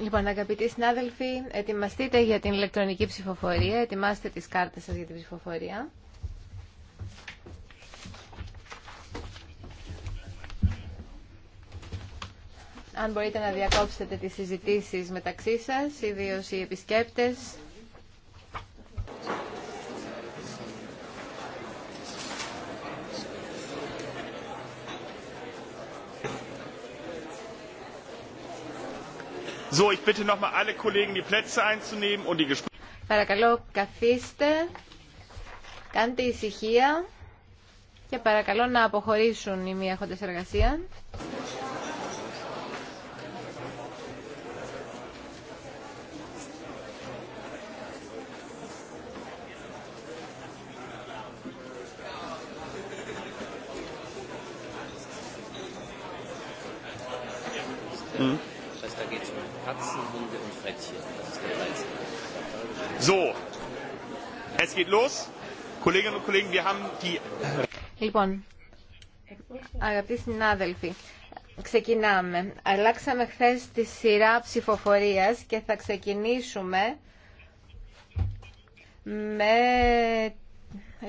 Λοιπόν, αγαπητοί συνάδελφοι, ετοιμαστείτε για την ηλεκτρονική ψηφοφορία. Ετοιμάστε τις κάρτες σας για την ψηφοφορία. Αν μπορείτε να διακόψετε τις συζητήσεις μεταξύ σας, ιδίως οι επισκέπτες, So, ich bitte noch mal alle Kollegen, die Plätze einzunehmen und die Gespräche. Παρακαλώ, καθίστε, κάντε ησυχία και παρακαλώ να αποχωρήσουν οι μη έχοντες εργασία. Λοιπόν, αγαπητοί συνάδελφοι, ξεκινάμε. Αλλάξαμε χθε τη σειρά ψηφοφορία και θα ξεκινήσουμε με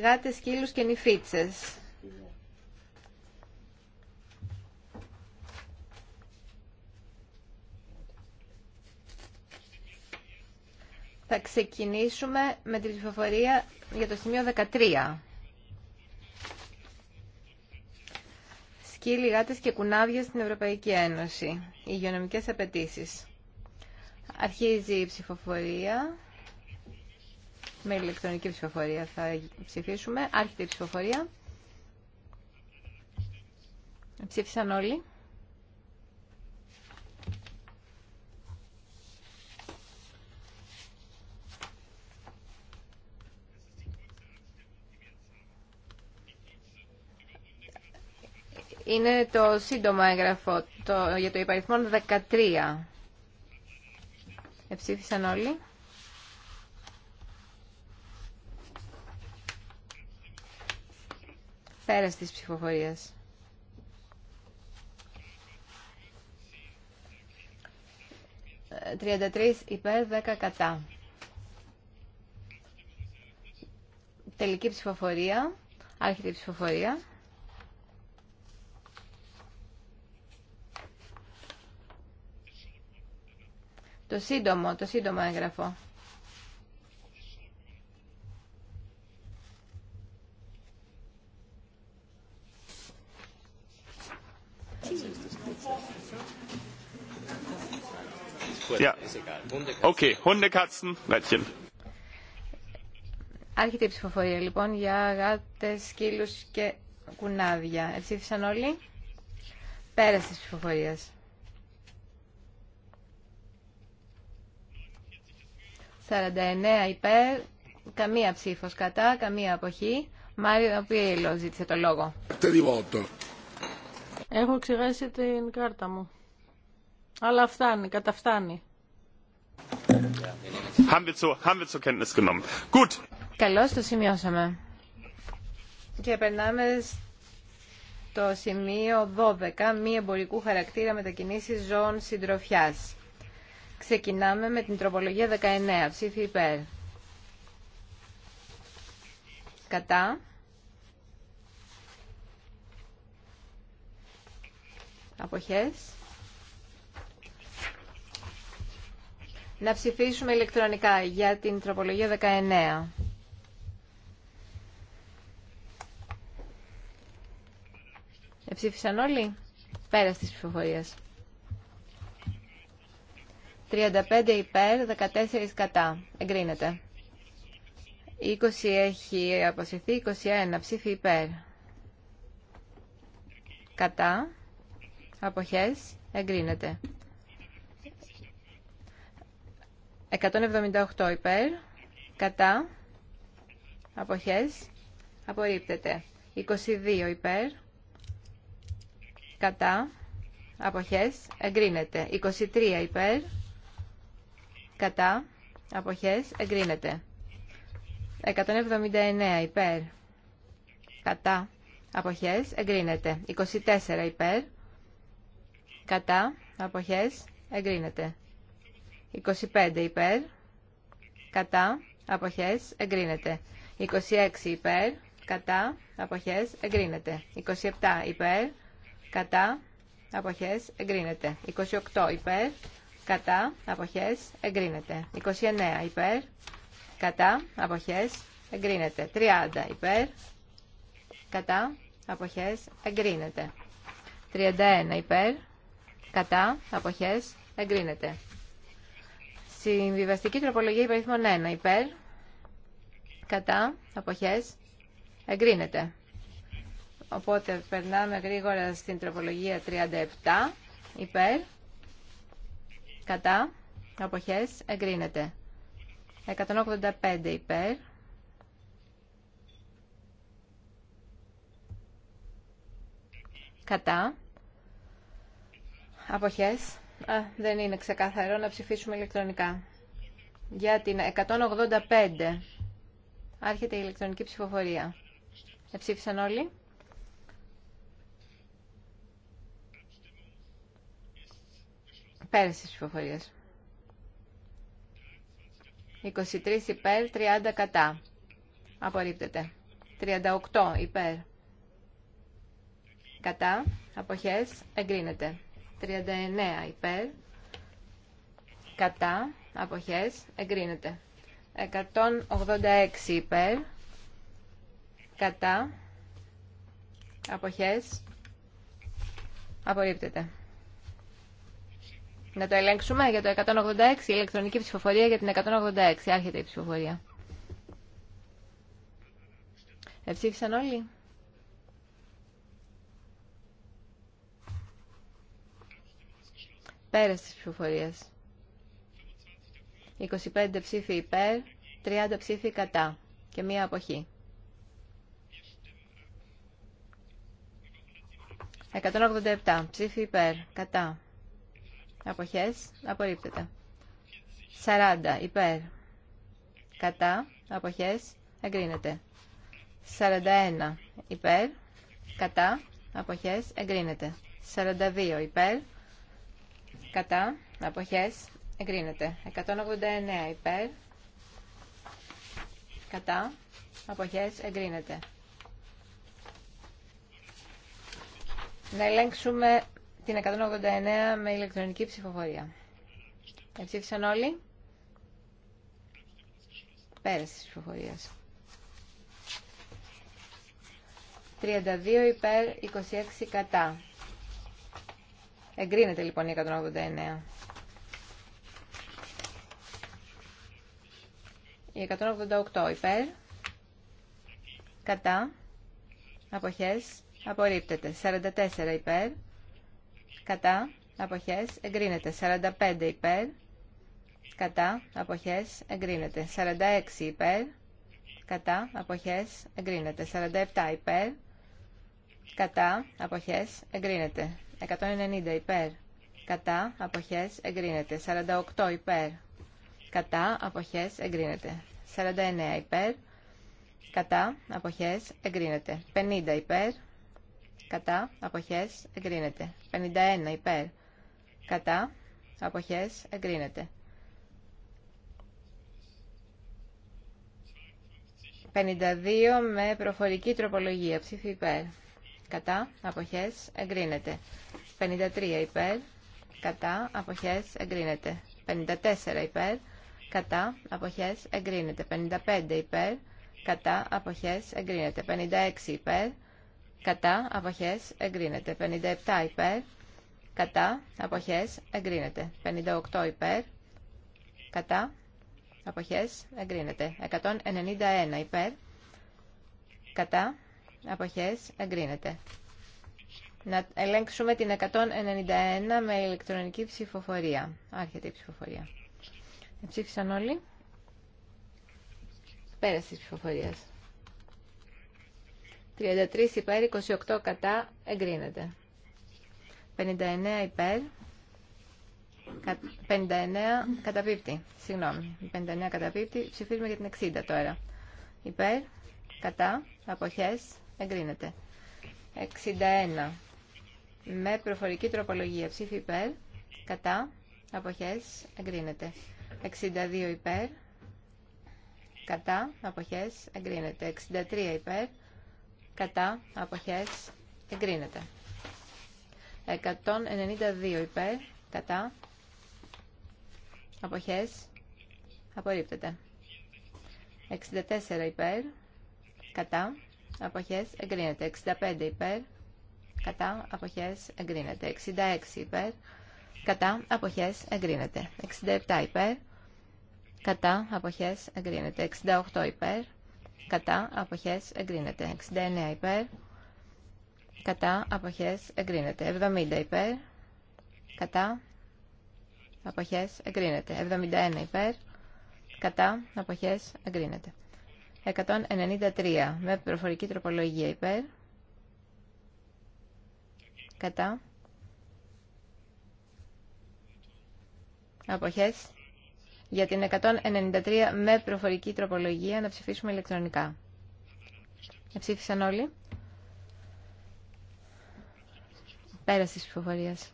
γάτες, σκύλους και νηφίτσες. Θα ξεκινήσουμε με την ψηφοφορία για το σημείο 13. σκύλοι, γάτες και κουνάβια στην Ευρωπαϊκή Ένωση. Υγειονομικές απαιτήσει. Αρχίζει η ψηφοφορία. Με ηλεκτρονική ψηφοφορία θα ψηφίσουμε. Άρχεται η ψηφοφορία. Ψήφισαν όλοι. είναι το σύντομο έγγραφο το, για το υπαριθμό 13. Εψήφισαν όλοι. Πέρα τη ψηφοφορία. 33 υπέρ, 10 κατά. Τελική ψηφοφορία. Άρχεται ψηφοφορία. το σύντομο, το σύντομο έγγραφο. Άρχεται η ψηφοφορία λοιπόν για γάτες, σκύλους και κουνάδια. Εψήφισαν όλοι. Πέρασε τη ψηφοφορία. 49 υπέρ, καμία ψήφο κατά, καμία αποχή. Μάριο οποίο ζήτησε το λόγο. Έχω ξεχάσει την κάρτα μου. Αλλά φτάνει, καταφτάνει. Καλώ το σημειώσαμε. Και περνάμε στο σημείο 12, μη εμπορικού χαρακτήρα μετακινήσεις ζώων συντροφιάς. Ξεκινάμε με την τροπολογία 19. Ψήφι υπέρ. Κατά. Αποχές. Να ψηφίσουμε ηλεκτρονικά για την τροπολογία 19. Εψήφισαν όλοι. Πέρα στις ψηφοφορίας. 35 υπέρ, 14 κατά. Εγκρίνεται. 20 έχει αποσυρθεί, 21 ψήφι υπέρ. Κατά. Αποχές. Εγκρίνεται. 178 υπέρ. Κατά. Αποχές. Απορρίπτεται. 22 υπέρ. Κατά. Αποχές. Εγκρίνεται. 23 υπέρ κατά, αποχές, εγκρίνεται. 179 υπέρ, κατά, αποχές, εγκρίνεται. 24 υπέρ, κατά, αποχές, εγκρίνεται. 25 υπέρ, κατά, αποχές, εγκρίνεται. 26 υπέρ, κατά, αποχές, εγκρίνεται. 27 υπέρ, κατά, αποχές, εγκρίνεται. 28 υπέρ, κατά, αποχές, εγκρίνεται. 29 υπέρ, κατά, αποχές, εγκρίνεται. 30 υπέρ, κατά, αποχές, εγκρίνεται. 31 υπέρ, κατά, αποχές, εγκρίνεται. Συμβιβαστική τροπολογία υπερίθμων 1 υπέρ, κατά, αποχές, εγκρίνεται. Οπότε περνάμε γρήγορα στην τροπολογία 37 υπέρ, κατά, αποχές, εγκρίνεται. 185 υπέρ, κατά, αποχές, Α, δεν είναι ξεκάθαρο να ψηφίσουμε ηλεκτρονικά. Για την 185 άρχεται η ηλεκτρονική ψηφοφορία. Εψήφισαν όλοι. Πέρυσι ψηφοφορίας. 23 υπέρ, 30 κατά. Απορρίπτεται. 38 υπέρ. Κατά. Αποχές. Εγκρίνεται. 39 υπέρ. Κατά. Αποχές. Εγκρίνεται. 186 υπέρ. Κατά. Αποχές. Απορρίπτεται. Να το ελέγξουμε για το 186, η ηλεκτρονική ψηφοφορία για την 186. Άρχεται η ψηφοφορία. Εψήφισαν όλοι. Πέρας της ψηφοφορίας. 25 ψήφοι υπέρ, 30 ψήφοι κατά και μία αποχή. 187 ψήφοι υπέρ, κατά. Αποχές. Απορρίπτεται. 40. Υπέρ. Κατά. Αποχές. Εγκρίνεται. 41. Υπέρ. Κατά. Αποχές. Εγκρίνεται. 42. Υπέρ. Κατά. Αποχές. Εγκρίνεται. 189. Υπέρ. Κατά. Αποχές. Εγκρίνεται. Να ελέγξουμε την 189 με ηλεκτρονική ψηφοφορία. Εψήφισαν όλοι. Πέρασε τη ψηφοφορία. 32 υπέρ, 26 κατά. Εγκρίνεται λοιπόν η 189. Η 188 υπέρ, κατά, αποχές, απορρίπτεται. 44 υπέρ, κατά, αποχές, εγκρίνεται. 45 υπέρ, κατά, αποχές, εγκρίνεται. 46 υπέρ, κατά, αποχές, εγκρίνεται. 47 υπέρ, κατά, αποχές, εγκρίνεται. 190 υπέρ, κατά, αποχές, εγκρίνεται. 48 υπέρ, κατά, αποχές, εγκρίνεται. 49 υπέρ, κατά, αποχές, εγκρίνεται. 50 υπέρ, κατά, αποχές, εγκρίνεται. 51 υπέρ, κατά, αποχές, εγκρίνεται. 52 με προφορική τροπολογία, ψήφι υπέρ, κατά, αποχές, εγκρίνεται. 53 υπέρ, κατά, αποχές, εγκρίνεται. 54 υπέρ, κατά, αποχές, εγκρίνεται. 55 υπέρ, κατά, αποχές, εγκρίνεται. 56 υπέρ, κατά, αποχές, εγκρίνεται. 57 υπέρ, κατά, αποχές, εγκρίνεται. 58 υπέρ, κατά, αποχές, εγκρίνεται. 191 υπέρ, κατά, αποχές, εγκρίνεται. Να ελέγξουμε την 191 με ηλεκτρονική ψηφοφορία. Άρχεται η ψηφοφορία. Ψήφισαν όλοι. Πέρασε τη ψηφοφορία. 33 υπέρ, 28 κατά, εγκρίνεται. 59 υπέρ, 59 καταπίπτει, συγγνώμη, 59 καταπίπτει, ψηφίζουμε για την 60 τώρα. Υπέρ, κατά, αποχές, εγκρίνεται. 61 με προφορική τροπολογία, ψήφι υπέρ, κατά, αποχές, εγκρίνεται. 62 υπέρ, κατά, αποχές, εγκρίνεται. 63 υπέρ, κατά αποχές εγκρίνεται 192 υπέρ κατά αποχές απορρίπτεται 64 υπέρ κατά αποχές εγκρίνεται 65 υπέρ κατά αποχές εγκρίνεται 66 υπέρ κατά αποχές εγκρίνεται 67 υπέρ κατά αποχές εγκρίνεται 68 υπέρ κατά αποχές εγκρίνεται. 69 υπέρ, κατά αποχές εγκρίνεται. 70 υπέρ, κατά αποχές εγκρίνεται. 71 υπέρ, κατά αποχές εγκρίνεται. 193 με προφορική τροπολογία υπέρ, κατά αποχές για την 193 με προφορική τροπολογία να ψηφίσουμε ηλεκτρονικά. Ψήφισαν όλοι. Πέραση της ψηφοφορίας.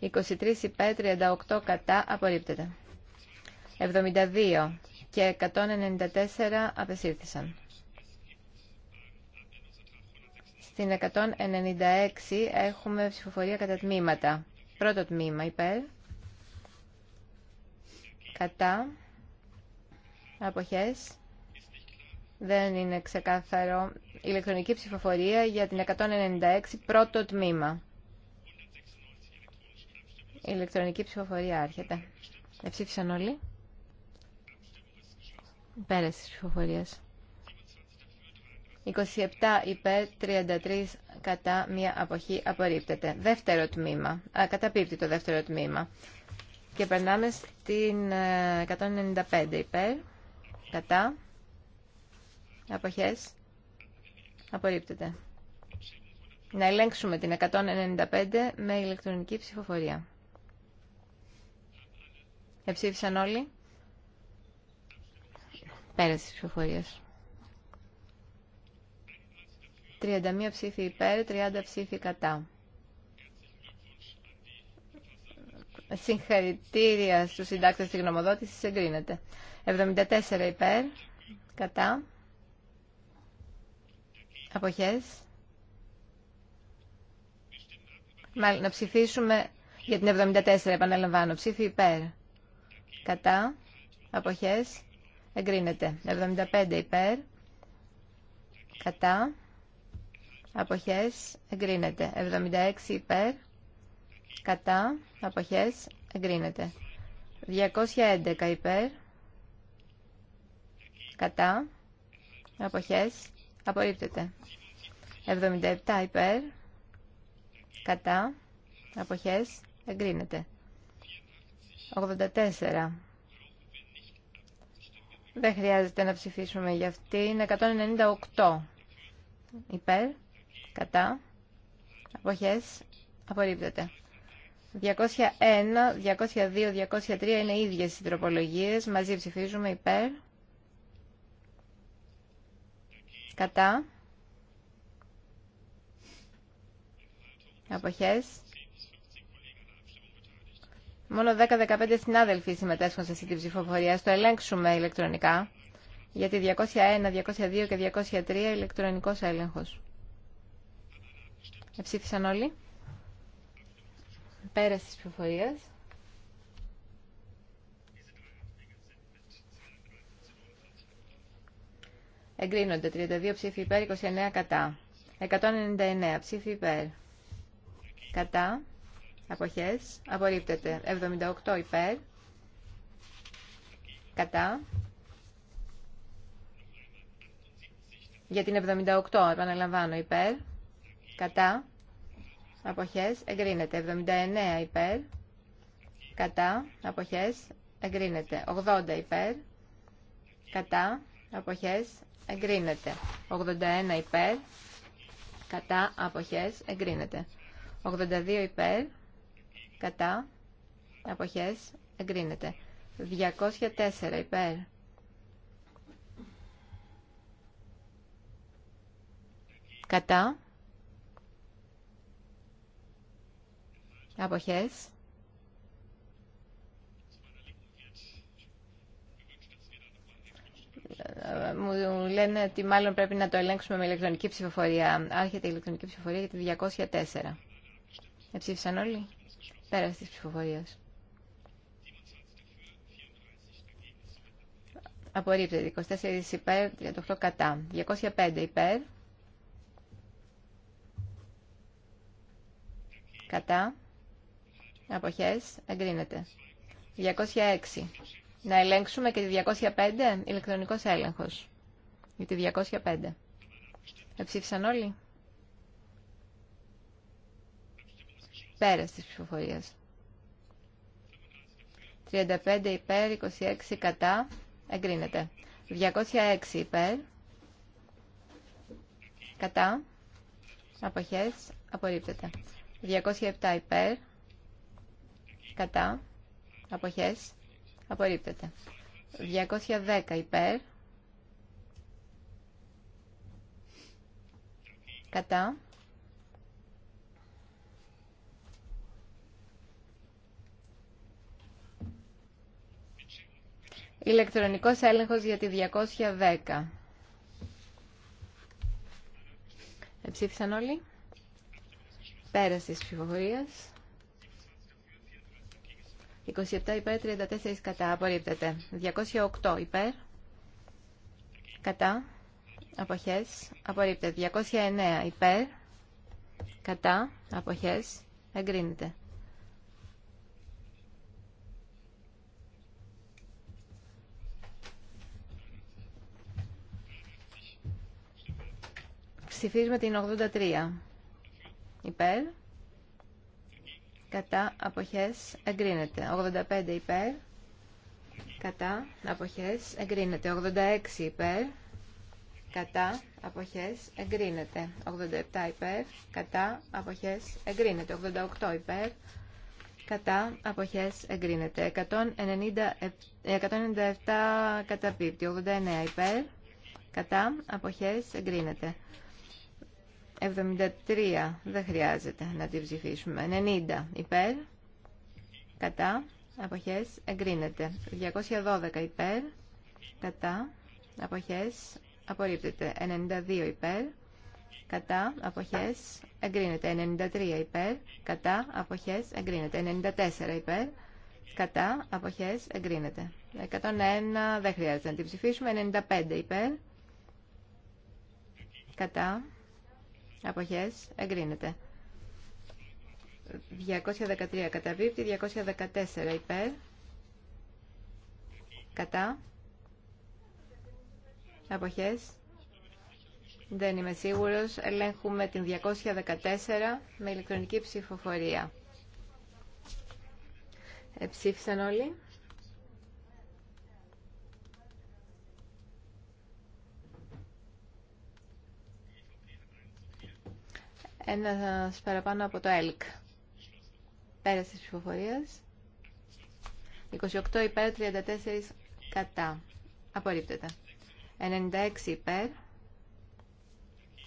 23 υπέρ, 38 κατά, απορρίπτεται. 72 και 194 απεσύρθησαν. Στην 196 έχουμε ψηφοφορία κατά τμήματα. Πρώτο τμήμα υπέρ κατά αποχές δεν είναι ξεκάθαρο ηλεκτρονική ψηφοφορία για την 196 πρώτο τμήμα ηλεκτρονική ψηφοφορία άρχεται εψήφισαν όλοι πέρασε τη ψηφοφορίας 27 υπέρ 33 κατά μία αποχή απορρίπτεται. Δεύτερο τμήμα. Α, καταπίπτει το δεύτερο τμήμα. Και περνάμε στην 195 ε, υπέρ, κατά, αποχές, απορρίπτεται. Να ελέγξουμε την 195 με ηλεκτρονική ψηφοφορία. Εψήφισαν όλοι. Πέρασε τη ψηφοφορία. 31 ψήφοι υπέρ, 30 ψήφοι κατά. Συγχαρητήρια στους συντάκτες της γνωμοδότησης εγκρίνεται. 74 υπέρ, κατά, αποχές. Μάλλον να ψηφίσουμε για την 74, επαναλαμβάνω, ψήφι υπέρ, κατά, αποχές, εγκρίνεται. 75 υπέρ, κατά, αποχές, εγκρίνεται. 76 υπέρ, κατά, αποχές, εγκρίνεται. 211 υπέρ, κατά, αποχές, απορρίπτεται. 77 υπέρ, κατά, αποχές, εγκρίνεται. 84. Δεν χρειάζεται να ψηφίσουμε για αυτή. Είναι 198 υπέρ, κατά, αποχές, απορρίπτεται. 201, 202, 203 είναι ίδιες οι τροπολογίες. Μαζί ψηφίζουμε υπέρ. Κατά. Αποχές. Μόνο 10-15 συνάδελφοι συμμετέσχουν σε αυτή την ψηφοφορία. Στο ελέγξουμε ηλεκτρονικά. Γιατί 201, 202 και 203 ηλεκτρονικός έλεγχος. Εψήφισαν όλοι. Πέραση τη προφορίας. Εγκρίνονται 32 ψήφοι υπέρ, 29 κατά. 199 ψήφοι υπέρ. Κατά. Αποχές. Απορρίπτεται. 78 υπέρ. Κατά. Για την 78 επαναλαμβάνω υπέρ. Κατά αποχές εγκρίνεται 79 υπέρ κατά αποχές εγκρίνεται 80 υπέρ κατά αποχές εγκρίνεται 81 υπέρ κατά αποχές εγκρίνεται 82 υπέρ κατά αποχές εγκρίνεται 204 υπέρ κατά Αποχές. Μου λένε ότι μάλλον πρέπει να το ελέγξουμε με ηλεκτρονική ψηφοφορία. Άρχεται η ηλεκτρονική ψηφοφορία για τη 204. Εψήφισαν όλοι. πέρασε τη ψηφοφορία. Απορρίπτεται. 24 υπέρ, 38 κατά. 205 υπέρ. Κατά. Αποχές. Εγκρίνεται. 206. Να ελέγξουμε και τη 205. Ηλεκτρονικός έλεγχος. Για τη 205. Εψήφισαν όλοι. Πέρας της ψηφοφορίας. 35 υπέρ, 26 κατά. Εγκρίνεται. 206 υπέρ. Κατά. Αποχές. Απορρίπτεται. 207 υπέρ κατά, αποχές, απορρίπτεται. 210 υπέρ, κατά, Ηλεκτρονικός έλεγχος για τη 210. Εψήφισαν όλοι. Πέραση της ψηφοφορίας. 27 υπέρ, 34 κατά. Απορρίπτεται. 208 υπέρ. Κατά. Αποχές. Απορρίπτεται. 209 υπέρ. Κατά. Αποχές. Εγκρίνεται. Ψηφίζουμε την 83. Υπέρ κατά αποχές εγκρίνεται 85 υπέρ κατά αποχές εγκρίνεται 86 υπέρ κατά αποχές εγκρίνεται 87 υπέρ κατά αποχές εγκρίνεται 88 υπέρ κατά αποχές εγκρίνεται 197 197 καταπίπτει 89 υπέρ κατά αποχές εγκρίνεται 73 δεν χρειάζεται να την ψηφίσουμε. 90 υπέρ, κατά, αποχές, εγκρίνεται. 212 υπέρ, κατά, αποχές, απορρίπτεται. 92 υπέρ, κατά, αποχές, εγκρίνεται. 93 υπέρ, κατά, αποχές, εγκρίνεται. 94 υπέρ, κατά, αποχές, εγκρίνεται. 101 δεν χρειάζεται να την ψηφίσουμε. 95 υπέρ, κατά, Αποχές. Εγκρίνεται. 213 καταβίπτει. 214 υπέρ. Κατά. Αποχές. Δεν είμαι σίγουρος. Ελέγχουμε την 214 με ηλεκτρονική ψηφοφορία. Εψήφισαν όλοι. Ένα παραπάνω από το ΕΛΚ. Πέρασε τη ψηφοφορία. 28 υπέρ, 34 κατά. Απορρίπτεται. 96 υπέρ.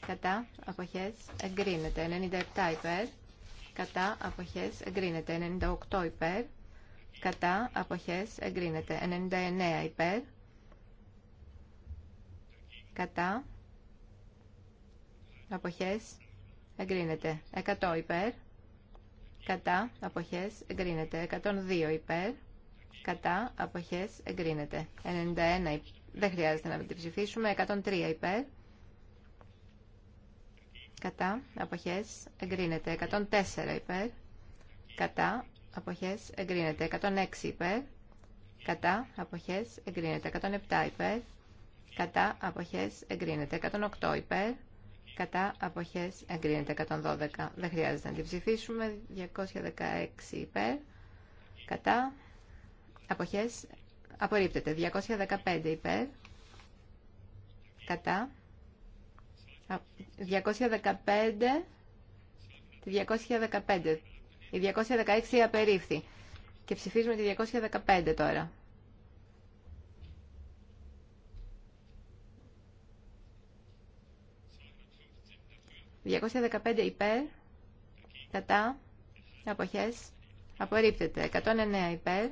Κατά. Αποχές. Εγκρίνεται. 97 υπέρ. Κατά. Αποχές. Εγκρίνεται. 98 υπέρ. Κατά. Αποχές. Εγκρίνεται. 99 υπέρ. Κατά. Αποχές εγκρίνεται. 100 υπέρ, κατά, αποχές, εγκρίνεται. 102 υπέρ, κατά, αποχές, εγκρίνεται. 91 υπέρ, δεν χρειάζεται να την ψηφίσουμε. 103 υπέρ, κατά, αποχές, εγκρίνεται. 104 υπέρ, κατά, αποχές, εγκρίνεται. 106 υπέρ, κατά, αποχές, εγκρίνεται. 107 υπέρ, κατά, αποχές, εγκρίνεται. 108 υπέρ, κατά αποχές εγκρίνεται 112 δεν χρειάζεται να την ψηφίσουμε 216 υπέρ κατά αποχές απορρίπτεται 215 υπέρ κατά 215 215 η 216 απερίφθη και ψηφίζουμε τη 215 τώρα 215 υπέρ, κατά, αποχές, απορρίπτεται. 109 υπέρ,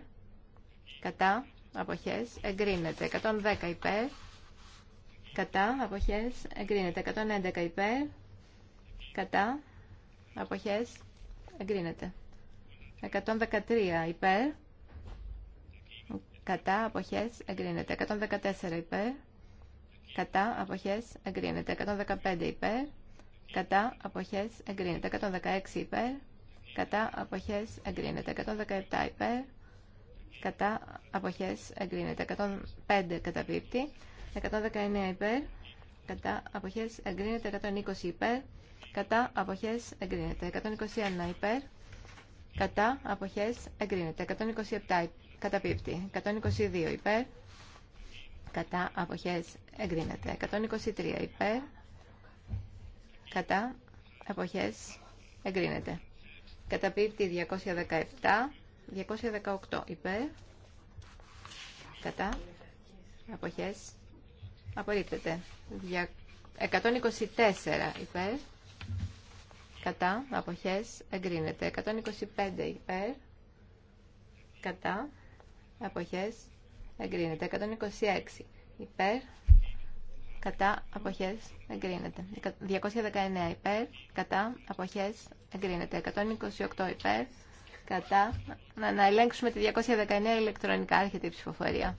κατά, αποχές, εγκρίνεται. 110 υπέρ, κατά, αποχές, εγκρίνεται. 111 υπέρ, κατά, αποχές, εγκρίνεται. 113 υπέρ, κατά, αποχές, εγκρίνεται. 114 υπέρ, κατά, αποχές, εγκρίνεται. 115 υπέρ, κατά αποχές εγκρίνεται 116 υπέρ κατά αποχές εγκρίνεται 117 υπέρ κατά αποχές εγκρίνεται 105 καταπίπτει 119 υπέρ κατά αποχές εγκρίνεται 120 υπέρ κατά αποχές εγκρίνεται 121 υπέρ κατά αποχές εγκρίνεται 127 καταπίπτει 122 υπέρ κατά αποχές εγκρίνεται 123 υπέρ κατά αποχές εγκρίνεται. Καταπίπτει 217, 218 υπέρ, κατά αποχές απορρίπτεται. 124 υπέρ, κατά αποχές εγκρίνεται. 125 υπέρ, κατά αποχές εγκρίνεται. 126 υπέρ, κατά αποχές εγκρίνεται. 219 υπέρ, κατά αποχές εγκρίνεται. 128 υπέρ, κατά... Να, ελέγξουμε τη 219 ηλεκτρονικά, έρχεται η ψηφοφορία.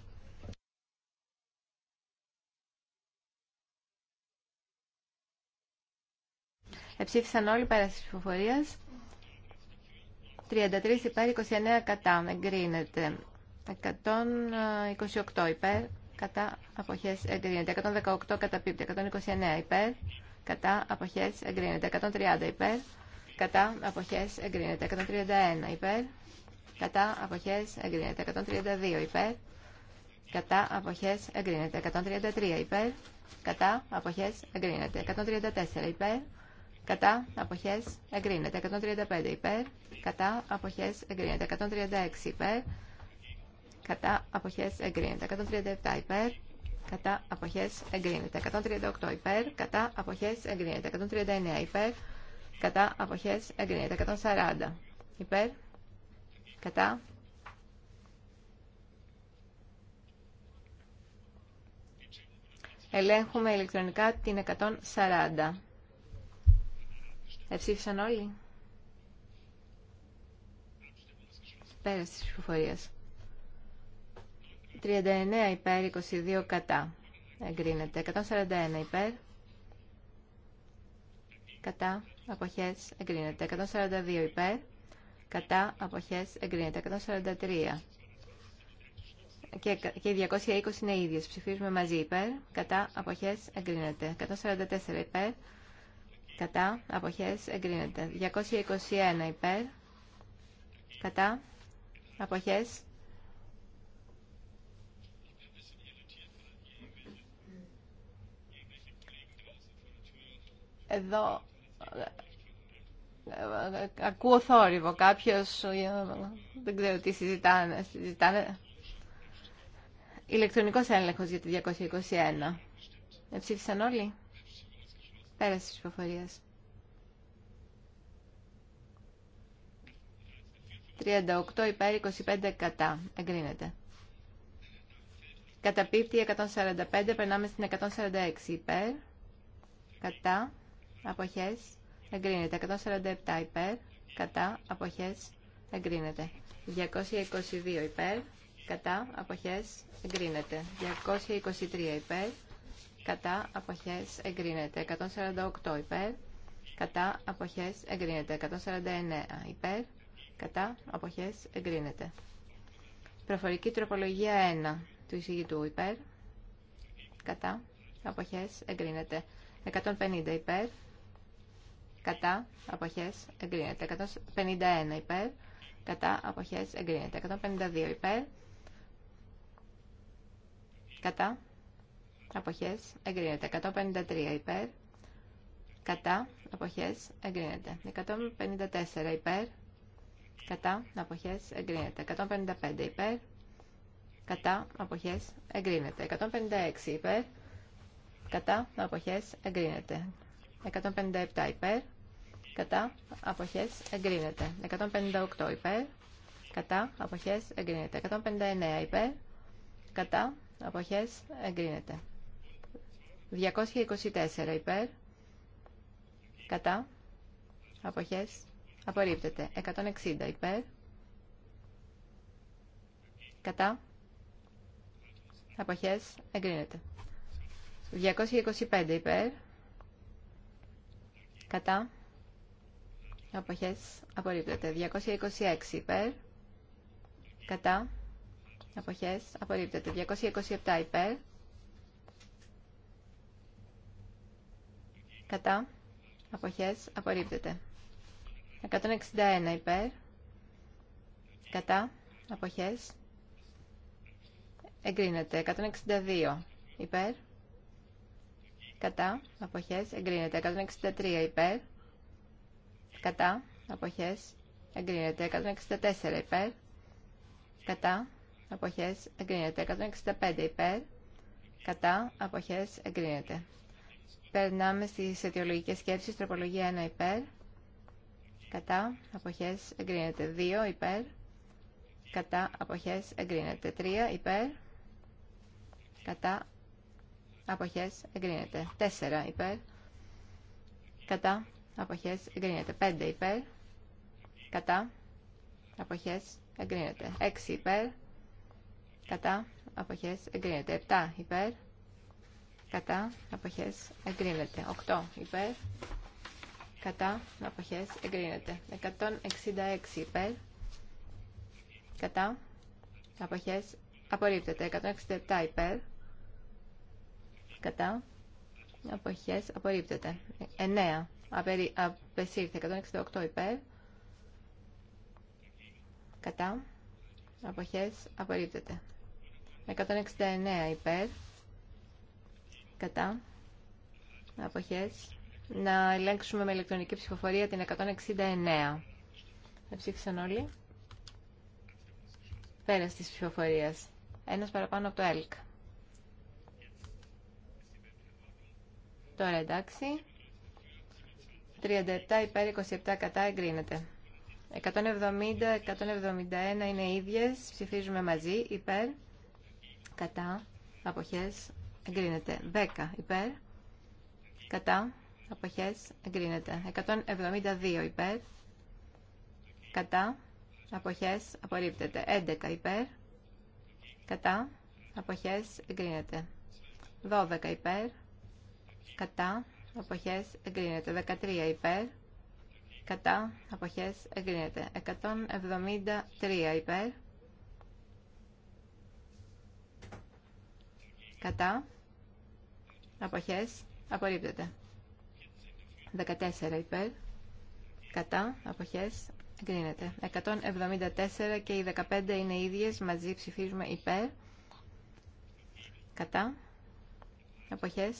Εψήφισαν όλοι πέρα της ψηφοφορίας. 33 υπέρ, 29 κατά, εγκρίνεται. 128 υπέρ, κατά αποχές εγκρίνεται. 118 κατά καταπίπτει. 129 υπέρ, κατά αποχές εγκρίνεται. 130 υπέρ, κατά αποχές εγκρίνεται. 131 υπέρ, κατά αποχές εγκρίνεται. 132 υπέρ, κατά αποχές εγκρίνεται. 133 υπέρ, κατά αποχές εγκρίνεται. 134 υπέρ, κατά αποχές εγκρίνεται. 135 υπέρ, κατά αποχές εγκρίνεται. 136 υπέρ, κατά αποχές εγκρίνεται. 137 υπέρ, κατά αποχές εγκρίνεται. 138 υπέρ, κατά αποχές εγκρίνεται. 139 υπέρ, κατά αποχές εγκρίνεται. 140 υπέρ, κατά Ελέγχουμε ηλεκτρονικά την 140. Εψήφισαν όλοι. Πέρας της ψηφοφορία. 139 υπέρ, 22 κατά. Εγκρίνεται. 141 υπέρ. Κατά. Αποχές. Εγκρίνεται. 142 υπέρ. Κατά. Αποχές. Εγκρίνεται. 143. Και, και οι 220 είναι ίδιε. Ψηφίζουμε μαζί υπέρ. Κατά. αποχέ, Εγκρίνεται. 144 υπέρ. Κατά. Αποχές. Εγκρίνεται. 221 υπέρ. Κατά. απόχέ. Εδώ ακούω θόρυβο. Κάποιος, ε, δεν ξέρω τι συζητάνε. συζητάνε. Ηλεκτρονικός έλεγχος για τη 221. Εψήφισαν όλοι. Πέρασε της ψηφοφορίας. 38 υπέρ 25 κατά. Εγκρίνεται. Καταπίπτει 145, περνάμε στην 146 υπέρ. Κατά αποχές εγκρίνεται. 147 υπέρ, κατά, αποχές εγκρίνεται. 222 υπέρ, κατά, αποχές εγκρίνεται. 223 υπέρ, κατά, αποχές εγκρίνεται. 148 υπέρ, κατά, αποχές εγκρίνεται. 149 υπέρ, κατά, αποχές εγκρίνεται. Προφορική τροπολογία 1 του εισηγητού υπέρ, κατά, αποχές εγκρίνεται. 150 υπέρ, κατά, αποχές, εγκρίνεται. 151 υπέρ, κατά, αποχές, εγκρίνεται. 152 υπέρ, κατά, αποχές, εγκρίνεται. 153 υπέρ, κατά, αποχές, εγκρίνεται. 154 υπέρ, κατά, αποχές, εγκρίνεται. 155 υπέρ, κατά, αποχές, εγκρίνεται. 156 υπέρ, κατά, αποχές, εγκρίνεται. 157 υπέρ, κατά αποχές εγκρίνεται. 158 υπέρ, κατά αποχές εγκρίνεται. 159 υπέρ, κατά αποχές εγκρίνεται. 224 υπέρ, κατά αποχές απορρίπτεται. 160 υπέρ, κατά αποχές εγκρίνεται. 225 υπέρ, κατά Αποχές απορρίπτεται. 226 υπέρ. Κατά. Αποχές απορρίπτεται. 227 υπέρ. Κατά. Αποχές απορρίπτεται. 161 υπέρ. Κατά. Αποχές. Εγκρίνεται. 162 υπέρ. Κατά. Αποχές. Εγκρίνεται. 163 υπέρ κατά, αποχές, εγκρίνεται. 164 υπέρ, κατά, αποχές, εγκρίνεται. 165 υπέρ, κατά, αποχές, εγκρίνεται. Περνάμε στις αιτιολογικές σκέψεις, τροπολογία 1 υπέρ, κατά, αποχές, εγκρίνεται. 2 υπέρ, κατά, αποχές, εγκρίνεται. 3 υπέρ, κατά, αποχές, εγκρίνεται. 4 υπέρ, κατά, αποχές εγκρίνεται. 5 υπέρ, κατά, αποχές εγκρίνεται. 6 υπέρ, κατά, αποχές εγκρίνεται. 7 υπέρ, κατά, αποχές εγκρίνεται. 8 υπέρ, κατά, αποχές εγκρίνεται. 166 υπέρ, κατά, αποχές απορρίπτεται. 167 υπέρ, κατά, αποχές απορρίπτεται. 9 Απεσύρθη 168 υπέρ. Κατά. Αποχές απορρίπτεται. 169 υπέρ. Κατά. Αποχές. Να ελέγξουμε με ηλεκτρονική ψηφοφορία την 169. να ψήφισαν όλοι. Πέρας της ψηφοφορίας. Ένας παραπάνω από το ΕΛΚ. Τώρα εντάξει. 37 υπέρ 27 κατά εγκρίνεται. 170, 171 είναι ίδιες, ψηφίζουμε μαζί, υπέρ, κατά, αποχές, εγκρίνεται. 10 υπέρ, κατά, αποχές, εγκρίνεται. 172 υπέρ, κατά, αποχές, απορρίπτεται. 11 υπέρ, κατά, αποχές, εγκρίνεται. 12 υπέρ, κατά, αποχές εγκρίνεται. 13 υπέρ, κατά, αποχές εγκρίνεται. 173 υπέρ, κατά, αποχές απορρίπτεται. 14 υπέρ, κατά, αποχές εγκρίνεται. 174 και οι 15 είναι ίδιες, μαζί ψηφίζουμε υπέρ, κατά, αποχές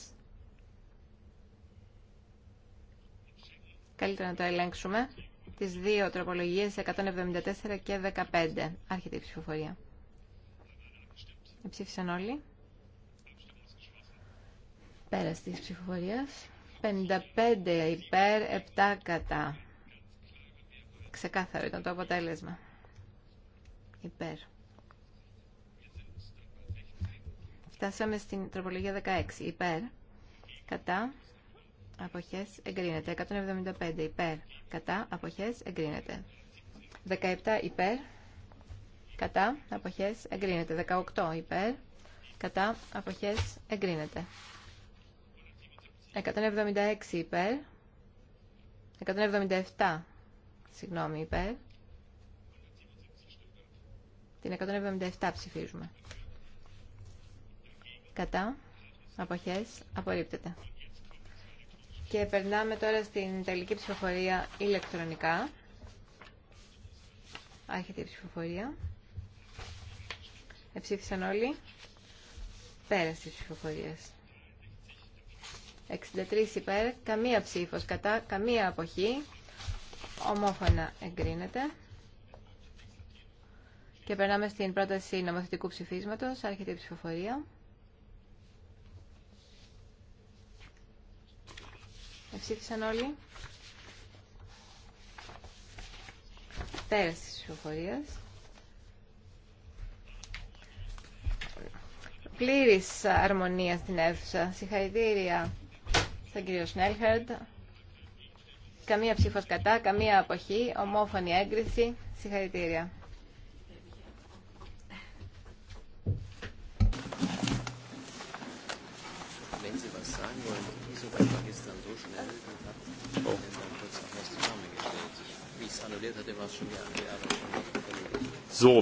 Καλύτερα να το ελέγξουμε. Τις δύο τροπολογίες 174 και 15. Άρχεται η ψηφοφορία. Ψήφισαν όλοι. Πέρα ψηφοφορία. 55 υπέρ, 7 κατά. Ξεκάθαρο ήταν το αποτέλεσμα. Υπέρ. Φτάσαμε στην τροπολογία 16. Υπέρ. Κατά αποχές εγκρίνεται. 175 υπέρ, κατά, αποχές εγκρίνεται. 17 υπέρ, κατά, αποχές εγκρίνεται. 18 υπέρ, κατά, αποχές εγκρίνεται. 176 υπέρ, 177, συγγνώμη, υπέρ. Την 177 ψηφίζουμε. Κατά, αποχές, απορρίπτεται. Και περνάμε τώρα στην τελική ψηφοφορία ηλεκτρονικά. Άρχεται η ψηφοφορία. Εψήφισαν όλοι. Πέρασε τη ψηφοφορία. 63 υπέρ, καμία ψήφος κατά, καμία αποχή. Ομόφωνα εγκρίνεται. Και περνάμε στην πρόταση νομοθετικού ψηφίσματος. Άρχεται η ψηφοφορία. Εψήφισαν όλοι. Πέρασε της ψηφοφορίας. Πλήρης αρμονία στην αίθουσα. Συγχαρητήρια στον κύριο Σνέλχερντ. Καμία ψήφο κατά, καμία αποχή, ομόφωνη έγκριση. Συγχαρητήρια. so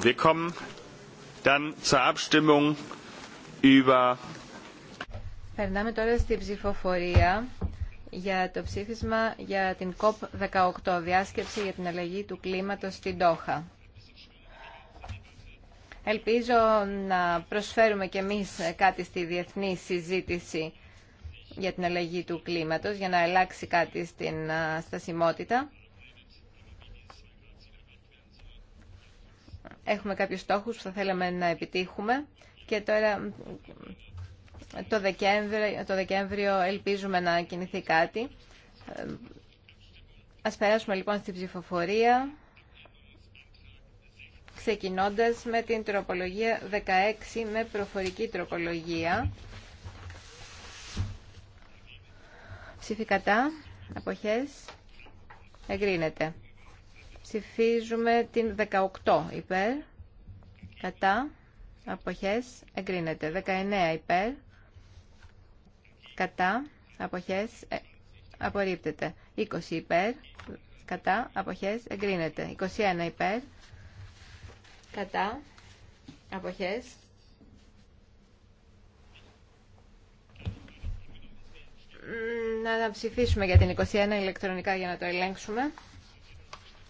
Περνάμε τώρα στην ψηφοφορία για το ψήφισμα για την COP18, διάσκεψη για την αλλαγή του κλίματος στην Τόχα. Ελπίζω να προσφέρουμε και εμείς κάτι στη διεθνή συζήτηση για την αλλαγή του κλίματος για να αλλάξει κάτι στην στασιμότητα. Έχουμε κάποιους στόχους που θα θέλαμε να επιτύχουμε και τώρα το Δεκέμβριο, το Δεκέμβριο ελπίζουμε να κινηθεί κάτι. Ε, ας περάσουμε λοιπόν στην ψηφοφορία ξεκινώντας με την τροπολογία 16 με προφορική τροπολογία Ψήφι κατά. Αποχές. Εγκρίνεται. Ψηφίζουμε την 18 υπέρ. Κατά. Αποχές. Εγκρίνεται. 19 υπέρ. Κατά. Αποχές. Ε, απορρίπτεται. 20 υπέρ. Κατά. Αποχές. Εγκρίνεται. 21 υπέρ. Κατά. Αποχές. να ψηφίσουμε για την 21 ηλεκτρονικά για να το ελέγξουμε.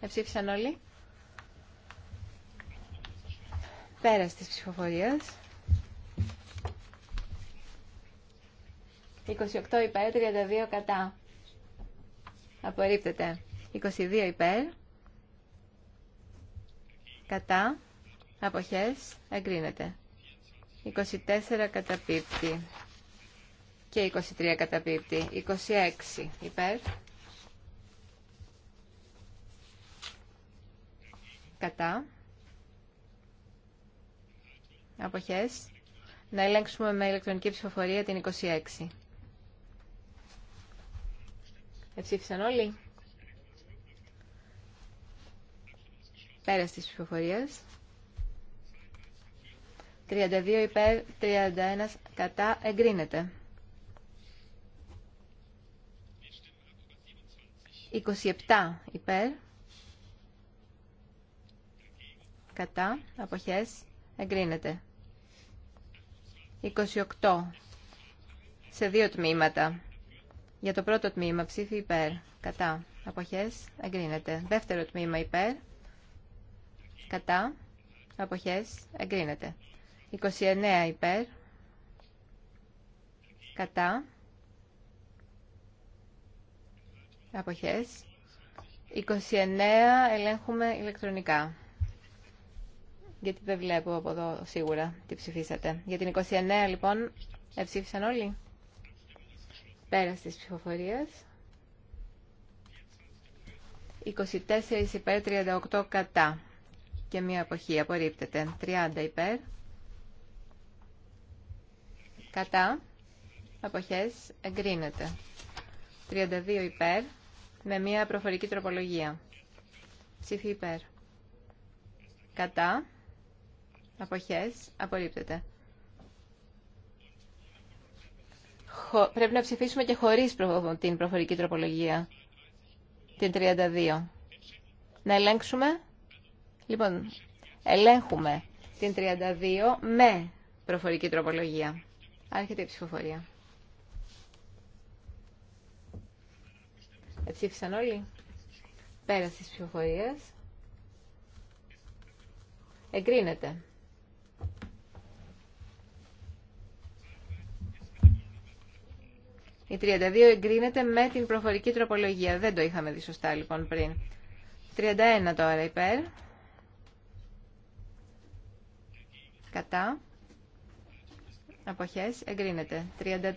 Εψήφισαν όλοι. Πέρας της ψηφοφορίας. 28 υπέρ, 32 κατά. Απορρίπτεται. 22 υπέρ. Κατά. Αποχές. Εγκρίνεται. 24 καταπίπτει και 23 καταπίπτει. 26 υπέρ. Κατά. Αποχές. Να ελέγξουμε με ηλεκτρονική ψηφοφορία την 26. Εψήφισαν όλοι. Πέρας της ψηφοφορίας. 32 υπέρ, 31 κατά εγκρίνεται. 27 υπέρ. Κατά. Αποχές. Εγκρίνεται. 28 σε δύο τμήματα. Για το πρώτο τμήμα ψήφι υπέρ. Κατά. Αποχές. Εγκρίνεται. Δεύτερο τμήμα υπέρ. Κατά. Αποχές. Εγκρίνεται. 29 υπέρ. Κατά. Αποχές. 29 ελέγχουμε ηλεκτρονικά. Γιατί δεν βλέπω από εδώ σίγουρα τι ψηφίσατε. Για την 29 λοιπόν εψήφισαν όλοι. πέρα της ψηφοφορία. 24 υπέρ, 38 κατά και μία αποχή. Απορρίπτεται. 30 υπέρ. Κατά. Αποχές. Εγκρίνεται. 32 υπέρ με μια προφορική τροπολογία. Ψήφι υπέρ. Κατά. Αποχές. Απορρίπτεται. Πρέπει να ψηφίσουμε και χωρίς την προφορική τροπολογία. Την 32. Να ελέγξουμε. Λοιπόν, ελέγχουμε την 32 με προφορική τροπολογία. Άρχεται η ψηφοφορία. Ψήφισαν όλοι. Πέραση της ψηφοφορίας. Εγκρίνεται. Η 32 εγκρίνεται με την προφορική τροπολογία. Δεν το είχαμε δει σωστά λοιπόν πριν. 31 τώρα υπέρ. Κατά. Αποχές εγκρίνεται.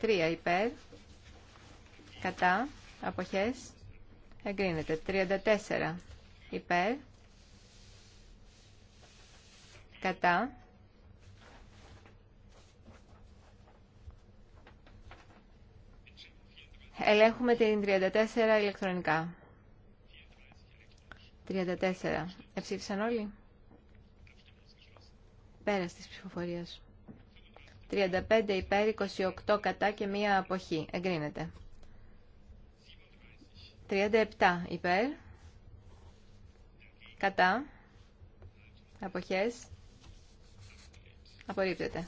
33 υπέρ. Κατά. Αποχές εγκρίνεται. 34 υπέρ, κατά, Ελέγχουμε την 34 ηλεκτρονικά. 34. Εψήφισαν όλοι. πέρα της ψηφοφορίας. 35 υπέρ, 28 κατά και μία αποχή. Εγκρίνεται. 37 υπέρ. Κατά. Αποχές. Απορρίπτεται.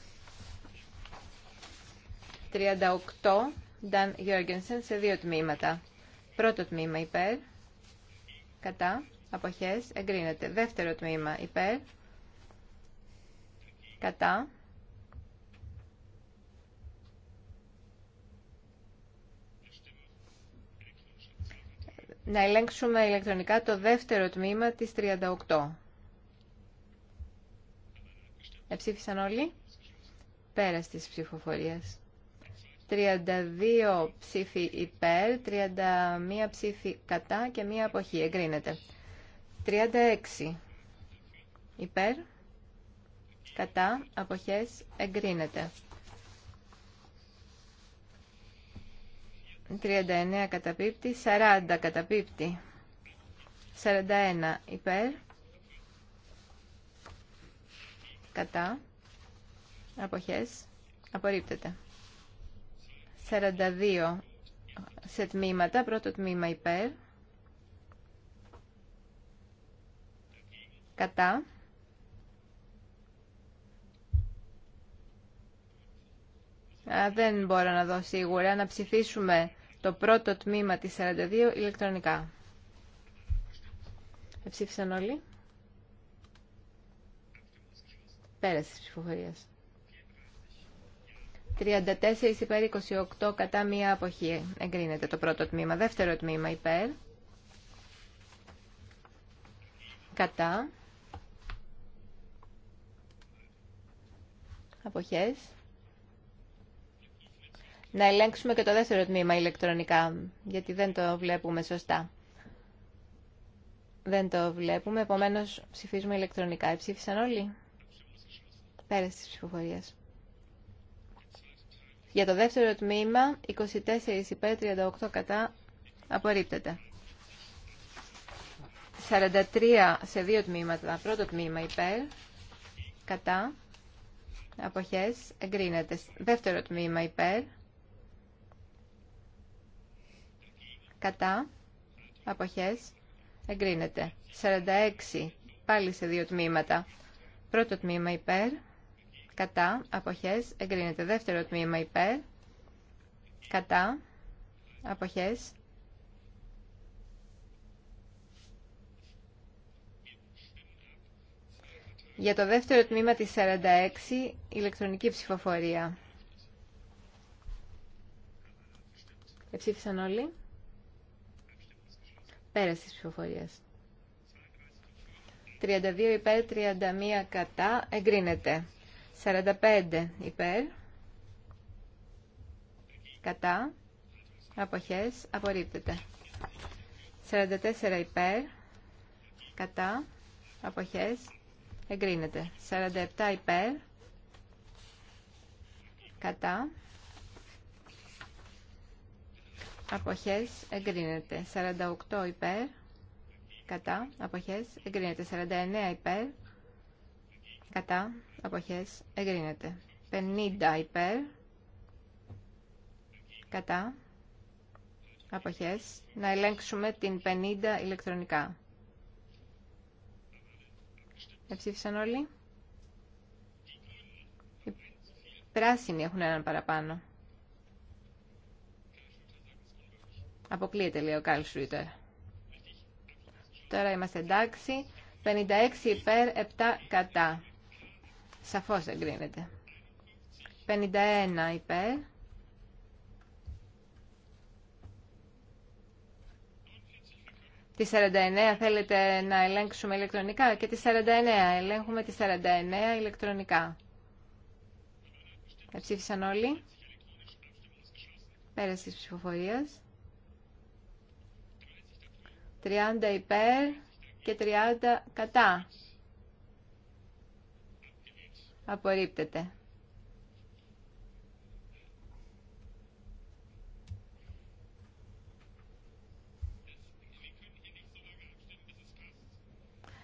38 Dan Jorgensen σε δύο τμήματα. Πρώτο τμήμα υπέρ. Κατά. Αποχές. Εγκρίνεται. Δεύτερο τμήμα υπέρ. Κατά. να ελέγξουμε ηλεκτρονικά το δεύτερο τμήμα της 38. Εψήφισαν όλοι. Πέρας της ψηφοφορίας. 32 ψήφοι υπέρ, 31 ψήφοι κατά και μία αποχή. Εγκρίνεται. 36 υπέρ, κατά, αποχές, εγκρίνεται. 39 καταπίπτει, 40 καταπίπτει, 41 υπέρ, κατά, αποχές, απορρίπτεται. 42 σε τμήματα, πρώτο τμήμα υπέρ, κατά, Α, δεν μπορώ να δω σίγουρα. Να ψηφίσουμε το πρώτο τμήμα της 42 ηλεκτρονικά. Εψήφισαν όλοι. Πέρασε της ψηφοφορία. 34 υπέρ 28 κατά μία αποχή. Εγκρίνεται το πρώτο τμήμα. Δεύτερο τμήμα υπέρ. Κατά. Αποχές να ελέγξουμε και το δεύτερο τμήμα ηλεκτρονικά, γιατί δεν το βλέπουμε σωστά. Δεν το βλέπουμε, επομένως ψηφίζουμε ηλεκτρονικά. Ψήφισαν όλοι. Πέρασε τη ψηφοφορία. Για το δεύτερο τμήμα, 24 υπέρ, 38 κατά, απορρίπτεται. 43 σε δύο τμήματα. Πρώτο τμήμα υπέρ, κατά, αποχές, εγκρίνεται. Δεύτερο τμήμα υπέρ, κατά, αποχές, εγκρίνεται. 46, πάλι σε δύο τμήματα. Πρώτο τμήμα υπέρ, κατά, αποχές, εγκρίνεται. Δεύτερο τμήμα υπέρ, κατά, αποχές, Για το δεύτερο τμήμα της 46, ηλεκτρονική ψηφοφορία. Εψήφισαν όλοι. Πέρασε τη ψηφοφορίες. 32 υπέρ, 31 κατά, εγκρίνεται. 45 υπέρ, κατά, αποχές, απορρίπτεται. 44 υπέρ, κατά, αποχές, εγκρίνεται. 47 υπέρ, κατά, αποχές εγκρίνεται 48 υπέρ κατά αποχές εγκρίνεται 49 υπέρ κατά αποχές εγκρίνεται 50 υπέρ κατά αποχές να ελέγξουμε την 50 ηλεκτρονικά Εψήφισαν όλοι. Οι πράσινοι έχουν έναν παραπάνω. Αποκλείεται, λέει ο Καλ Σουίτερ. Τώρα είμαστε εντάξει. 56 υπέρ, 7 κατά. Σαφώς εγκρίνεται. 51 υπέρ. Τη 49 θέλετε να ελέγξουμε ηλεκτρονικά και τη 49. Ελέγχουμε τη 49 ηλεκτρονικά. Εψήφισαν όλοι. Πέραση της ψηφοφορίας. 30 υπέρ και 30 κατά. Απορρίπτεται.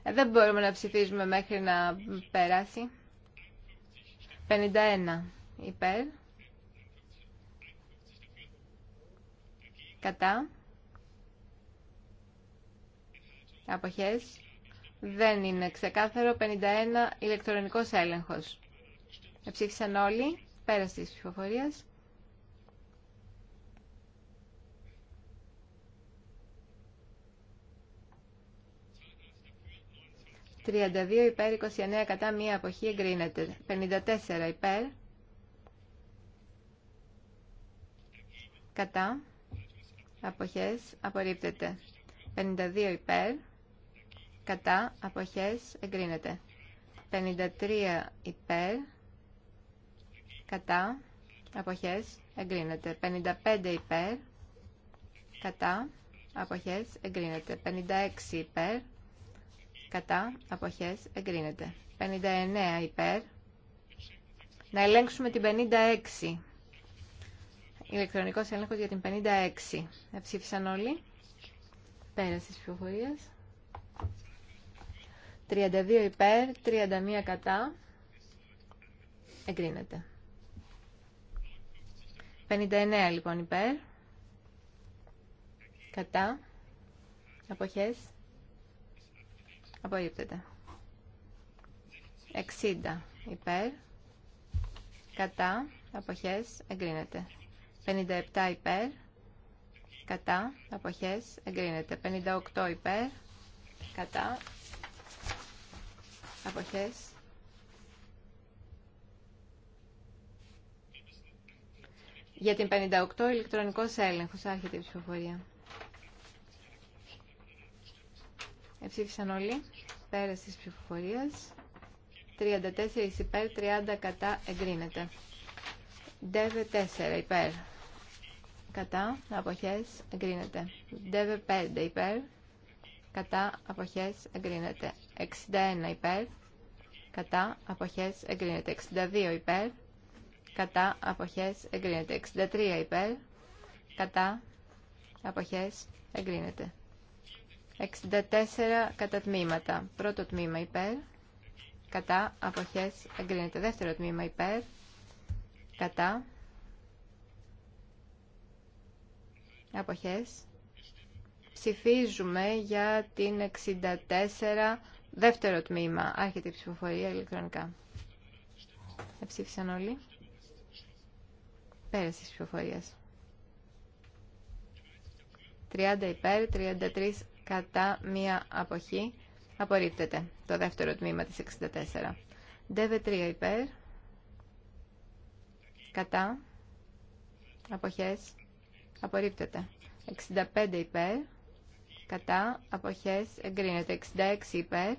Ε, δεν μπορούμε να ψηφίζουμε μέχρι να περάσει. 51 υπέρ. Κατά. Αποχές. Δεν είναι ξεκάθαρο. 51 ηλεκτρονικός έλεγχος. Εψήφισαν όλοι. Πέρας της ψηφοφορίας. «32 υπέρ, 29 κατά, μία αποχή εγκρίνεται. 54 υπέρ, κατά, αποχές, απορρίπτεται. 52 υπέρ, κατά, αποχές, εγκρίνεται. 53 υπέρ, κατά, αποχές, εγκρίνεται. 55 υπέρ, κατά, αποχές, εγκρίνεται. 56 υπέρ, κατά, αποχές, εγκρίνεται. 59 υπέρ, να ελέγξουμε την 56. Ηλεκτρονικός έλεγχος για την 56. Εψήφισαν όλοι. πέρα στις πληροφορία. 32 υπέρ, 31 κατά. Εγκρίνεται. 59 λοιπόν υπέρ. Κατά. Αποχές. Απορρίπτεται. 60 υπέρ. Κατά. Αποχές. Εγκρίνεται. 57 υπέρ. Κατά. Αποχές. Εγκρίνεται. 58 υπέρ. Κατά αποχές για την 58 ηλεκτρονικός έλεγχος άρχεται η ψηφοφορία εψήφισαν όλοι πέρας της ψηφοφορίας 34 υπέρ 30 κατά εγκρίνεται ΔΕΒΕ 4 υπέρ κατά αποχές εγκρίνεται ΔΕΒΕ 5 υπέρ κατά αποχές εγκρίνεται 61 υπέρ, κατά αποχές εγκρίνεται. 62 υπέρ, κατά αποχές εγκρίνεται. 63 υπέρ, κατά αποχές εγκρίνεται. 64 κατά τμήματα. Πρώτο τμήμα υπέρ, κατά αποχές εγκρίνεται. Δεύτερο τμήμα υπέρ, κατά αποχές. Ψηφίζουμε για την 64 Δεύτερο τμήμα, άρχεται η ψηφοφορία ηλεκτρονικά. Εψήφισαν όλοι. Πέρασε τη ψηφοφορία. 30 υπέρ, 33 κατά μία αποχή. Απορρίπτεται το δεύτερο τμήμα της 64. ΔΕΒΕ 3 υπέρ, κατά, αποχές, απορρίπτεται. 65 υπέρ, κατά, αποχές, εγκρίνεται. 66 υπέρ,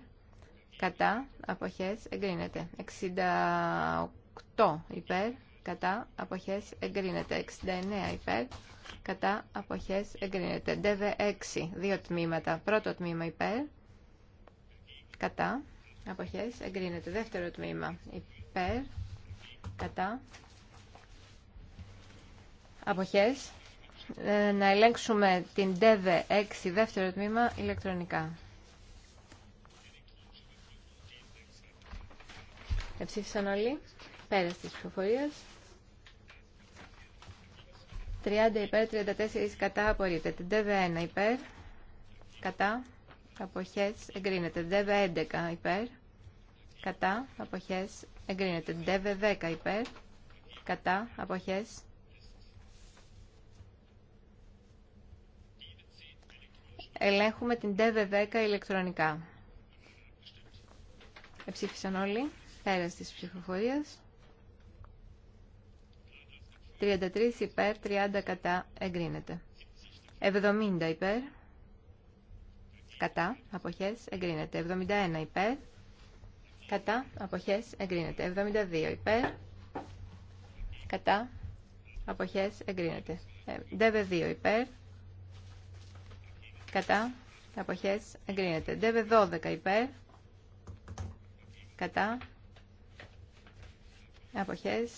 κατά αποχές εγκρίνεται 68 υπέρ κατά αποχές εγκρίνεται 69 υπέρ κατά αποχές εγκρίνεται ΔΕΒΕ 6 δύο τμήματα πρώτο τμήμα υπέρ κατά αποχές εγκρίνεται δεύτερο τμήμα υπέρ κατά αποχές ε, να ελέγξουμε την ΔΕΒΕ 6 δεύτερο τμήμα ηλεκτρονικά Εψήφισαν όλοι. Πέρασε τις ψηφοφορίες; 30 υπέρ, 34 κατα απορείτε. απορρίπτεται. ΔΒ1 υπέρ, κατά, αποχές, εγκρίνεται. ΔΒ11 υπέρ, κατά, αποχές, εγκρίνεται. ΔΒ10 υπέρ, κατά, αποχές. Ελέγχουμε την ΔΒ10 ηλεκτρονικά. Εψήφισαν όλοι. Πέρας της ψηφοφορίας. 33 υπέρ, 30 κατά εγκρίνεται. 70 υπέρ, κατά, αποχές, εγκρίνεται. 71 υπέρ, κατά, αποχές, εγκρίνεται. 72 υπέρ, κατά, αποχές, εγκρίνεται. ΔΕΒΕ 2 υπέρ, κατά, αποχές, εγκρίνεται. ΔΕΒΕ 12 υπέρ, κατά, Αποχές.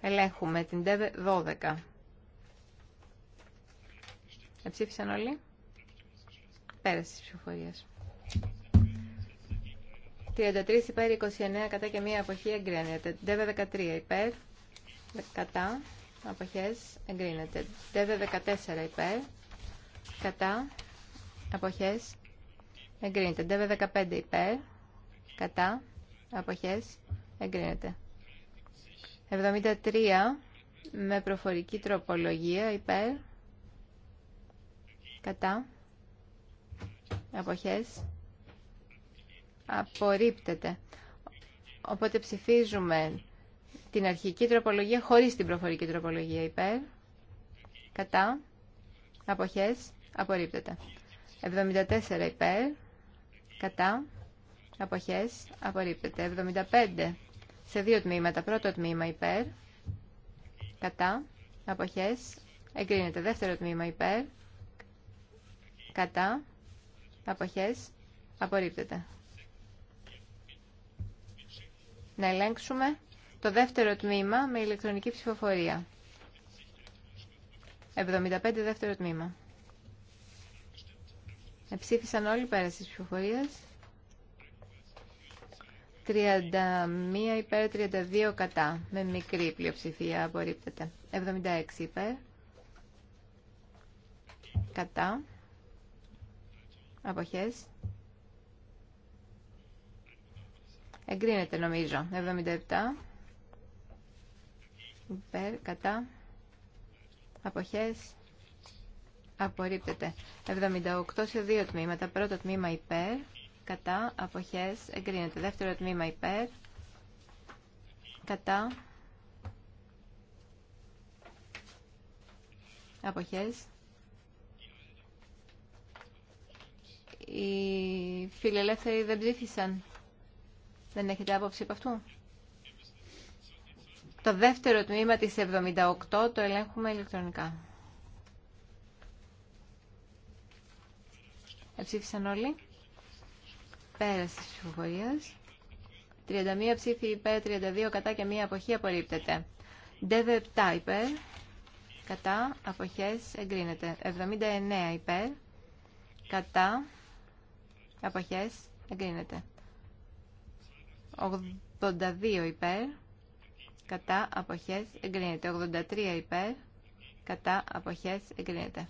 Ελέγχουμε την ΤΕΒΕ 12. Εψήφισαν όλοι. Πέρασε τη ψηφοφορία. 33 υπέρ, 29 κατά και μία αποχή εγκρίνεται. ΤΕΒΕ 13 υπέρ, κατά, αποχές εγκρίνεται. ΤΕΒΕ 14 υπέρ, κατά, αποχές εγκρίνεται. ΤΕΒΕ 15 υπέρ, κατά, αποχές, εγκρίνεται. 73 με προφορική τροπολογία υπέρ, κατά, αποχές, απορρίπτεται. Οπότε ψηφίζουμε την αρχική τροπολογία χωρίς την προφορική τροπολογία υπέρ, κατά, αποχές, απορρίπτεται. 74 υπέρ, κατά, αποχές απορρίπτεται. 75 σε δύο τμήματα. Πρώτο τμήμα υπέρ, κατά, αποχές, εγκρίνεται. Δεύτερο τμήμα υπέρ, κατά, αποχές, απορρίπτεται. Να ελέγξουμε το δεύτερο τμήμα με ηλεκτρονική ψηφοφορία. 75 δεύτερο τμήμα. Εψήφισαν όλοι πέρα της ψηφοφορίας. 31 υπέρ 32 κατά. Με μικρή πλειοψηφία απορρίπτεται. 76 υπέρ. Κατά. Αποχές. Εγκρίνεται νομίζω. 77. Υπέρ. Κατά. Αποχές. Απορρίπτεται. 78 σε δύο τμήματα. Πρώτο τμήμα υπέρ κατά, αποχές, εγκρίνεται. Δεύτερο τμήμα υπέρ, κατά, αποχές. Οι φιλελεύθεροι δεν ψήφισαν. Δεν έχετε άποψη από αυτού. Το δεύτερο τμήμα της 78 το ελέγχουμε ηλεκτρονικά. Εψήφισαν όλοι. Πέρας τη ψηφοφορία. 31 ψήφοι υπέρ, 32 κατά και μία αποχή απορρίπτεται. ΔΕΒΕ 7 υπέρ, κατά, αποχές εγκρίνεται. 79 υπέρ, κατά, αποχές εγκρίνεται. 82 υπέρ, κατά, αποχές εγκρίνεται. 83 υπέρ, κατά, αποχές εγκρίνεται.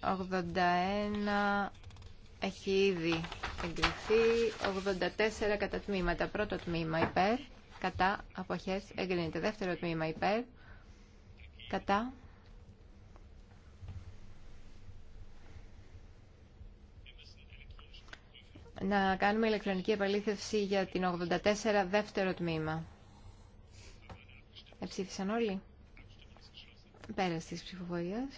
81 έχει ήδη εγκριθεί 84 κατά τμήματα. Πρώτο τμήμα υπέρ, κατά, αποχές, εγκρίνεται. Δεύτερο τμήμα υπέρ, κατά. Να κάνουμε ηλεκτρονική επαλήθευση για την 84 δεύτερο τμήμα. Εψήφισαν όλοι. πέρα τη ψηφοφορία.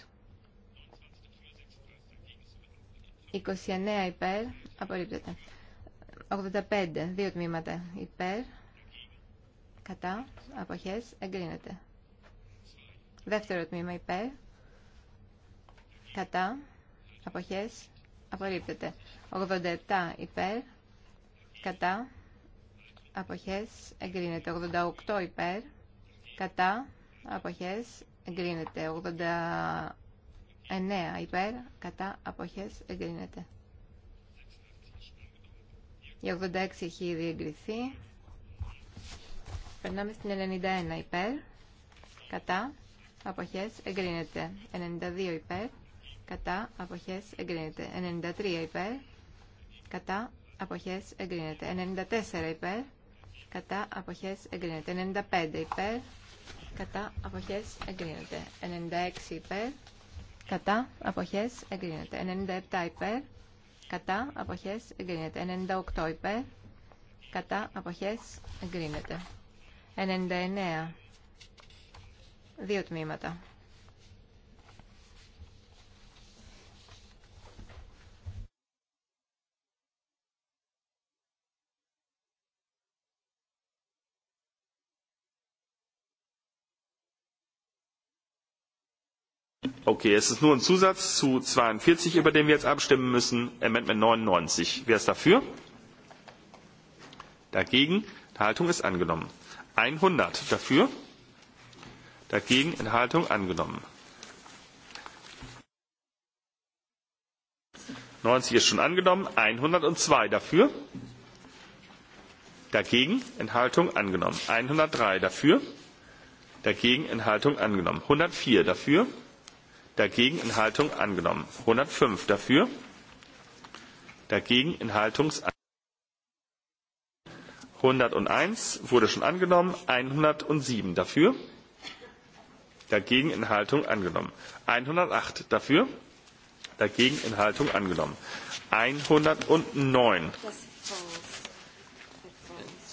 29 υπέρ, απορρίπτεται. 85, δύο τμήματα υπέρ, κατά, αποχές, εγκρίνεται. Δεύτερο τμήμα υπέρ, κατά, αποχές, απορρίπτεται. 87 υπέρ, κατά, αποχές, εγκρίνεται. 88 υπέρ, κατά, αποχές, εγκρίνεται. 9 υπέρ, κατά, αποχές, εγκρίνεται. Η 86 έχει ήδη εγκριθεί. Περνάμε στην 91 υπέρ, κατά, αποχές, εγκρίνεται. 92 υπέρ, κατά, αποχές, εγκρίνεται. 93 υπέρ, κατά, αποχές, εγκρίνεται. 94 υπέρ, κατά, αποχές, εγκρίνεται. 95 υπέρ, κατά, αποχές, εγκρίνεται. 96 υπέρ, κατά αποχές εγκρίνεται. 97 υπέρ, κατά αποχές εγκρίνεται. 98 υπέρ, κατά αποχές εγκρίνεται. 99 δύο τμήματα. Okay, es ist nur ein Zusatz zu 42, über den wir jetzt abstimmen müssen. Amendment 99. Wer ist dafür? Dagegen. Enthaltung ist angenommen. 100 dafür. Dagegen. Enthaltung angenommen. 90 ist schon angenommen. 102 dafür. Dagegen. Enthaltung angenommen. 103 dafür. Dagegen. Enthaltung angenommen. 104 dafür dagegen Enthaltung angenommen. 105 dafür, dagegen Enthaltung 101 wurde schon angenommen, 107 dafür, dagegen Enthaltung angenommen. 108 dafür, dagegen Enthaltung angenommen. 109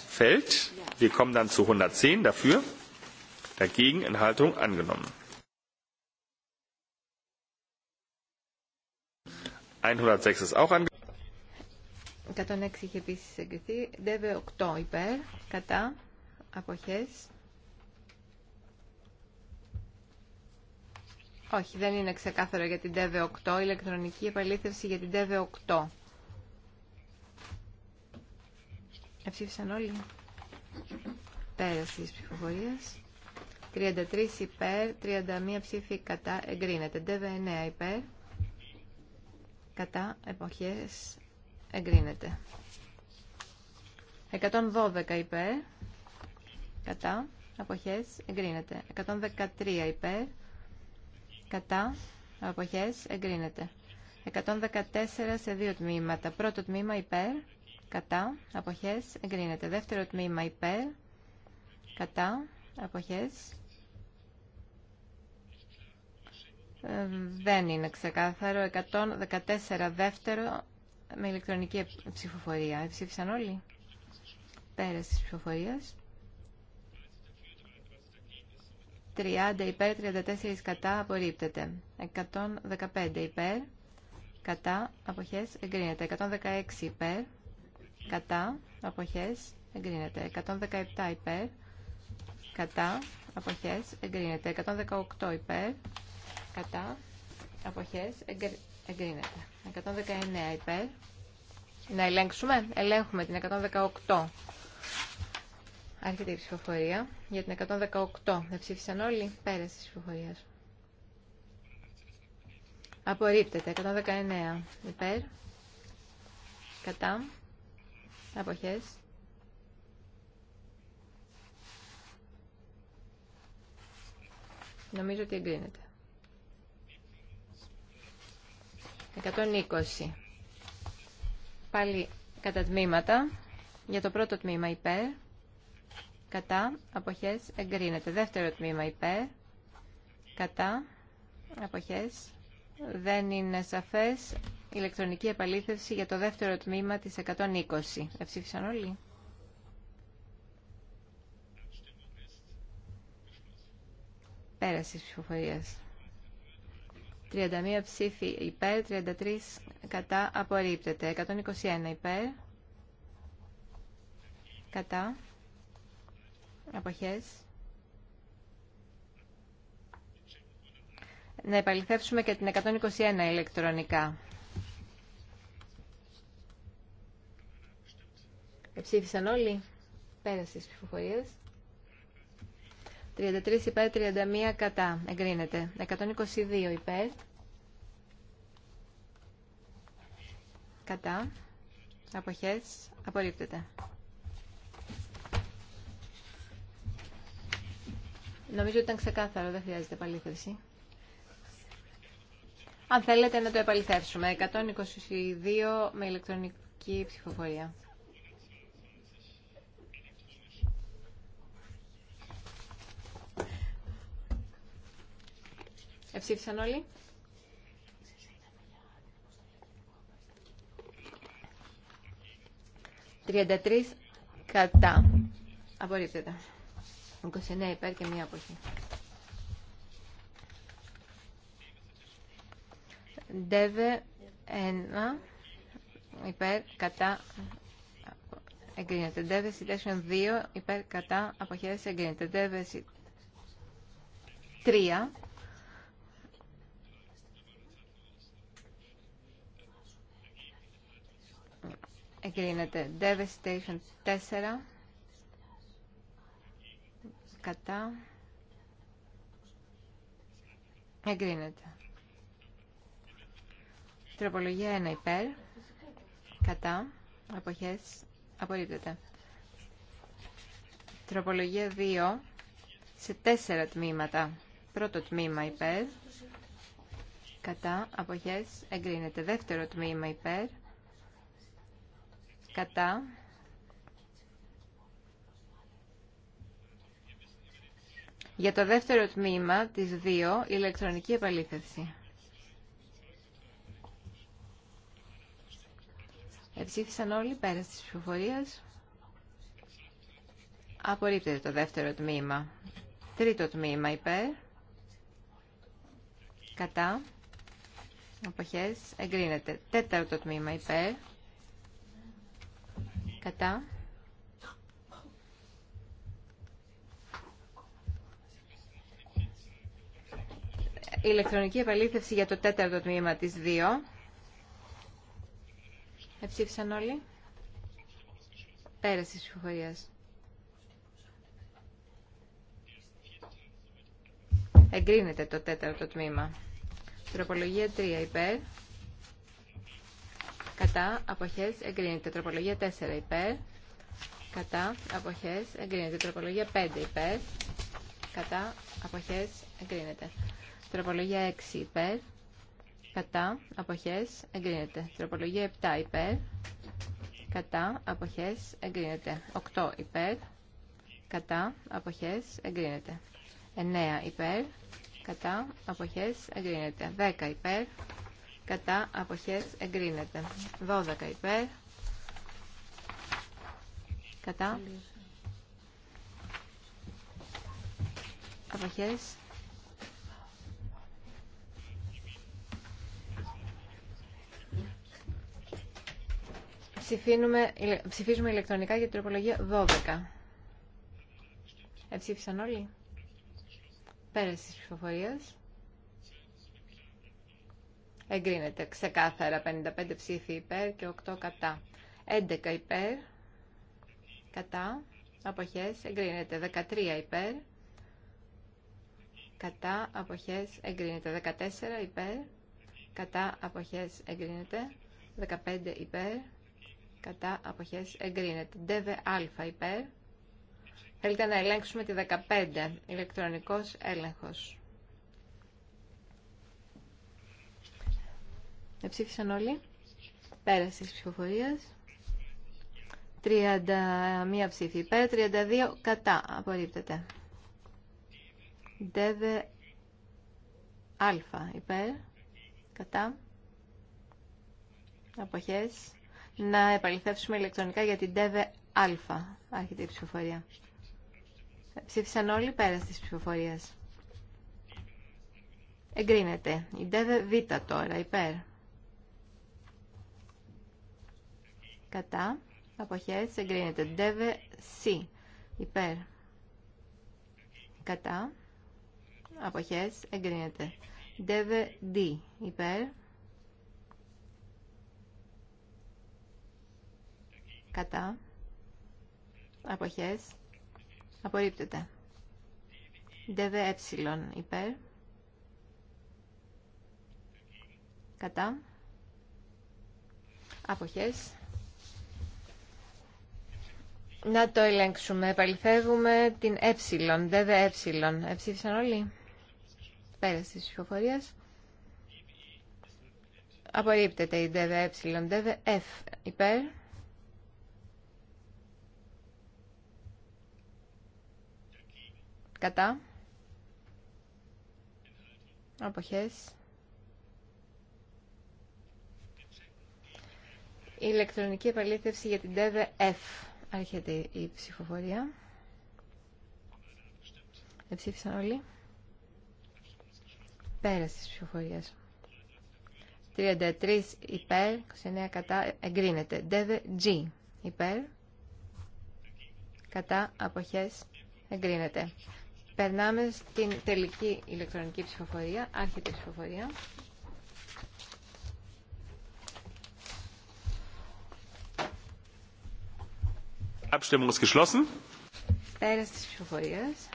fällt. Wir kommen dann zu 110 dafür, dagegen Enthaltung angenommen. 106 ist auch 106 είχε επίσης εγκριθεί. ΔΕΒΕ 8 υπέρ, κατά, αποχές. Όχι, δεν είναι ξεκάθαρο για την ΔΕΒΕ 8, ηλεκτρονική επαλήθευση για την ΔΕΒΕ 8. Εψήφισαν όλοι. Πέραση της ψηφοφορίας. 33 υπέρ, 31 ψήφοι κατά, εγκρίνεται. ΔΕΒΕ 9 υπέρ κατά εποχές εγκρίνεται 112 υπέρ κατά εποχές εγκρίνεται 113 υπέρ κατά εποχές εγκρίνεται 114 σε δύο τμήματα πρώτο τμήμα υπέρ κατά εποχές εγκρίνεται δεύτερο τμήμα υπέρ κατά εποχές Ε, δεν είναι ξεκάθαρο. 114 δεύτερο με ηλεκτρονική ψηφοφορία. Ψήφισαν όλοι. πέρασε τη ψηφοφορία. 30 υπέρ, 34 κατά, απορρίπτεται. 115 υπέρ, κατά, αποχές, εγκρίνεται. 116 υπέρ, κατά, αποχές, εγκρίνεται. 117 υπέρ, κατά, αποχές, εγκρίνεται. 118 υπέρ, κατά, αποχές, εγκρίνεται. 119 υπέρ. Να ελέγξουμε. Ελέγχουμε την 118. Άρχεται η ψηφοφορία. Για την 118. Δεν ψήφισαν όλοι. Πέρασε τη ψηφοφορία. Απορρίπτεται. 119 υπέρ. Κατά. Αποχές. Νομίζω ότι εγκρίνεται. 120. Πάλι κατά τμήματα. Για το πρώτο τμήμα υπέρ. Κατά. Αποχές. Εγκρίνεται. Δεύτερο τμήμα υπέρ. Κατά. Αποχές. Δεν είναι σαφές. Ηλεκτρονική επαλήθευση για το δεύτερο τμήμα της 120. Εψήφισαν όλοι. Πέραση ψηφοφορίας. 31 ψήφοι υπέρ, 33 κατά απορρίπτεται. 121 υπέρ, κατά, αποχές. Να επαληθεύσουμε και την 121 ηλεκτρονικά. Ψήφισαν όλοι πέρασε τις ψηφοφορίες. 33 υπέρ, 31 κατά. Εγκρίνεται. 122 υπέρ. Κατά. Αποχές. Απορρίπτεται. Νομίζω ότι ήταν ξεκάθαρο, δεν χρειάζεται επαλήθευση. Αν θέλετε να το επαληθεύσουμε. 122 με ηλεκτρονική ψηφοφορία. Εψήφισαν όλοι. 33 κατά. Απορρίπτεται. 29 υπέρ και μία αποχή. Ντεβε 1 υπέρ κατά εγκρίνεται. Ντεβε 2 υπέρ κατά αποχές εγκρίνεται. Ντεβε 3 Εγκρίνεται. Devastation 4. Κατά. Εγκρίνεται. Τροπολογία 1 υπέρ. Κατά. Αποχές. Απορρίπτεται. Τροπολογία 2 σε τέσσερα τμήματα. Πρώτο τμήμα υπέρ. Κατά. Αποχές. Εγκρίνεται. Δεύτερο τμήμα υπέρ κατά για το δεύτερο τμήμα της 2 ηλεκτρονική επαλήθευση. Εψήφισαν όλοι πέρα τις ψηφοφορίες. Απορρίπτεται το δεύτερο τμήμα. Τρίτο τμήμα υπέρ. Κατά. Αποχές. Εγκρίνεται. Τέταρτο τμήμα υπέρ κατά ηλεκτρονική επαλήθευση για το τέταρτο τμήμα της 2 εψήφισαν όλοι πέρασε της ψηφοφορίας εγκρίνεται το τέταρτο τμήμα τροπολογία 3 υπέρ κατά αποχές εγκρίνεται. Τροπολογία 4 υπέρ, κατά αποχές εγκρίνεται. Τροπολογία 5 υπέρ, κατά αποχές εγκρίνεται. Τροπολογία 6 υπέρ, κατά αποχές εγκρίνεται. Τροπολογία 7 υπέρ, κατά αποχές εγκρίνεται. 8 υπέρ, κατά αποχές εγκρίνεται. 9 υπέρ, κατά αποχές εγκρίνεται. 10 υπέρ, κατά αποχές εγκρίνεται. 12 υπέρ κατά αποχές Ψηφίζουμε, ψηφίζουμε ηλεκτρονικά για την τροπολογία 12. Εψήφισαν όλοι. Πέρασε τη ψηφοφορία. Εγκρίνεται ξεκάθαρα 55 ψήφοι υπέρ και 8 κατά. 11 υπέρ, κατά, αποχές, εγκρίνεται 13 υπέρ, κατά, αποχές, εγκρίνεται 14 υπέρ, κατά, αποχές, εγκρίνεται 15 υπέρ, κατά, αποχές, εγκρίνεται. Δεβε α υπέρ. Θέλετε να ελέγξουμε τη 15, ηλεκτρονικός έλεγχος. Εψήφισαν όλοι. Πέρασε τη ψηφοφορίας. 31 ψήφι. υπέρ, 32 κατά. Απορρίπτεται. ΔΕΒΕ Α υπέρ, κατά. Αποχές. Να επαληθεύσουμε ηλεκτρονικά για την ΔΕΒΕ Α. Άρχεται η ψηφοφορία. Ψήφισαν όλοι πέρα τη ψηφοφορία. Εγκρίνεται. Η ΔΕΒΕ Β τώρα υπέρ. κατά, αποχές, εγκρίνεται. Δεβε υπέρ, κατά, αποχές, εγκρίνεται. Δεβε υπέρ, κατά, αποχές, απορρίπτεται. Δεβε ε. υπέρ, κατά, αποχές, να το ελέγξουμε. Επαληθεύουμε την ε, ΔΔΕ. Ε. Εψήφισαν όλοι. Πέρασε τη ψηφοφορία. Απορρίπτεται η ΔΔΕ. ΔΔΕ ε, υπέρ. Κατά. Αποχές. Η ηλεκτρονική επαλήθευση για την F. Άρχεται η ψηφοφορία. Εψήφισαν όλοι. Πέρασε τη ψηφοφορία. 33 υπέρ, 29 κατά, εγκρίνεται. Δεβε G υπέρ, κατά, αποχές, εγκρίνεται. Περνάμε στην τελική ηλεκτρονική ψηφοφορία. Άρχεται η ψηφοφορία. Πέρας της ψηφοφορίας.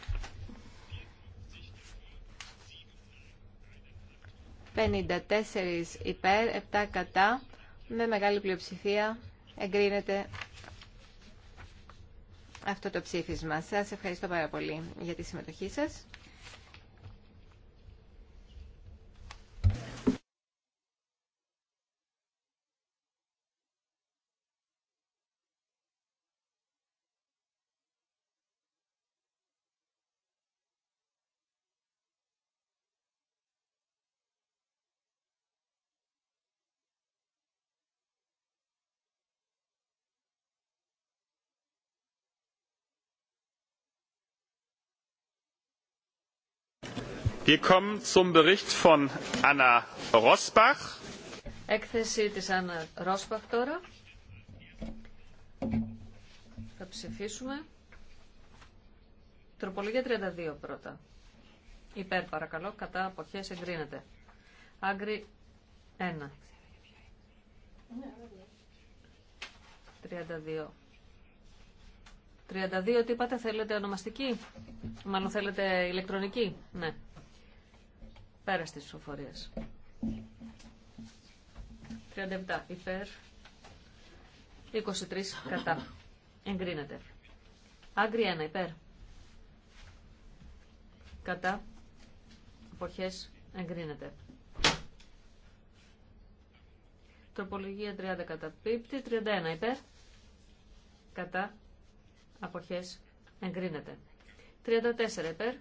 54 υπέρ, 7 κατά, με μεγάλη πλειοψηφία εγκρίνεται αυτό το ψήφισμα. Σας ευχαριστώ πάρα πολύ για τη συμμετοχή σας. Wir kommen zum Bericht von Anna Έκθεση της Άννα Ρόσπαχ τώρα. Θα ψηφίσουμε. Τροπολογία 32 πρώτα. Υπέρ παρακαλώ, κατά αποχές εγκρίνεται. Άγκρι 1. 32. 32 τι είπατε, θέλετε ονομαστική, μάλλον θέλετε ηλεκτρονική, ναι. Πέρα τη ψηφοφορία. 37 υπέρ. 23 κατά. Εγκρίνεται. Άγκρι 1 υπέρ. Κατά. Αποχές εγκρίνεται. Τροπολογία 30 κατά πίπτη, 31 υπέρ. Κατά. Αποχές εγκρίνεται. 34 υπέρ.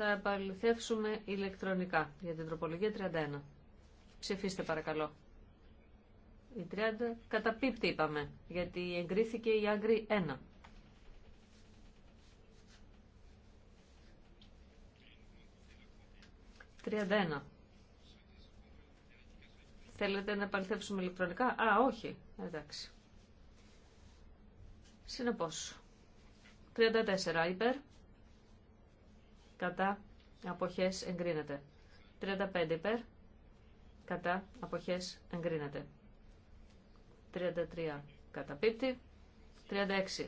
θα επαληθεύσουμε ηλεκτρονικά για την τροπολογία 31. Ψηφίστε παρακαλώ. Η 30 καταπίπτει είπαμε, γιατί εγκρίθηκε η άγκρη 1. «31. Θέλετε να επαληθεύσουμε ηλεκτρονικά. Α, όχι. Εντάξει. Συνεπώς. 34 υπέρ κατά αποχές εγκρίνεται. 35 υπέρ κατά αποχές εγκρίνεται. 33 κατά καταπίπτει. 36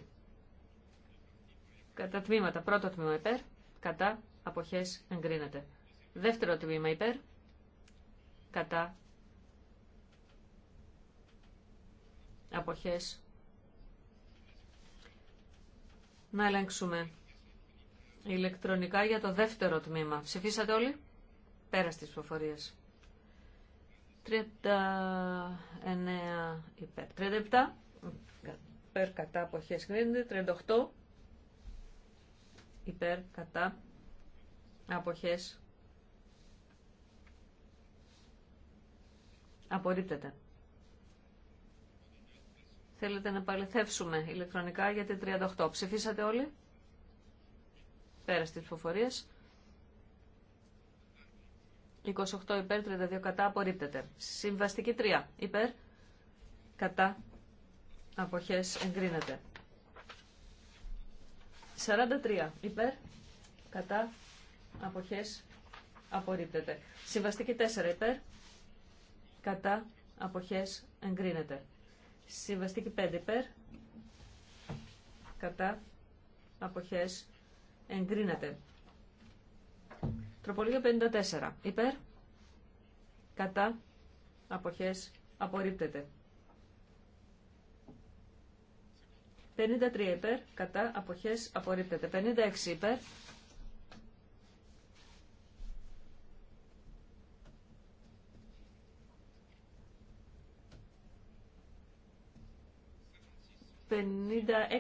κατά τμήματα. Πρώτο τμήμα υπέρ κατά αποχές εγκρίνεται. Δεύτερο τμήμα υπέρ κατά αποχές να ελέγξουμε ηλεκτρονικά για το δεύτερο τμήμα. Ψηφίσατε όλοι. Πέρα τις ψηφοφορίες. 39 υπέρ. 37 υπέρ κατά αποχές 38 υπέρ κατά αποχές απορρίπτεται. Θέλετε να παληθεύσουμε ηλεκτρονικά για την 38. Ψηφίσατε όλοι. Πέρα τη ψηφοφορία. 28 υπέρ, 32 κατά, απορρίπτεται. Συμβαστική 3 υπέρ, κατά, αποχές, εγκρίνεται. 43 υπέρ, κατά, αποχές, απορρίπτεται. Συμβαστική 4 υπέρ, κατά, αποχές, εγκρίνεται. Συμβαστική 5 υπέρ, κατά, αποχές, εγκρίνεται. Τροπολογία 54. Υπέρ. Κατά. Αποχές. Απορρίπτεται. 53 υπέρ. Κατά. Αποχές. Απορρίπτεται. 56 υπέρ.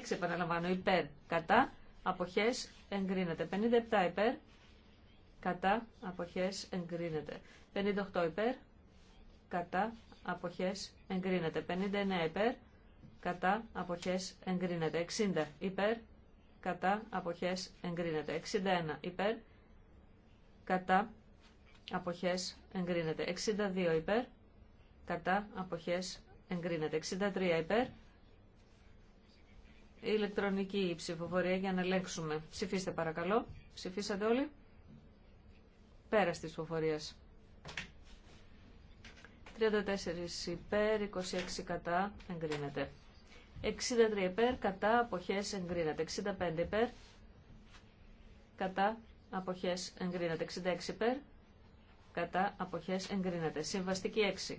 56 επαναλαμβάνω υπέρ κατά αποχές εγκρίνεται. 57 υπέρ, κατά, αποχές εγκρίνεται. 58 υπέρ, κατά, αποχές εγκρίνεται. 59 υπέρ, κατά, αποχές εγκρίνεται. 60 υπέρ, κατά, αποχές εγκρίνεται. 61 υπέρ, κατά, αποχές εγκρίνεται. 62 υπέρ, κατά, αποχές εγκρίνεται. 63 υπέρ, ηλεκτρονική ψηφοφορία για να ελέγξουμε. Ψηφίστε παρακαλώ. Ψηφίσατε όλοι. Πέρα της ψηφοφορία. 34 υπέρ, 26 κατά, εγκρίνεται. 63 υπέρ, κατά, αποχές, εγκρίνεται. 65 υπέρ, κατά, αποχές, εγκρίνεται. 66 υπέρ, κατά, αποχές, εγκρίνεται. Συμβαστική 6.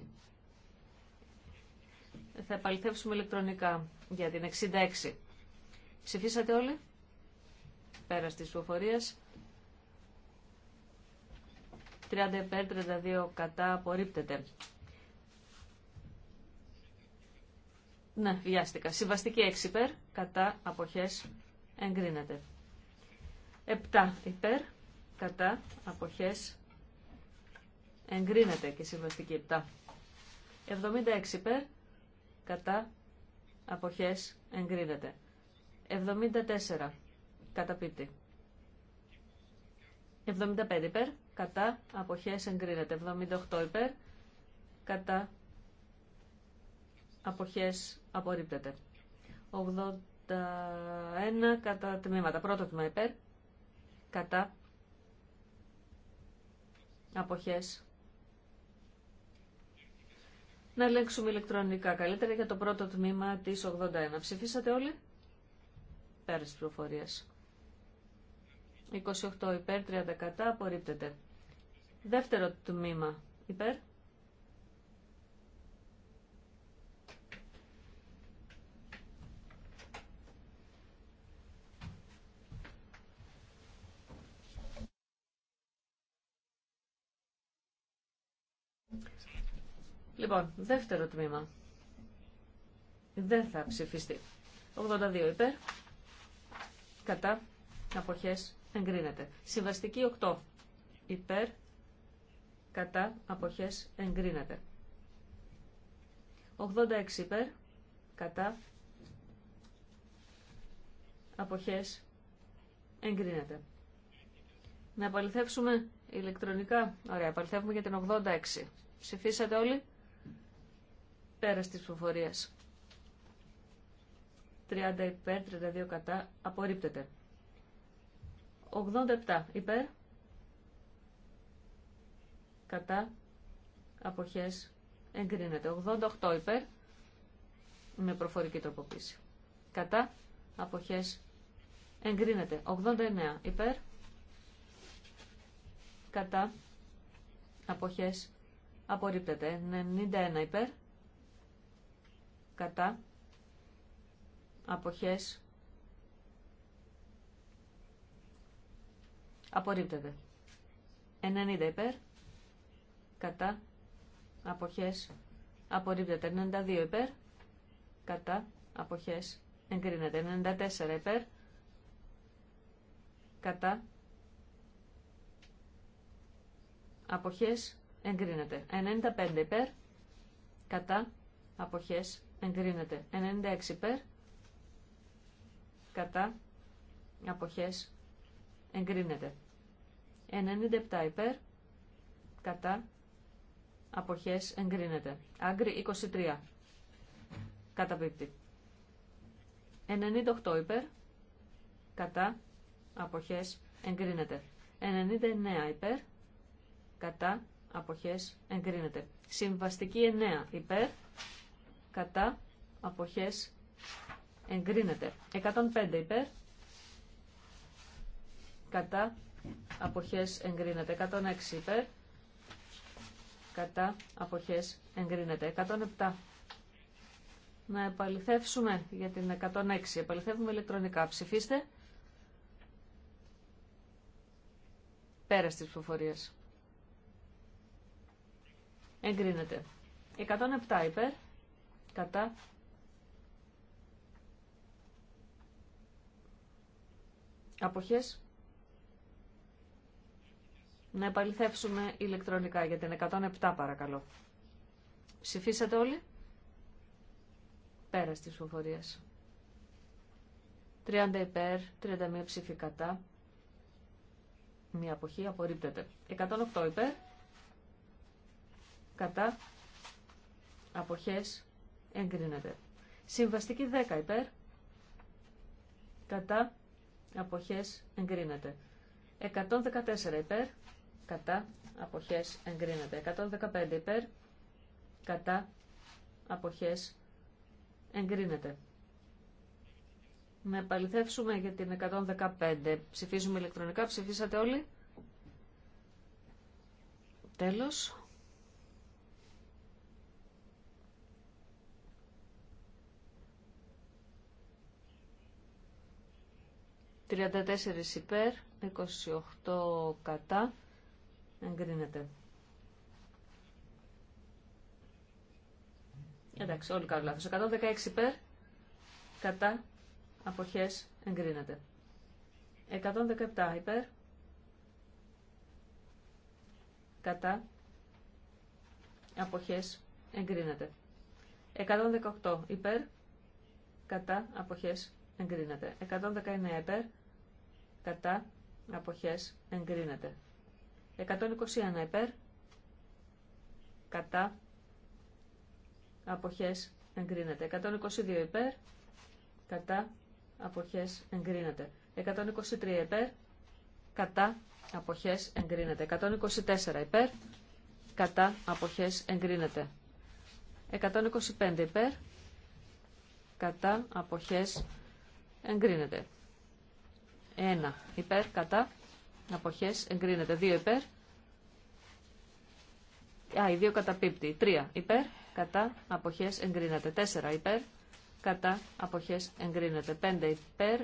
Θα επαληθεύσουμε ηλεκτρονικά για την 66. Ψηφίσατε όλοι. Πέρα τη ψηφοφορία. 30 υπέρ, 32 κατά, απορρίπτεται. Ναι, βιάστηκα. Συμβαστική 6 υπέρ, κατά, αποχές, εγκρίνεται. 7 υπέρ, κατά, αποχές, εγκρίνεται και συμβαστική 7. 76 υπέρ, κατά, αποχές, εγκρίνεται. 74 κατά πίπτη. 75 υπέρ, κατά, αποχές εγκρίνεται. 78 υπέρ, κατά, αποχές απορρίπτεται. 81 κατά τμήματα. Πρώτο τμήμα υπέρ, κατά, αποχές. Να ελέγξουμε ηλεκτρονικά καλύτερα για το πρώτο τμήμα της 81. Ψηφίσατε όλοι πέρα της 28 υπέρ, 30 κατά, απορρίπτεται. Δεύτερο τμήμα υπέρ. Λοιπόν, δεύτερο τμήμα. Δεν θα ψηφιστεί. 82 υπέρ κατά, αποχές, εγκρίνεται. Συμβαστική 8, υπέρ, κατά, αποχές, εγκρίνεται. 86 υπέρ, κατά, αποχές, εγκρίνεται. Να επαληθεύσουμε ηλεκτρονικά. Ωραία, επαληθεύουμε για την 86. Ψηφίσατε όλοι πέρα της ψηφοφορίας. 30 υπέρ, 32 κατά, απορρίπτεται. 87 υπέρ, κατά, αποχές, εγκρίνεται. 88 υπέρ, με προφορική τροποποίηση. Κατά, αποχές, εγκρίνεται. 89 υπέρ, κατά, αποχές, απορρίπτεται. 91 υπέρ, κατά, αποχές απορρίπτεται. 90 υπέρ, κατά, αποχές, απορρίπτεται. 92 υπέρ, κατά, αποχές, εγκρίνεται. 94 υπέρ, κατά, αποχές, εγκρίνεται. 95 υπέρ, κατά, αποχές, εγκρίνεται. 96 υπέρ, κατά αποχές εγκρίνεται. 97 υπέρ κατά αποχές εγκρίνεται. Άγκρι 23 καταπίπτει. 98 υπέρ κατά αποχές εγκρίνεται. 99 υπέρ κατά αποχές εγκρίνεται. Συμβαστική 9 υπέρ κατά αποχές εγκρίνεται. 105 υπέρ, κατά, αποχές εγκρίνεται. 106 υπέρ, κατά, αποχές εγκρίνεται. 107 να επαληθεύσουμε για την 106. Επαληθεύουμε ηλεκτρονικά. Ψηφίστε. Πέρα στις ψηφοφορίες. Εγκρίνεται. 107 υπέρ. Κατά. Αποχές. Να επαληθεύσουμε ηλεκτρονικά για την 107 παρακαλώ. Ψηφίσατε όλοι. Πέρα τη φοφορίας. 30 υπέρ, 31 ψήφι κατά. Μία αποχή απορρίπτεται. 108 υπέρ. Κατά. Αποχές εγκρίνεται. Συμβαστική 10 υπέρ. Κατά αποχές εγκρίνεται. 114 υπέρ, κατά, αποχές εγκρίνεται. 115 υπέρ, κατά, αποχές εγκρίνεται. Να επαληθεύσουμε για την 115. Ψηφίζουμε ηλεκτρονικά. Ψηφίσατε όλοι. Τέλος. 34 υπέρ, 28 κατά. Εγκρίνεται. Εντάξει, όλοι κάνουν λάθος. 116 υπέρ, κατά, αποχές, εγκρίνεται. 117 υπέρ, κατά, αποχές, εγκρίνεται. 118 υπέρ, κατά, αποχές, εγκρίνεται. 119 υπέρ, κατά, αποχές, εγκρίνεται. 121 υπέρ, κατά, αποχές, εγκρίνεται. 122 υπέρ, κατά, αποχές, εγκρίνεται. 123 υπέρ, κατά, αποχές, εγκρίνεται. 124 υπέρ, κατά, αποχές, εγκρίνεται. 125 υπέρ, κατά, αποχές, εγκρίνεται. 1 υπέρ κατά αποχές εγκρίνεται. 2 υπέρ. Α, οι 2 καταπίπτει. 3 υπέρ κατά αποχές εγκρίνεται. 4 υπέρ κατά αποχές εγκρίνεται. 5 υπέρ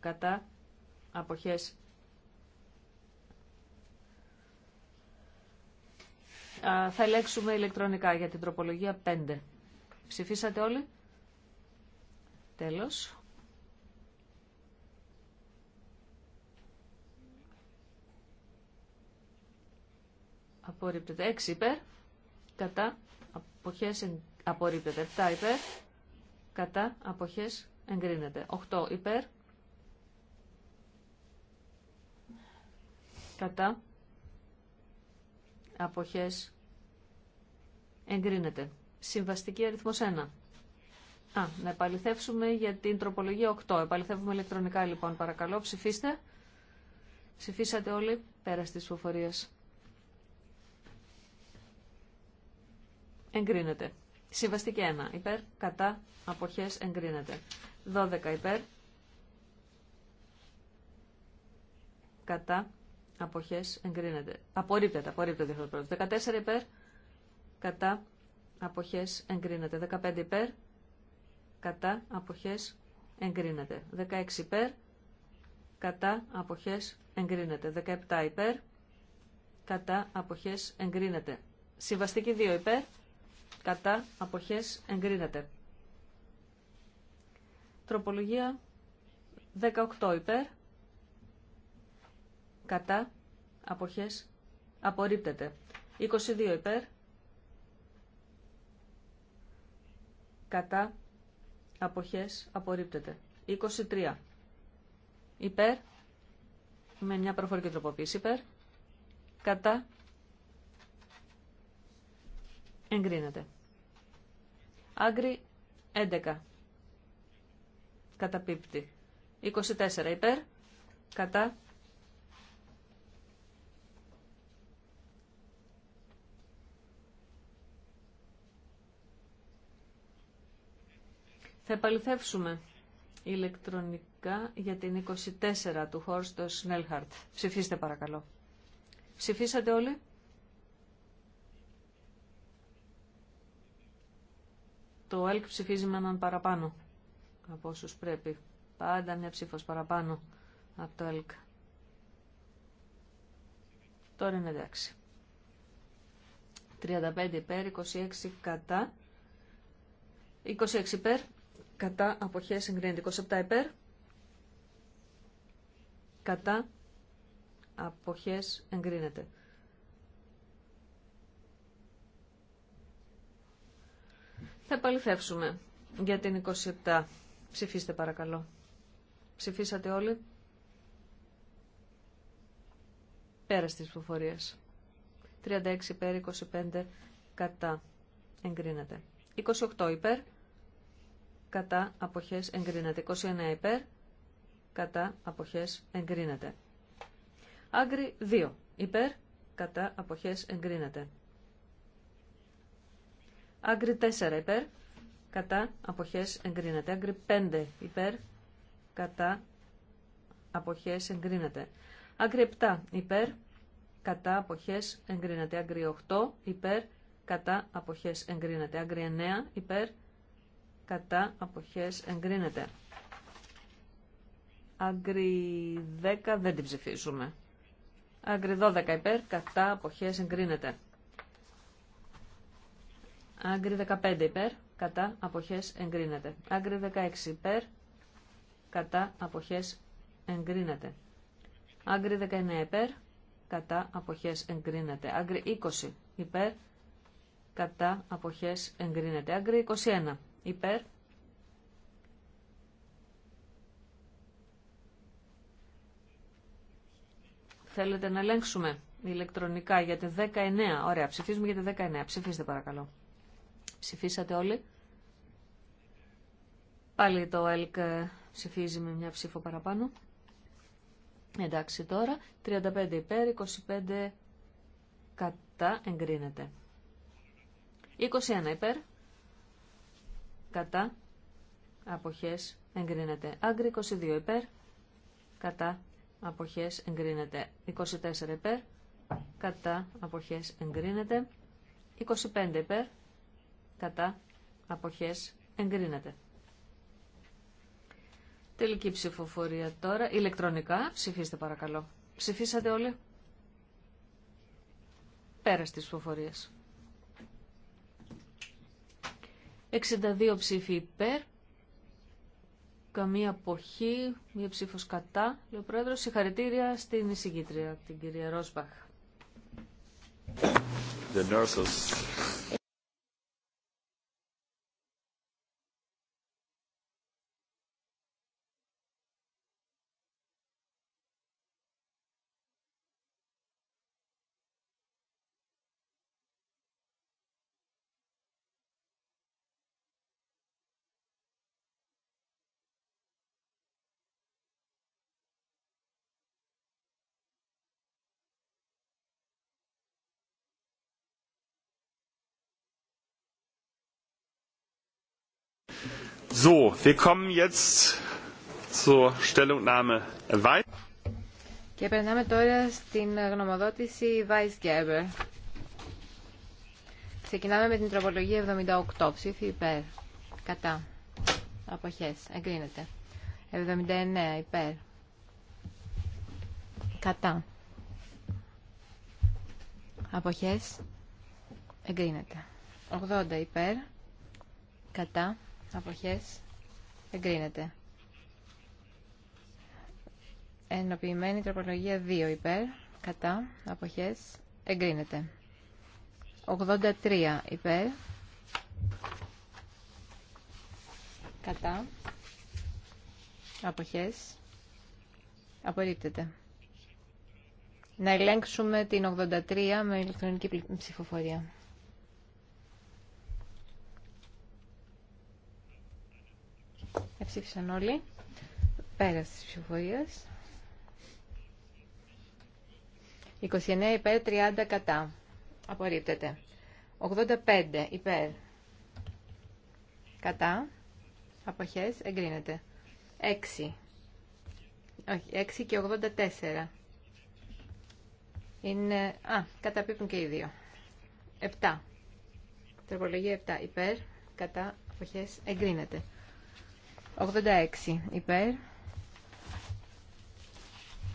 κατά αποχές θα ελέγξουμε ηλεκτρονικά για την τροπολογία 5. Ψηφίσατε όλοι. Τέλος. απορρίπτεται 6 υπέρ, κατά αποχές απορρίπτεται 7 υπέρ, κατά αποχές εγκρίνεται 8 υπέρ, κατά αποχές εγκρίνεται. Συμβαστική αριθμός 1. Α, να επαληθεύσουμε για την τροπολογία 8. Επαληθεύουμε ηλεκτρονικά λοιπόν παρακαλώ. Ψηφίστε. Ψηφίσατε όλοι πέρα της ψηφοφορίας. εγκρίνεται. Συμβαστική 1 υπέρ, κατά, αποχές, εγκρίνεται. 12 υπέρ, κατά, αποχές, εγκρίνεται. Απορρίπτεται, απορρίπτεται αυτό το πρώτο. 14 υπέρ, κατά, αποχές, εγκρίνεται. 15 υπέρ, κατά, αποχές, εγκρίνεται. 16 υπέρ, κατά, αποχές, εγκρίνεται. 17 υπέρ, κατά, αποχές, εγκρίνεται. Συμβαστική 2 υπέρ, κατά, αποχές, εγκρίνεται. Τροπολογία 18 υπέρ, κατά, αποχές, απορρίπτεται. 22 υπέρ, κατά, αποχές, απορρίπτεται. 23 υπέρ, με μια προφορική τροποποίηση υπέρ, κατά, εγκρίνεται. Άγκρι 11. Καταπίπτει. 24 υπέρ. Κατά. Θα επαληθεύσουμε ηλεκτρονικά για την 24 του Χόρστο Σνέλχαρτ. Ψηφίστε παρακαλώ. Ψηφίσατε όλοι. Το ΕΛΚ ψηφίζει με έναν παραπάνω από όσους πρέπει. Πάντα μια ψήφος παραπάνω από το ΕΛΚ. Τώρα είναι εντάξει. 35 υπέρ, 26 κατά. 26 υπέρ, κατά αποχές εγκρίνεται. 27 υπέρ, κατά αποχές εγκρίνεται. Θα επαληθεύσουμε για την 27. Ψηφίστε παρακαλώ. Ψηφίσατε όλοι. Πέρα στις ψηφοφορίες. 36 υπέρ, 25 κατά. Εγκρίνεται. 28 υπέρ. Κατά αποχές εγκρίνεται. 29 υπέρ. Κατά αποχές εγκρίνεται. Άγκρι 2. Υπέρ. Κατά αποχές εγκρίνεται. Άγκρι 4 υπέρ, κατά αποχές εγκρίνεται. Άγκρι 5 υπέρ, κατά αποχές εγκρίνεται. Άγκρι 7 υπέρ, κατά αποχές εγκρίνεται. Άγκρι 8 υπέρ, κατά αποχές εγκρίνεται. Άγκρι 9 υπέρ, κατά αποχές εγκρίνεται. Άγκρι 10 δεν την ψηφίζουμε. Άγκρι 12 υπέρ, κατά αποχές εγκρίνεται. Άγκρι 15 υπέρ, κατά αποχές εγκρίνεται. Άγκρι 16 υπέρ, κατά αποχές εγκρίνεται. Άγκρι 19 υπέρ, κατά αποχές εγκρίνεται. Άγκρι 20 υπέρ, κατά αποχές εγκρίνεται. Άγκρι 21 υπέρ, Θέλετε να ελέγξουμε ηλεκτρονικά για τη 19. Ωραία, ψηφίζουμε για τη 19. Ψηφίστε παρακαλώ. Ψηφίσατε όλοι. Πάλι το ΕΛΚ ε, ψηφίζει με μια ψήφο παραπάνω. Εντάξει τώρα, 35 υπέρ, 25 κατά εγκρίνεται. 21 υπέρ, κατά, αποχές εγκρίνεται. Άγκρι 22 υπέρ, κατά, αποχές εγκρίνεται. 24 υπέρ, κατά, αποχές εγκρίνεται. 25 υπέρ, κατά αποχές εγκρίνεται. Τελική ψηφοφορία τώρα. Ηλεκτρονικά ψηφίστε παρακαλώ. Ψηφίσατε όλοι. Πέρα στις ψηφοφορίες. 62 ψήφοι υπέρ, καμία αποχή, μία ψήφος κατά. Λέει Πρόεδρος, συγχαρητήρια στην εισηγήτρια, την κυρία Ρόσμπαχ. The nurses. Και περνάμε τώρα στην γνωμοδοτηση Ξεκινάμε με την τροπολογία 78. Ψήφι υπέρ. Κατά. Αποχές. Εγκρίνεται. 79 υπέρ. Κατά. Αποχές. Εγκρίνεται. 80 υπέρ. Κατά αποχές εγκρίνεται. Ενοποιημένη τροπολογία 2 υπέρ, κατά, αποχές εγκρίνεται. 83 υπέρ, κατά, αποχές απορρίπτεται. Να ελέγξουμε την 83 με ηλεκτρονική ψηφοφορία. Εψήφισαν όλοι. Πέρα τη ψηφοφορία. 29 υπέρ, 30 κατά. Απορρίπτεται. 85 υπέρ. Κατά. Αποχές. Εγκρίνεται. 6. Όχι, 6 και 84. Είναι... Α, καταπίπτουν και οι δύο. 7. Τροπολογία 7. Υπέρ. Κατά. Αποχές. Εγκρίνεται. 86 υπέρ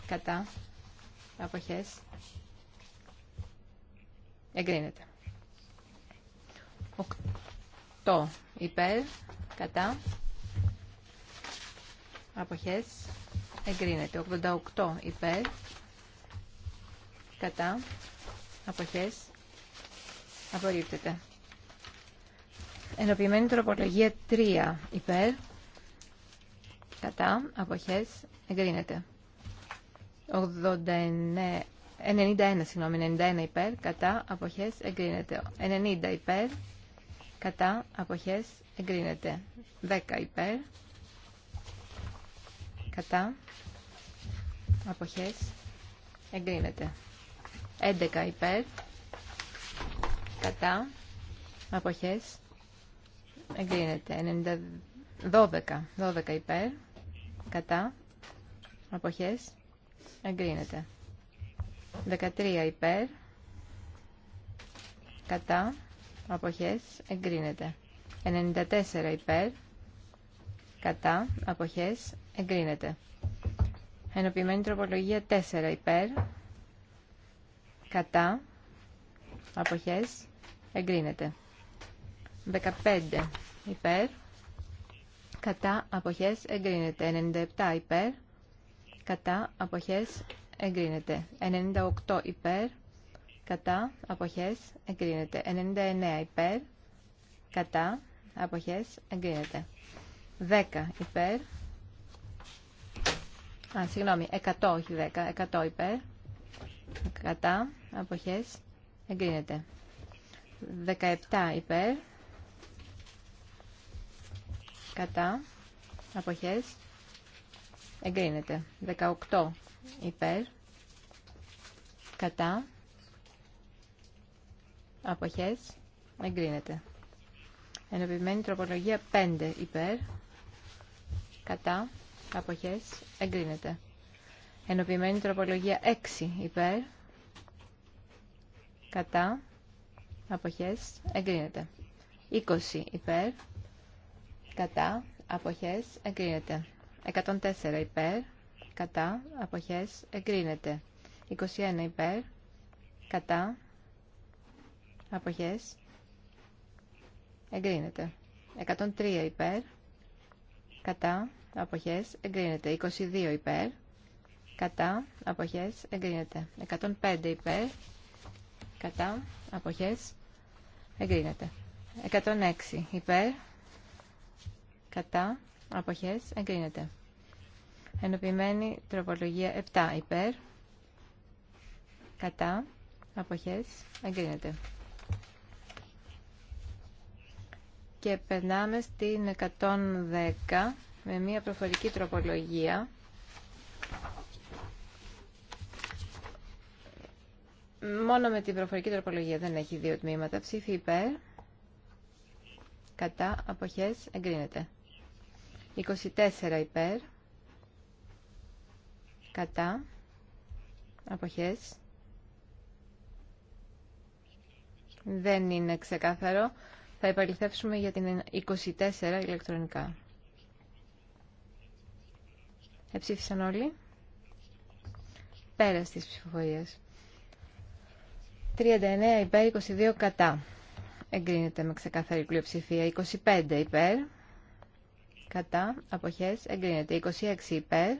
κατά αποχές εγκρίνεται 8 υπέρ κατά αποχές εγκρίνεται 88 υπέρ κατά αποχές απορρίπτεται ενοποιημένη τροπολογία 3 υπέρ κατά, αποχές, εγκρίνεται. 89, 91, συγγνώμη, 91 υπέρ, κατά, αποχές, εγκρίνεται. 90 υπέρ, κατά, αποχές, εγκρίνεται. 10 υπέρ, κατά, αποχές, εγκρίνεται. 11 υπέρ, κατά, αποχές, εγκρίνεται. 92 12. 12 υπέρ. Κατά. Αποχές. Εγκρίνεται. 13 υπέρ. Κατά. Αποχές. Εγκρίνεται. 94 υπέρ. Κατά. Αποχές. Εγκρίνεται. Ενωπημένη τροπολογία 4 υπέρ. Κατά. Αποχές. Εγκρίνεται. 15 υπέρ κατά αποχές εγκρίνεται 97 υπέρ κατά αποχές εγκρίνεται 98 υπέρ κατά αποχές εγκρίνεται 99 υπέρ κατά αποχές εγκρίνεται 10 υπέρ Α, συγγνώμη, 100 όχι 10, 100 υπέρ κατά αποχές εγκρίνεται 17 υπέρ κατά αποχές εγκρίνεται 18 υπέρ κατά αποχές εγκρίνεται ενωπημένη τροπολογία 5 υπέρ κατά αποχές εγκρίνεται Ενωπημένη τροπολογία 6 υπέρ κατά αποχές εγκρίνεται 20 υπέρ κατά, αποχές, εγκρίνεται. 104 υπέρ, κατά, αποχές, εγκρίνεται. 21 υπέρ, κατά, αποχές, εγκρίνεται. 103 υπέρ, κατά, αποχές, εγκρίνεται. 22 υπέρ, κατά, αποχές, εγκρίνεται. 105 υπέρ, κατά, αποχές, εγκρίνεται. 106 υπέρ, κατά, αποχές, εγκρίνεται. Ενωπημένη τροπολογία 7 υπέρ, κατά, αποχές, εγκρίνεται. Και περνάμε στην 110 με μια προφορική τροπολογία. Μόνο με την προφορική τροπολογία δεν έχει δύο τμήματα. Ψήφι υπέρ, κατά, αποχές, εγκρίνεται. 24 υπέρ, κατά, αποχές. Δεν είναι ξεκάθαρο. Θα επαληθεύσουμε για την 24 ηλεκτρονικά. Εψήφισαν όλοι. Πέρα στις ψηφοφορίες. 39 υπέρ, 22 κατά. Εγκρίνεται με ξεκάθαρη πλειοψηφία. 25 υπέρ, κατά αποχές εγκρίνεται 26 υπέρ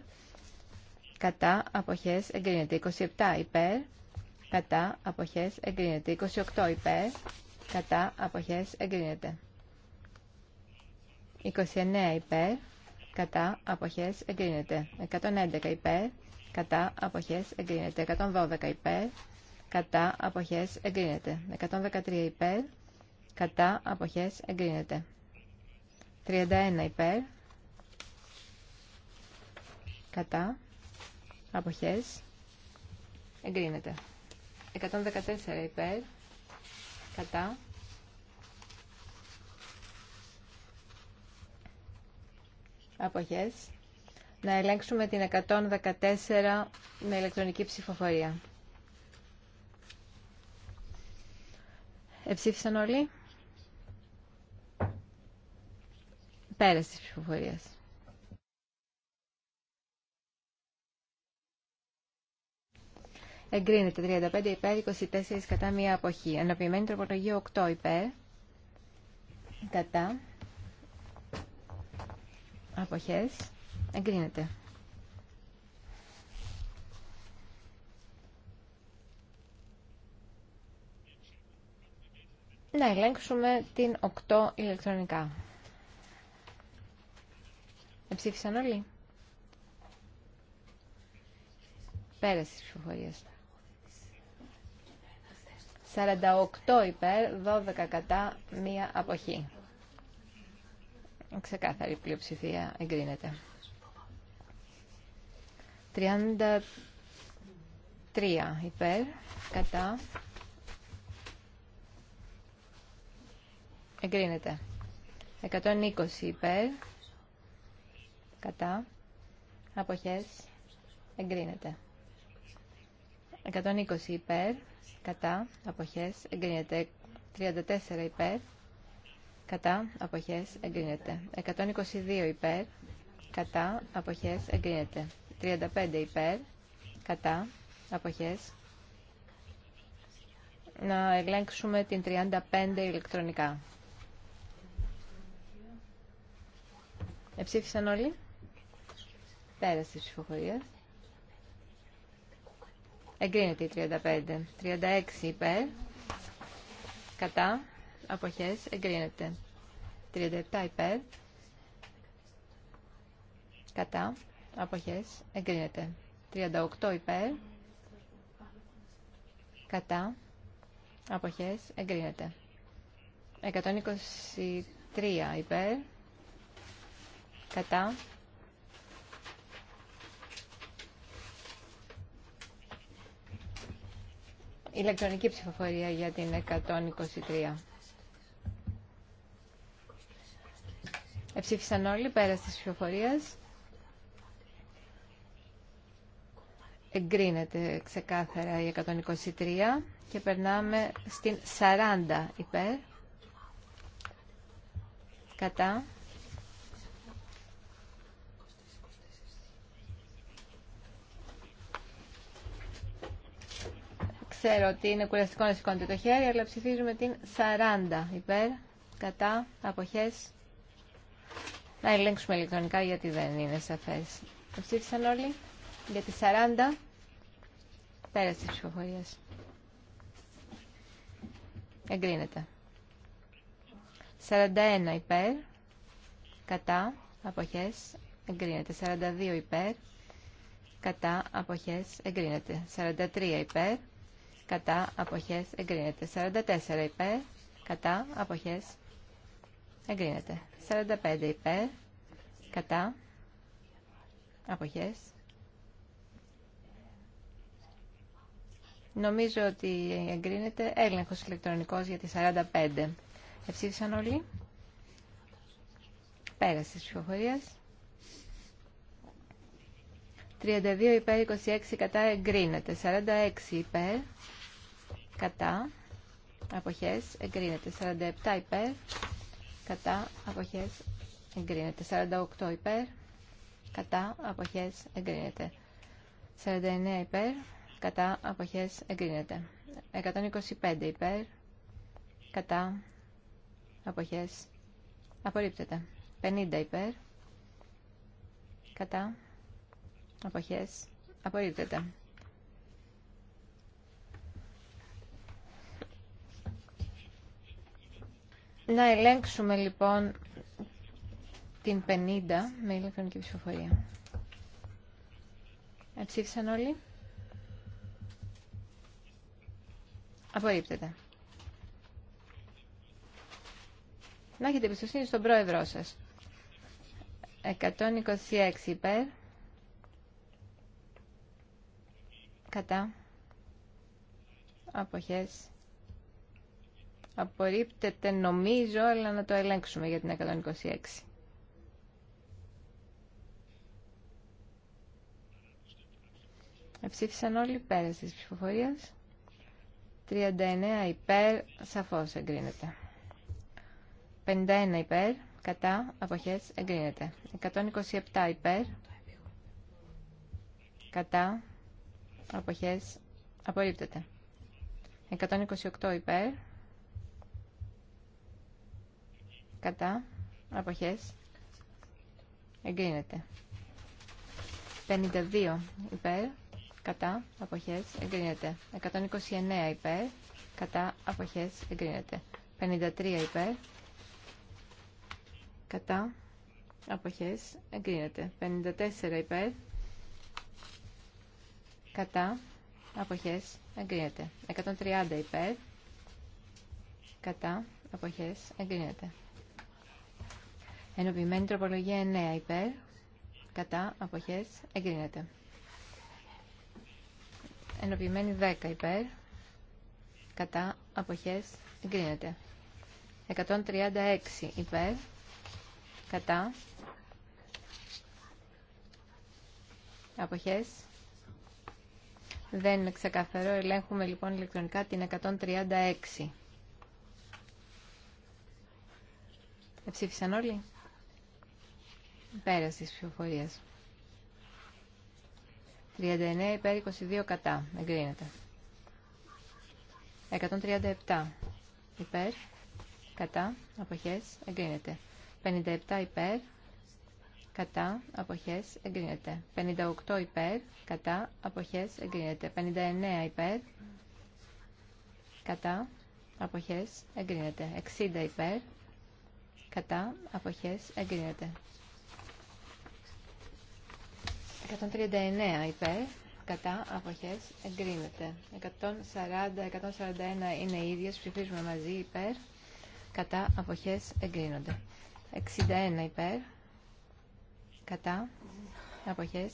κατά αποχές εγκρίνεται 27 υπέρ κατά αποχές εγκρίνεται 28 υπέρ κατά αποχές εγκρίνεται 29 υπέρ κατά αποχές εγκρίνεται 111 υπέρ κατά αποχές εγκρίνεται 112 υπέρ κατά αποχές εγκρίνεται 113 υπέρ κατά αποχές εγκρίνεται 31 υπέρ. Κατά. Αποχές. Εγκρίνεται. 114 υπέρ. Κατά. Αποχές. Να ελέγξουμε την 114 με ηλεκτρονική ψηφοφορία. Εψήφισαν όλοι. Πέραση τη ψηφοφορία. Εγκρίνεται 35 υπέρ, 24 κατά μία αποχή. Ενοποιημένη τροπολογία 8 υπέρ, κατά, αποχές, εγκρίνεται. Να ελέγξουμε την 8 ηλεκτρονικά. Εψήφισαν όλοι. Πέρασε τη ψηφοφορία. 48 υπέρ, 12 κατά, μία αποχή. Ξεκάθαρη πλειοψηφία εγκρίνεται. 33 υπέρ, κατά, εγκρίνεται. 120 υπέρ, κατά, αποχές, εγκρίνεται. 120 υπέρ, κατά, αποχές, εγκρίνεται. 34 υπέρ, κατά, αποχές, εγκρίνεται. 122 υπέρ, κατά, αποχές, εγκρίνεται. 35 υπέρ, κατά, αποχές. Να ελέγξουμε την 35 ηλεκτρονικά. Εψήφισαν όλοι πέρασε Εγκρίνεται η 35. 36 υπέρ. Κατά. Αποχές. Εγκρίνεται. 37 υπέρ. Κατά. Αποχές. Εγκρίνεται. 38 υπέρ. Κατά. Αποχές. Εγκρίνεται. 123 υπέρ. Κατά. ηλεκτρονική ψηφοφορία για την 123. Εψήφισαν όλοι πέρα τη ψηφοφορία. Εγκρίνεται ξεκάθαρα η 123 και περνάμε στην 40 υπέρ. Κατά. Ξέρω ότι είναι κουραστικό να σηκώνετε το χέρι, αλλά ψηφίζουμε την 40 υπέρ, κατά, αποχές. Να ελέγξουμε ηλεκτρονικά γιατί δεν είναι σαφές. Το ψήφισαν όλοι για τη 40 πέρα της ψηφοφορίας. Εγκρίνεται. 41 υπέρ, κατά, αποχές, εγκρίνεται. 42 υπέρ, κατά, αποχές, εγκρίνεται. 43 υπέρ, κατά αποχές εγκρίνεται. 44 υπέρ, κατά αποχές εγκρίνεται. 45 υπέρ, κατά αποχές. Νομίζω ότι εγκρίνεται έλεγχος ηλεκτρονικός για τη 45. Εψήφισαν όλοι. Πέρασε τη ψηφοφορία. 32 υπέρ, 26 κατά εγκρίνεται. 46 υπέρ, κατά, αποχές, εγκρίνεται. 47 υπέρ, κατά, αποχές, εγκρίνεται. 48 υπέρ, κατά, αποχές, εγκρίνεται. 49 υπέρ, κατά, αποχές, εγκρίνεται. 125 υπέρ, κατά, αποχές, απορρίπτεται. 50 υπέρ, κατά, αποχές, απορρίπτεται. Να ελέγξουμε λοιπόν την 50 με ηλεκτρονική ψηφοφορία. Αψήφισαν όλοι. Απορρίπτεται. Να έχετε εμπιστοσύνη στον πρόεδρό σας. 126 υπέρ. Κατά. Αποχές. Απορρίπτεται νομίζω, αλλά να το ελέγξουμε για την 126. Εψήφισαν όλοι πέρα τη ψηφοφορία. 39 υπέρ, σαφώ εγκρίνεται. 51 υπέρ, κατά, αποχές, εγκρίνεται. 127 υπέρ, κατά, απόχέ απορρίπτεται. 128 υπέρ, κατά αποχές εγκρίνεται 52 υπέρ κατά αποχές εγκρίνεται 129 υπέρ κατά αποχές εγκρίνεται 53 υπέρ κατά αποχές εγκρίνεται 54 υπέρ κατά αποχές εγκρίνεται 130 υπέρ κατά αποχές εγκρίνεται Ενωπημένη τροπολογία 9 υπέρ. Κατά. Αποχές. Εγκρίνεται. Ενωπημένη 10 υπέρ. Κατά. Αποχές. Εγκρίνεται. 136 υπέρ. Κατά. Αποχές. Δεν είναι ξεκαθαρό. Ελέγχουμε λοιπόν ηλεκτρονικά την 136. Εψήφισαν όλοι. Πέραση τη ψηφοφορία. 39 υπέρ 22 κατά. Εγκρίνεται. 137 υπέρ. Κατά. Αποχές. Εγκρίνεται. 57 υπέρ. Κατά. Αποχές. Εγκρίνεται. 58 υπέρ. Κατά. Αποχές. Εγκρίνεται. 59 υπέρ. Κατά. Αποχές. Εγκρίνεται. 60 υπέρ. Κατά. Αποχές. Εγκρίνεται. 139 υπέρ, κατά, αποχές, εγκρίνεται. 140-141 είναι ίδιες, ψηφίζουμε μαζί υπέρ, κατά, αποχές, εγκρίνονται. 61 υπέρ, κατά, αποχές,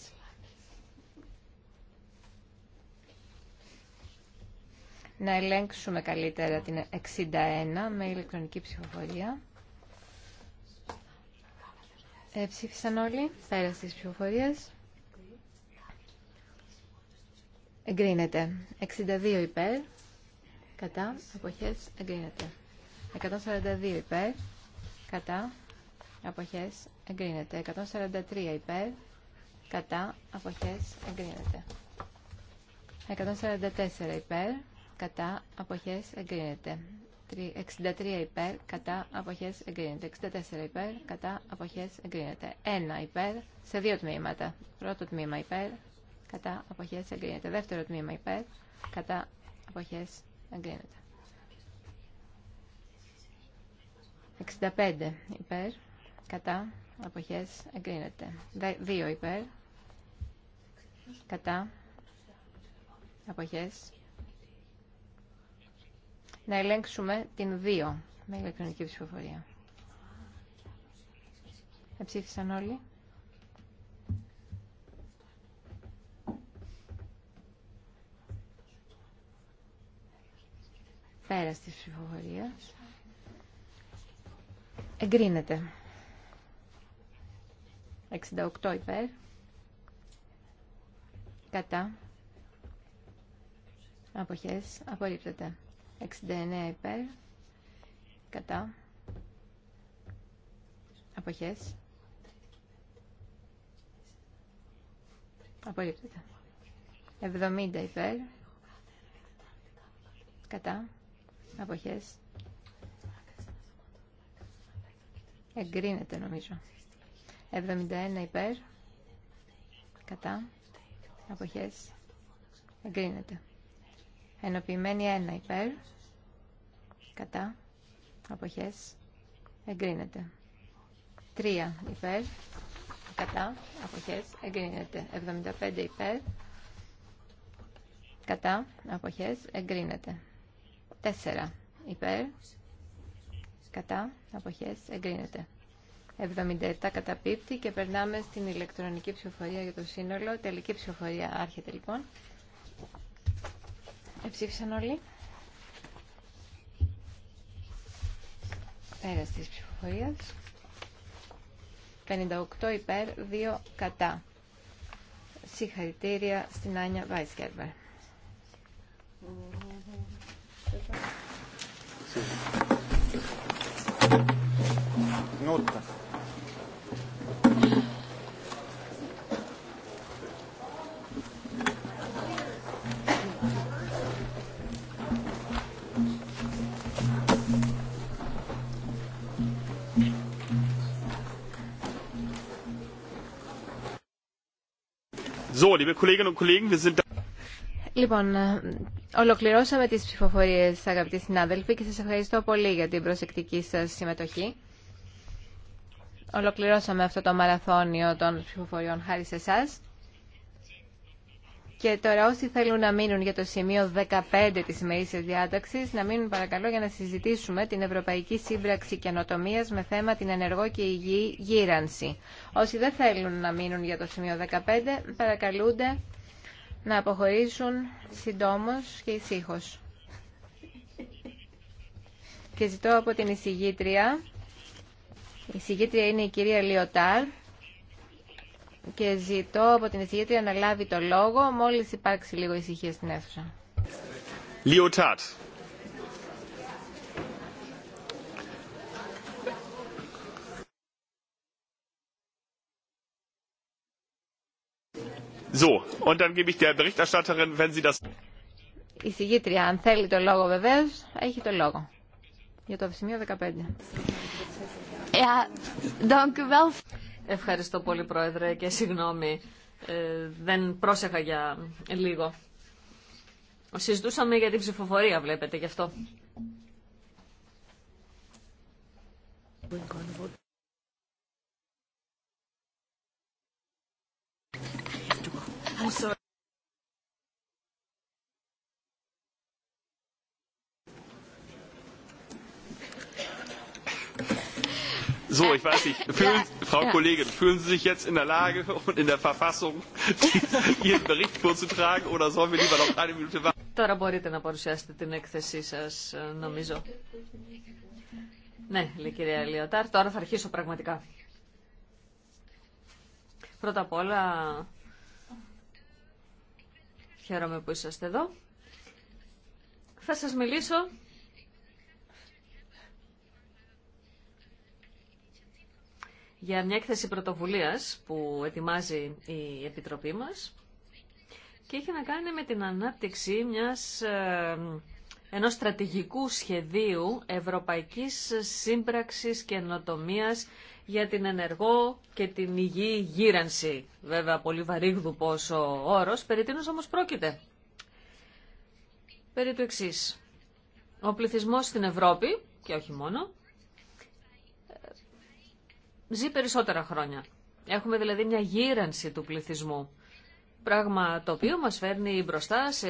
να ελέγξουμε καλύτερα την 61 με ηλεκτρονική ψηφοφορία. Ε, ψήφισαν όλοι, πέρας τις ψηφοφορίας. Εγκρίνεται. 62 υπέρ. Κατά. Αποχές. Εγκρίνεται. 142 υπέρ. Κατά. Αποχές. Εγκρίνεται. 143 υπέρ. Κατά. Αποχές. Εγκρίνεται. 144 υπέρ. Κατά. Αποχές. Εγκρίνεται. 63 υπέρ. Κατά. Αποχές. Εγκρίνεται. 64 υπέρ. Κατά. Αποχές. Εγκρίνεται. 1 υπέρ. Σε δύο τμήματα. Πρώτο τμήμα υπέρ κατά αποχές εγκρίνεται. Δεύτερο τμήμα υπέρ, κατά αποχές εγκρίνεται. 65 υπέρ, κατά αποχές εγκρίνεται. 2 υπέρ, κατά αποχές. Να ελέγξουμε την 2 με ηλεκτρονική ψηφοφορία. Εψήφισαν όλοι. Πέρας της ψηφοφορίας. Εγκρίνεται. 68 υπέρ. Κατά. Αποχές. Απορρίπτεται. 69 υπέρ. Κατά. Αποχές. Απορρίπτεται. 70 υπέρ. Κατά. Αποχές. Εγκρίνεται νομίζω. 71 υπέρ. Κατά. Αποχές. Εγκρίνεται. Ενοποιημένη 1 υπέρ. Κατά. Αποχές. Εγκρίνεται. 3 υπέρ. Κατά. Αποχές. Εγκρίνεται. 75 υπέρ. Κατά. Αποχές. Εγκρίνεται. Τέσσερα υπέρ, κατά, αποχές, εγκρίνεται. 77 καταπίπτει και περνάμε στην ηλεκτρονική ψηφοφορία για το σύνολο. Τελική ψηφοφορία άρχεται λοιπόν. Εψήφισαν όλοι. Πέρας της ψηφοφορίας. 58 υπέρ, 2 κατά. Συγχαρητήρια στην Άνια Βάισκερβερ. So, liebe Kolleginnen und Kollegen, wir sind Λοιπόν, ε, ολοκληρώσαμε τις ψηφοφορίες, αγαπητοί συνάδελφοι, και σας ευχαριστώ πολύ για την προσεκτική σας συμμετοχή. Ολοκληρώσαμε αυτό το μαραθώνιο των ψηφοφοριών χάρη σε εσά. Και τώρα όσοι θέλουν να μείνουν για το σημείο 15 της ημερήσιας διάταξης, να μείνουν παρακαλώ για να συζητήσουμε την Ευρωπαϊκή Σύμπραξη Καινοτομίας με θέμα την ενεργό και υγιή γύρανση. Όσοι δεν θέλουν να μείνουν για το σημείο 15, παρακαλούνται να αποχωρήσουν συντόμως και ησύχως. Και ζητώ από την εισηγήτρια, η εισηγήτρια είναι η κυρία Λιωτάρ, και ζητώ από την εισηγήτρια να λάβει το λόγο μόλις υπάρξει λίγο ησυχία στην αίθουσα. Λιωτάρ. Η συγγήτρια, αν θέλει το λόγο βεβαίω, έχει το λόγο. Για το σημείο 15. Ε, Ευχαριστώ πολύ, Πρόεδρε, και συγγνώμη. Ε, δεν πρόσεχα για λίγο. Συζητούσαμε για την ψηφοφορία, βλέπετε, γι' αυτό. So, ich weiß nicht, fühlen, Frau Kollegin, fühlen Sie sich jetzt in der Lage und in der Verfassung, Ihren Bericht vorzutragen oder sollen wir lieber noch eine Minute warten? Τώρα Χαίρομαι που είσαστε εδώ. Θα σας μιλήσω για μια έκθεση πρωτοβουλίας που ετοιμάζει η Επιτροπή μας και έχει να κάνει με την ανάπτυξη μιας, ε, ενός στρατηγικού σχεδίου Ευρωπαϊκής Σύμπραξης Καινοτομίας για την ενεργό και την υγιή γύρανση. Βέβαια πολύ βαρύγδου πόσο όρος, περί τίνος όμως πρόκειται. Περί του εξής. Ο πληθυσμό στην Ευρώπη, και όχι μόνο, ζει περισσότερα χρόνια. Έχουμε δηλαδή μια γύρανση του πληθυσμού. Πράγμα το οποίο μας φέρνει μπροστά σε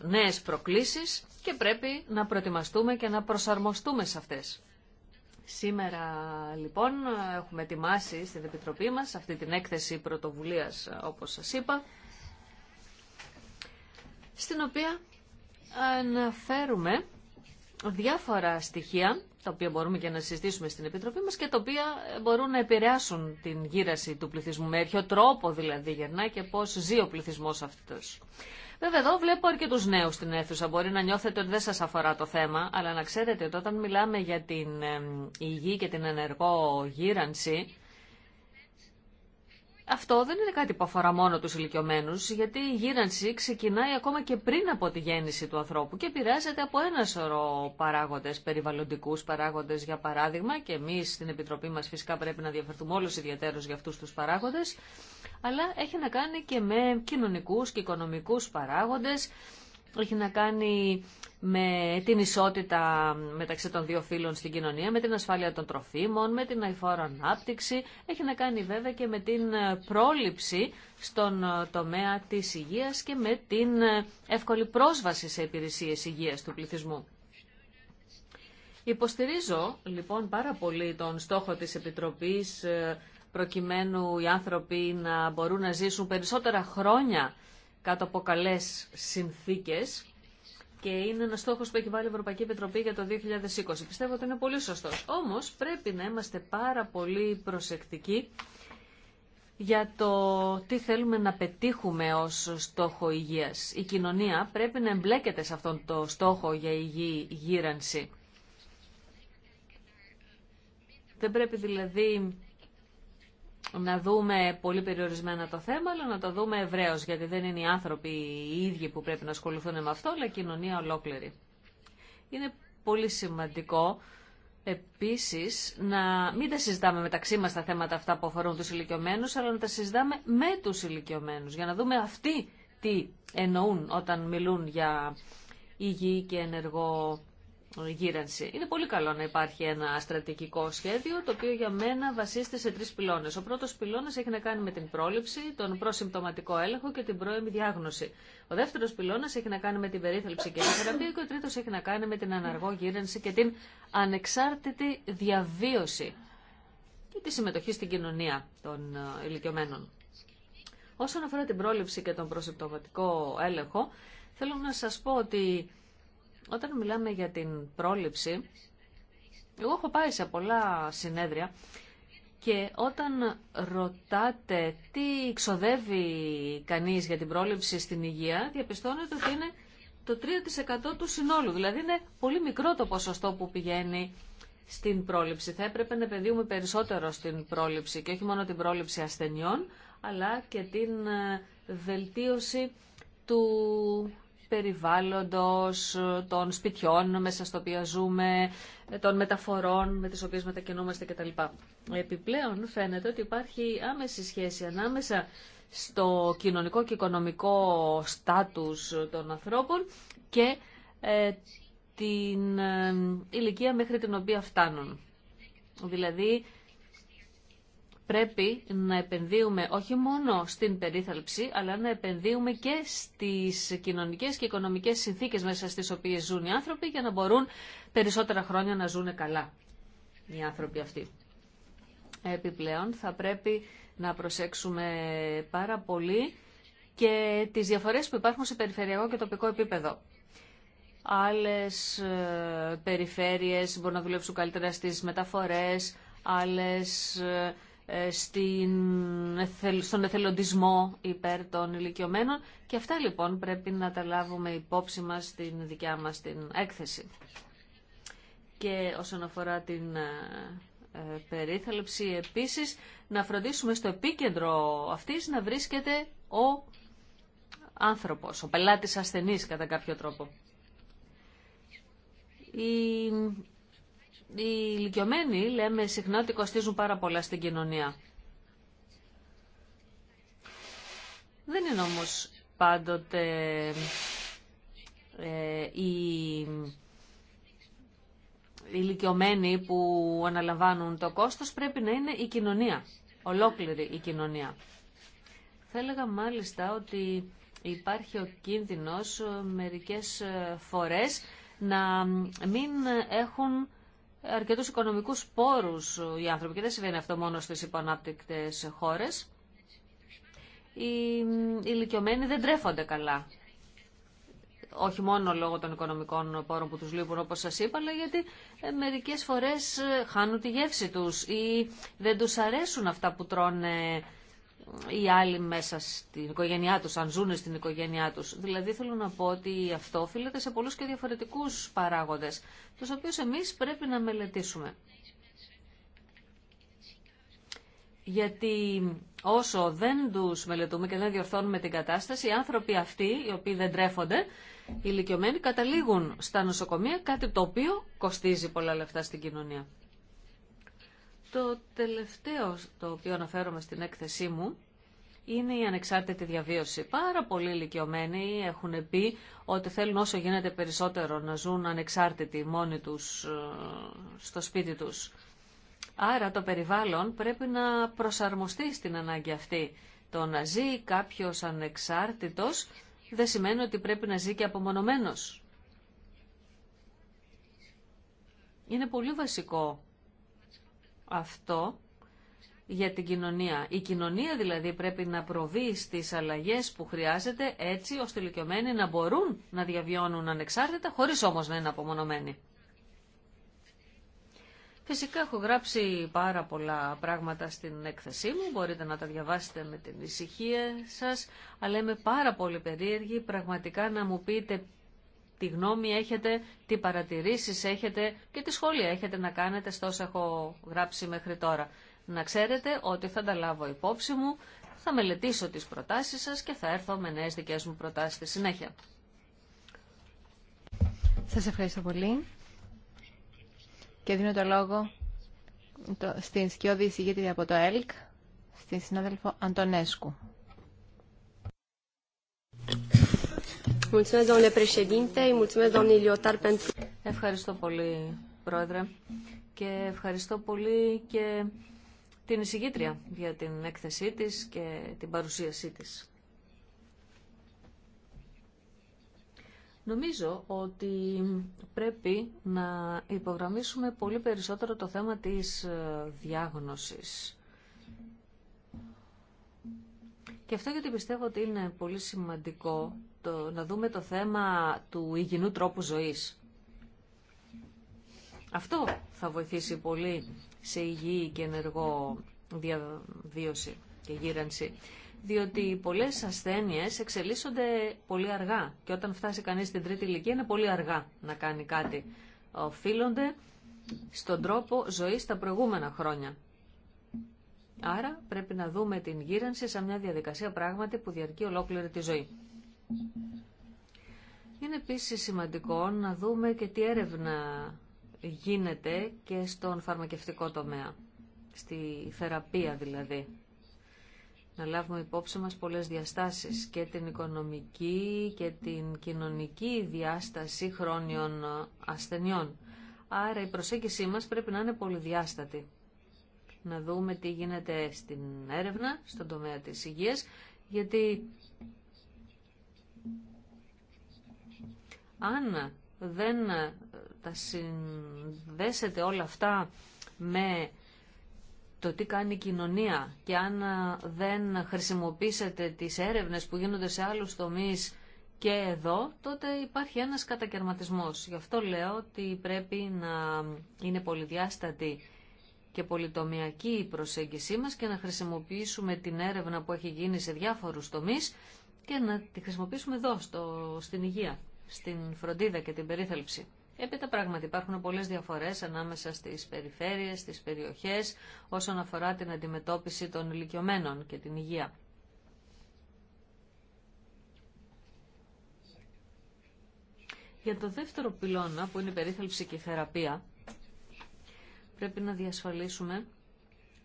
νέες προκλήσεις και πρέπει να προετοιμαστούμε και να προσαρμοστούμε σε αυτές. Σήμερα λοιπόν έχουμε ετοιμάσει στην Επιτροπή μας αυτή την έκθεση πρωτοβουλίας όπως σας είπα στην οποία αναφέρουμε διάφορα στοιχεία τα οποία μπορούμε και να συζητήσουμε στην Επιτροπή μας και τα οποία μπορούν να επηρεάσουν την γύραση του πληθυσμού με ποιο τρόπο δηλαδή γερνά και πώς ζει ο πληθυσμός αυτός. Βέβαια εδώ βλέπω αρκετού νέου στην αίθουσα. Μπορεί να νιώθετε ότι δεν σα αφορά το θέμα, αλλά να ξέρετε ότι όταν μιλάμε για την υγιή και την ενεργό γύρανση, αυτό δεν είναι κάτι που αφορά μόνο τους ηλικιωμένου, γιατί η γύρανση ξεκινάει ακόμα και πριν από τη γέννηση του ανθρώπου και επηρεάζεται από ένα σωρό παράγοντε, περιβαλλοντικούς παράγοντε, για παράδειγμα, και εμείς στην Επιτροπή μας φυσικά πρέπει να διαφερθούμε όλους ιδιαίτερω για αυτούς τους παράγοντε, αλλά έχει να κάνει και με κοινωνικού και οικονομικού παράγοντε έχει να κάνει με την ισότητα μεταξύ των δύο φύλων στην κοινωνία, με την ασφάλεια των τροφίμων, με την αηφόρο ανάπτυξη. Έχει να κάνει βέβαια και με την πρόληψη στον τομέα της υγείας και με την εύκολη πρόσβαση σε υπηρεσίες υγείας του πληθυσμού. Υποστηρίζω λοιπόν πάρα πολύ τον στόχο της Επιτροπής ε, προκειμένου οι άνθρωποι να μπορούν να ζήσουν περισσότερα χρόνια κάτω από καλέ συνθήκες και είναι ένας στόχο που έχει βάλει η Ευρωπαϊκή Επιτροπή για το 2020. Πιστεύω ότι είναι πολύ σωστό. Όμως πρέπει να είμαστε πάρα πολύ προσεκτικοί για το τι θέλουμε να πετύχουμε ως στόχο υγείας. Η κοινωνία πρέπει να εμπλέκεται σε αυτόν τον στόχο για υγιή γύρανση. Δεν πρέπει δηλαδή να δούμε πολύ περιορισμένα το θέμα, αλλά να το δούμε ευρέως, γιατί δεν είναι οι άνθρωποι οι ίδιοι που πρέπει να ασχοληθούν με αυτό, αλλά η κοινωνία ολόκληρη. Είναι πολύ σημαντικό επίσης να μην τα συζητάμε μεταξύ μας τα θέματα αυτά που αφορούν τους ηλικιωμένους, αλλά να τα συζητάμε με τους ηλικιωμένους, για να δούμε αυτοί τι εννοούν όταν μιλούν για υγιή και ενεργό ε, γύρανση. Είναι πολύ καλό να υπάρχει ένα στρατηγικό σχέδιο, το οποίο για μένα βασίζεται σε τρει πυλώνες. Ο πρώτο πυλώνας έχει να κάνει με την πρόληψη, τον προσυμπτωματικό έλεγχο και την πρώιμη διάγνωση. Ο δεύτερο πυλώνας έχει να κάνει με την περίθαλψη και τη θεραπεία και ο τρίτο έχει να κάνει με την αναργό γύρανση και την ανεξάρτητη διαβίωση και τη συμμετοχή στην κοινωνία των ε, ηλικιωμένων. Όσον αφορά την πρόληψη και τον προσυμπτωματικό έλεγχο, θέλω να σας πω ότι όταν μιλάμε για την πρόληψη, εγώ έχω πάει σε πολλά συνέδρια και όταν ρωτάτε τι ξοδεύει κανείς για την πρόληψη στην υγεία, διαπιστώνεται ότι είναι το 3% του συνόλου. Δηλαδή είναι πολύ μικρό το ποσοστό που πηγαίνει στην πρόληψη. Θα έπρεπε να επενδύουμε περισσότερο στην πρόληψη και όχι μόνο την πρόληψη ασθενειών, αλλά και την ε, βελτίωση του περιβάλλοντος, των σπιτιών μέσα στο οποίο ζούμε, των μεταφορών με τις οποίες μετακινούμαστε κτλ. Επιπλέον φαίνεται ότι υπάρχει άμεση σχέση ανάμεσα στο κοινωνικό και οικονομικό στάτους των ανθρώπων και ε, την ε, ηλικία μέχρι την οποία φτάνουν. Δηλαδή πρέπει να επενδύουμε όχι μόνο στην περίθαλψη, αλλά να επενδύουμε και στις κοινωνικές και οικονομικές συνθήκες μέσα στις οποίες ζουν οι άνθρωποι για να μπορούν περισσότερα χρόνια να ζουν καλά οι άνθρωποι αυτοί. Επιπλέον θα πρέπει να προσέξουμε πάρα πολύ και τις διαφορές που υπάρχουν σε περιφερειακό και τοπικό επίπεδο. Άλλες ε, περιφέρειες μπορούν να δουλέψουν καλύτερα στις μεταφορές, άλλες ε, ε, στον εθελοντισμό υπέρ των ηλικιωμένων και αυτά λοιπόν πρέπει να τα λάβουμε υπόψη μας στην δικιά μας την έκθεση. Και όσον αφορά την ε, ε, περίθαλψη επίσης να φροντίσουμε στο επίκεντρο αυτής να βρίσκεται ο άνθρωπος, ο πελάτης ασθενής κατά κάποιο τρόπο. Οι ηλικιωμένοι λέμε συχνά ότι κοστίζουν πάρα πολλά στην κοινωνία. Δεν είναι όμως πάντοτε ε, οι ηλικιωμένοι που αναλαμβάνουν το κόστος πρέπει να είναι η κοινωνία, ολόκληρη η κοινωνία. Θα έλεγα μάλιστα ότι υπάρχει ο κίνδυνος ε, μερικές ε, φορές να μην έχουν αρκετούς οικονομικούς πόρους οι άνθρωποι και δεν συμβαίνει αυτό μόνο στις υποανάπτυκτες χώρες. Οι ηλικιωμένοι δεν τρέφονται καλά. Όχι μόνο λόγω των οικονομικών πόρων που τους λείπουν όπως σας είπα, αλλά γιατί ε, μερικές φορές ε, χάνουν τη γεύση τους ή δεν τους αρέσουν αυτά που τρώνε οι άλλοι μέσα στην οικογένειά τους, αν ζουν στην οικογένειά τους. Δηλαδή θέλω να πω ότι αυτό οφείλεται σε πολλούς και διαφορετικούς παράγοντες, τους οποίους εμείς πρέπει να μελετήσουμε. Γιατί όσο δεν τους μελετούμε και δεν διορθώνουμε την κατάσταση, οι άνθρωποι αυτοί, οι οποίοι δεν τρέφονται, οι ηλικιωμένοι, καταλήγουν στα νοσοκομεία, κάτι το οποίο κοστίζει πολλά λεφτά στην κοινωνία. Το τελευταίο το οποίο αναφέρομαι στην έκθεσή μου είναι η ανεξάρτητη διαβίωση. Πάρα πολλοί ηλικιωμένοι έχουν πει ότι θέλουν όσο γίνεται περισσότερο να ζουν ανεξάρτητοι μόνοι τους ε, στο σπίτι τους. Άρα το περιβάλλον πρέπει να προσαρμοστεί στην ανάγκη αυτή. Το να ζει κάποιος ανεξάρτητος δεν σημαίνει ότι πρέπει να ζει και απομονωμένος. Είναι πολύ βασικό αυτό για την κοινωνία. Η κοινωνία δηλαδή πρέπει να προβεί στις αλλαγές που χρειάζεται έτσι ώστε οι ηλικιωμένοι να μπορούν να διαβιώνουν ανεξάρτητα χωρίς όμως να είναι απομονωμένοι. Φυσικά έχω γράψει πάρα πολλά πράγματα στην έκθεσή μου, μπορείτε να τα διαβάσετε με την ησυχία σας, αλλά είμαι πάρα πολύ περίεργη πραγματικά να μου πείτε τι γνώμη έχετε, τι παρατηρήσεις έχετε και τι σχόλια έχετε να κάνετε στο όσο έχω γράψει μέχρι τώρα. Να ξέρετε ότι θα τα λάβω υπόψη μου, θα μελετήσω τις προτάσεις σας και θα έρθω με νέες δικές μου προτάσεις στη συνέχεια. Σας ευχαριστώ πολύ και δίνω το λόγο στην σκιώδη εισηγήτρια από το ΕΛΚ, στην συνάδελφο Αντωνέσκου. Ευχαριστώ πολύ, Πρόεδρε, και ευχαριστώ πολύ και την εισηγήτρια για την έκθεσή της και την παρουσίασή της. Νομίζω ότι πρέπει να υπογραμμίσουμε πολύ περισσότερο το θέμα της ε, διάγνωσης. Και αυτό γιατί πιστεύω ότι είναι πολύ σημαντικό το, να δούμε το θέμα του υγιεινού τρόπου ζωής. Αυτό θα βοηθήσει πολύ σε υγιή και ενεργό διαβίωση και γύρανση. Διότι πολλές ασθένειες εξελίσσονται πολύ αργά και όταν φτάσει κανείς στην τρίτη ηλικία είναι πολύ αργά να κάνει κάτι. Οφείλονται στον τρόπο ζωής τα προηγούμενα χρόνια. Άρα πρέπει να δούμε την γύρανση σαν μια διαδικασία πράγματι που διαρκεί ολόκληρη τη ζωή. Είναι επίσης σημαντικό να δούμε και τι έρευνα γίνεται και στον φαρμακευτικό τομέα, στη θεραπεία δηλαδή. Να λάβουμε υπόψη μας πολλές διαστάσεις και την οικονομική και την κοινωνική διάσταση χρόνιων ασθενειών. Άρα η προσέγγιση μας πρέπει να είναι πολυδιάστατη. Να δούμε τι γίνεται στην έρευνα, στον τομέα της υγείας, γιατί Αν δεν ε, τα συνδέσετε όλα αυτά με το τι κάνει η κοινωνία και αν ε, δεν χρησιμοποιήσετε τις έρευνες που γίνονται σε άλλους τομείς και εδώ, τότε υπάρχει ένας κατακαιρματισμός. Γι' αυτό λέω ότι πρέπει να είναι πολυδιάστατη και πολυτομιακή η προσέγγισή μας και να χρησιμοποιήσουμε την έρευνα που έχει γίνει σε διάφορους τομείς και να τη χρησιμοποιήσουμε εδώ, στην υγεία στην φροντίδα και την περίθαλψη. Έπειτα πράγματι υπάρχουν πολλές διαφορές ανάμεσα στις περιφέρειες, στις περιοχές, όσον αφορά την αντιμετώπιση των ηλικιωμένων και την υγεία. Για το δεύτερο πυλώνα, που είναι η περίθαλψη και η θεραπεία, πρέπει να διασφαλίσουμε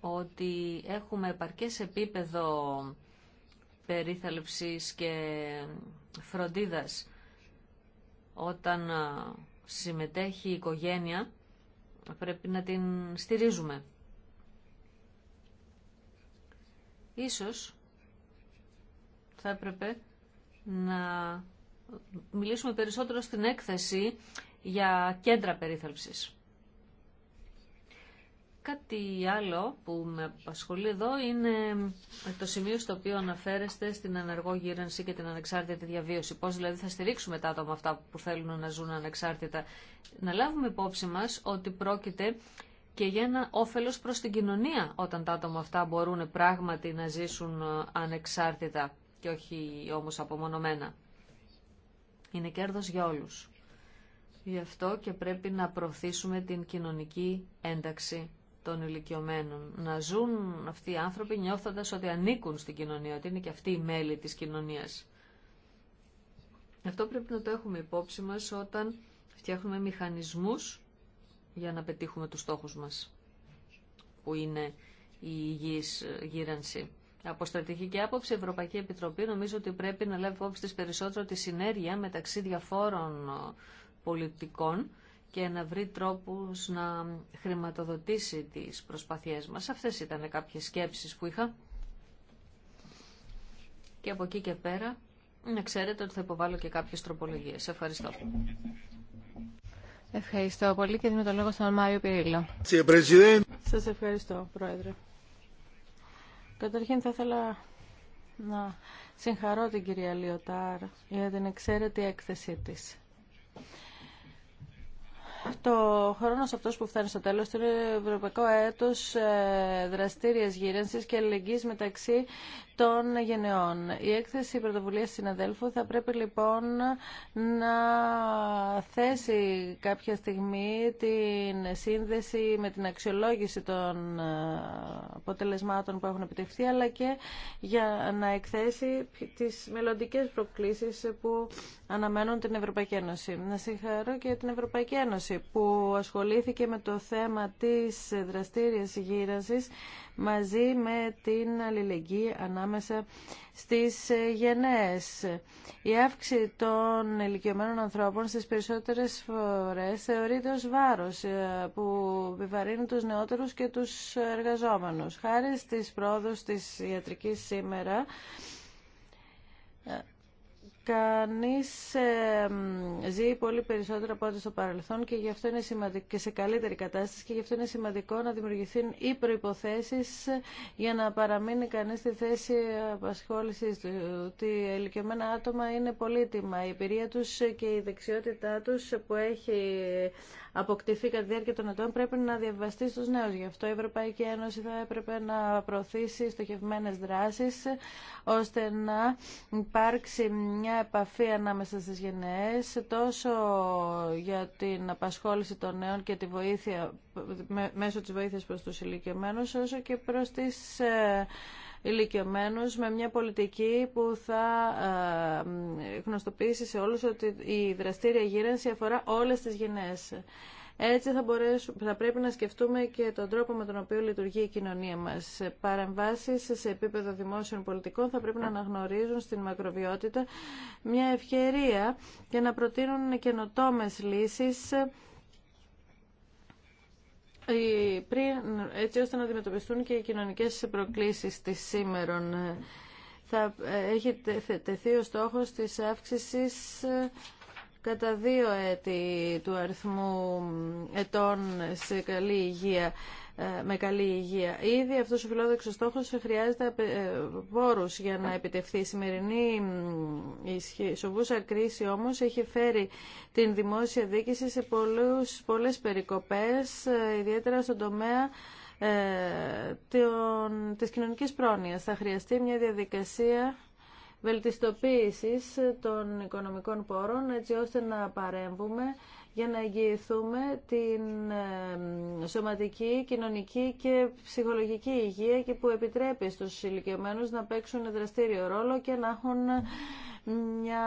ότι έχουμε επαρκές επίπεδο περίθαλψης και φροντίδας όταν ε, συμμετέχει η οικογένεια πρέπει να την στηρίζουμε. Ίσως θα έπρεπε να μιλήσουμε περισσότερο στην έκθεση για κέντρα περίθαλψης. Κάτι άλλο που με απασχολεί εδώ είναι το σημείο στο οποίο αναφέρεστε στην ανεργό γύρανση και την ανεξάρτητη διαβίωση. Πώς δηλαδή θα στηρίξουμε τα άτομα αυτά που θέλουν να ζουν ανεξάρτητα. Να λάβουμε υπόψη μας ότι πρόκειται και για ένα όφελος προς την κοινωνία όταν τα άτομα αυτά μπορούν πράγματι να ζήσουν ανεξάρτητα και όχι όμως απομονωμένα. Είναι κέρδος για όλους. Γι' αυτό και πρέπει να προωθήσουμε την κοινωνική ένταξη των ηλικιωμένων. Να ζουν αυτοί οι άνθρωποι νιώθοντα ότι ανήκουν στην κοινωνία, ότι είναι και αυτοί οι μέλη της κοινωνίας. Αυτό πρέπει να το έχουμε υπόψη μας όταν φτιάχνουμε μηχανισμούς για να πετύχουμε τους στόχους μας, που είναι η υγιή γύρανση. Από στρατηγική άποψη, η Ευρωπαϊκή Επιτροπή νομίζω ότι πρέπει να λάβει υπόψη τη περισσότερο τη συνέργεια μεταξύ διαφόρων πολιτικών και να βρει τρόπους να χρηματοδοτήσει τις προσπάθειές μας. Αυτές ήταν κάποιες σκέψεις που είχα. Και από εκεί και πέρα, να ξέρετε ότι θα υποβάλω και κάποιες τροπολογίες. Ευχαριστώ. Ευχαριστώ πολύ και δίνω το λόγο στον Μάριο Πυρίλο. Σας ευχαριστώ, Πρόεδρε. Καταρχήν θα ήθελα να συγχαρώ την κυρία Λιωτάρ για την εξαίρετη έκθεσή της. Το χρόνο αυτός που φτάνει στο τέλος του είναι ευρωπαϊκό έτος ε, δραστηριε Γύρανση και Αλληλεγγύη μεταξύ των γενεών. Η έκθεση πρωτοβουλία συναδέλφου θα πρέπει λοιπόν να θέσει κάποια στιγμή την σύνδεση με την αξιολόγηση των αποτελεσμάτων που έχουν επιτευχθεί, αλλά και για να εκθέσει τις μελλοντικές προκλήσεις που αναμένουν την Ευρωπαϊκή Ένωση. Να συγχαρώ και την Ευρωπαϊκή Ένωση που ασχολήθηκε με το θέμα της δραστήριας γύρασης μαζί με την αλληλεγγύη ανάμεσα στις γενναίες. Η αύξηση των ηλικιωμένων ανθρώπων στις περισσότερες φορές θεωρείται ως βάρος ε, που επιβαρύνει τους νεότερους και τους εργαζόμενους. Χάρη στις πρόοδους της ιατρικής σήμερα, Κανείς ζει πολύ περισσότερο από ό,τι στο παρελθόν και, γι αυτό είναι σημαντικό, και σε καλύτερη κατάσταση και γι' αυτό είναι σημαντικό να δημιουργηθούν οι προϋποθέσεις για να παραμείνει κανείς στη θέση απασχόλησης του. Ότι ηλικιωμένα άτομα είναι πολύτιμα. Η εμπειρία τους και η δεξιότητά τους που έχει αποκτηθεί κατά τη διάρκεια των ετών πρέπει να διαβαστεί στους νέους. Γι' αυτό η Ευρωπαϊκή Ένωση θα έπρεπε να προωθήσει στοχευμένες δράσεις ώστε να υπάρξει μια επαφή ανάμεσα στις γενναίες τόσο για την απασχόληση των νέων και τη βοήθεια μέσω της βοήθειας προς τους ηλικιωμένους όσο και προς τις ε, ηλικιωμένους με μια πολιτική που θα ε, γνωστοποιήσει σε όλους ότι η δραστήρια γύρανση αφορά όλες τις γυναίες. Έτσι θα, πρέπει να σκεφτούμε και τον τρόπο με τον οποίο λειτουργεί η κοινωνία μας. Παρεμβάσεις σε επίπεδο δημόσιων πολιτικών θα πρέπει να αναγνωρίζουν στην μακροβιότητα μια ευκαιρία και να προτείνουν καινοτόμες λύσεις ε, πριν, έτσι ώστε να αντιμετωπιστούν και οι κοινωνικές προκλήσεις τη σήμερα. Θα ε, έχει τεθεί ο στόχος της αύξησης ε, κατά δύο έτη του αριθμού ετών σε καλή υγεία. Ε, με καλή υγεία. Ήδη αυτός ο φιλόδοξος στόχο, χρειάζεται ε, πόρους για να επιτευχθεί. Η σημερινή σοβούσα κρίση όμως έχει φέρει την δημόσια δίκηση σε πολλέ πολλές περικοπές, ε, ιδιαίτερα στον τομέα της κοινωνικής πρόνοιας. Θα χρειαστεί μια διαδικασία βελτιστοποίησης των οικονομικών πόρων έτσι ώστε να παρέμβουμε για να εγγυηθούμε την σωματική, κοινωνική και ψυχολογική υγεία και που επιτρέπει στους ηλικιωμένους να παίξουν δραστήριο ρόλο και να έχουν μια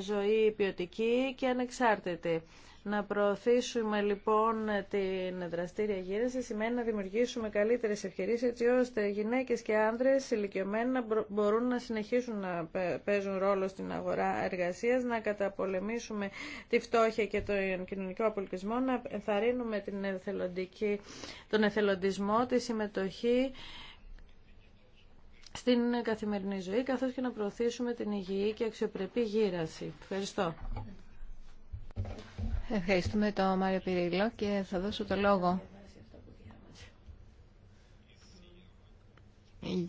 ζωή ποιοτική και ανεξάρτητη. Να προωθήσουμε λοιπόν την δραστήρια γύρεση σημαίνει να δημιουργήσουμε καλύτερες ευκαιρίες έτσι ώστε γυναίκες και άνδρες ηλικιωμένοι να μπορούν να συνεχίσουν να παίζουν ρόλο στην αγορά εργασίας, να καταπολεμήσουμε τη φτώχεια και τον κοινωνικό απολυτισμό, να ενθαρρύνουμε την εθελοντική, τον εθελοντισμό, τη συμμετοχή στην καθημερινή ζωή, καθώς και να προωθήσουμε την υγιή και αξιοπρεπή γύραση. Ευχαριστώ. Ευχαριστούμε τον Μάριο Πυρίλο και θα δώσω το λόγο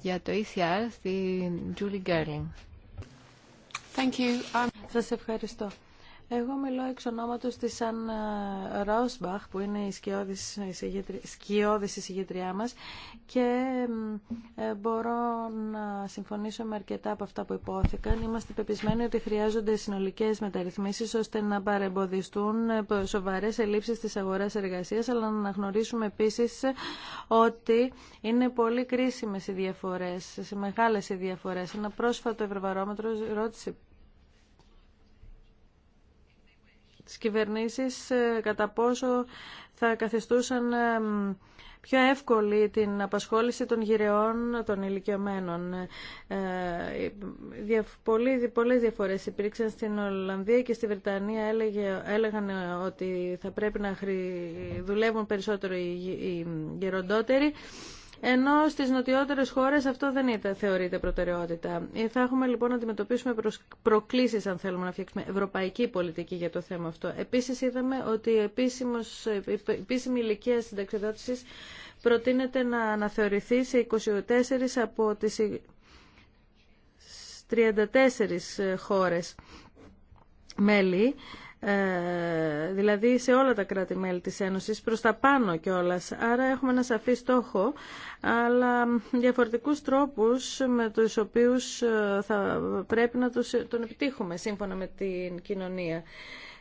για το ECR στην Julie Gerling. Um, ευχαριστώ. Εγώ μιλώ εξ ονόματος της Αν ε, Ρόσμπαχ που είναι η σκιώδης εισηγητριά μας και ε, μπορώ να συμφωνήσω με αρκετά από αυτά που υπόθηκαν. Είμαστε πεπισμένοι ότι χρειάζονται συνολικές μεταρρυθμίσεις ώστε να παρεμποδιστούν ε, σοβαρές ελλείψεις της αγοράς εργασίας αλλά να αναγνωρίσουμε επίσης ότι είναι πολύ κρίσιμες οι διαφορές, σε μεγάλες οι διαφορές. Ένα πρόσφατο ευρωβαρόμετρο ρώτησε τις κυβερνήσεις ε, κατά πόσο θα καθιστούσαν ε, πιο εύκολη την απασχόληση των γυρεών των ηλικιωμένων. Ε, πολλές διαφορές υπήρξαν στην Ολλανδία και στη Βρετανία έλεγε, έλεγαν ότι θα πρέπει να δουλεύουν περισσότερο οι γεροντότεροι ενώ στις νοτιότερε χώρες αυτό δεν ήταν, θεωρείται προτεραιότητα. Ε, θα έχουμε λοιπόν να αντιμετωπίσουμε προκλήσεις αν θέλουμε να φτιάξουμε ευρωπαϊκή πολιτική για το θέμα αυτό. Επίσης είδαμε ότι η ε, επίσημη ηλικία συνταξιδότηση προτείνεται να αναθεωρηθεί σε 24 από τις 34 ε, χώρες μέλη ε, δηλαδή σε όλα τα κράτη-μέλη της Ένωσης, προς τα πάνω κιόλας. Άρα έχουμε ένα σαφή στόχο, αλλά διαφορετικούς τρόπους με τους οποίους ε, θα πρέπει να τον επιτύχουμε σύμφωνα με την κοινωνία.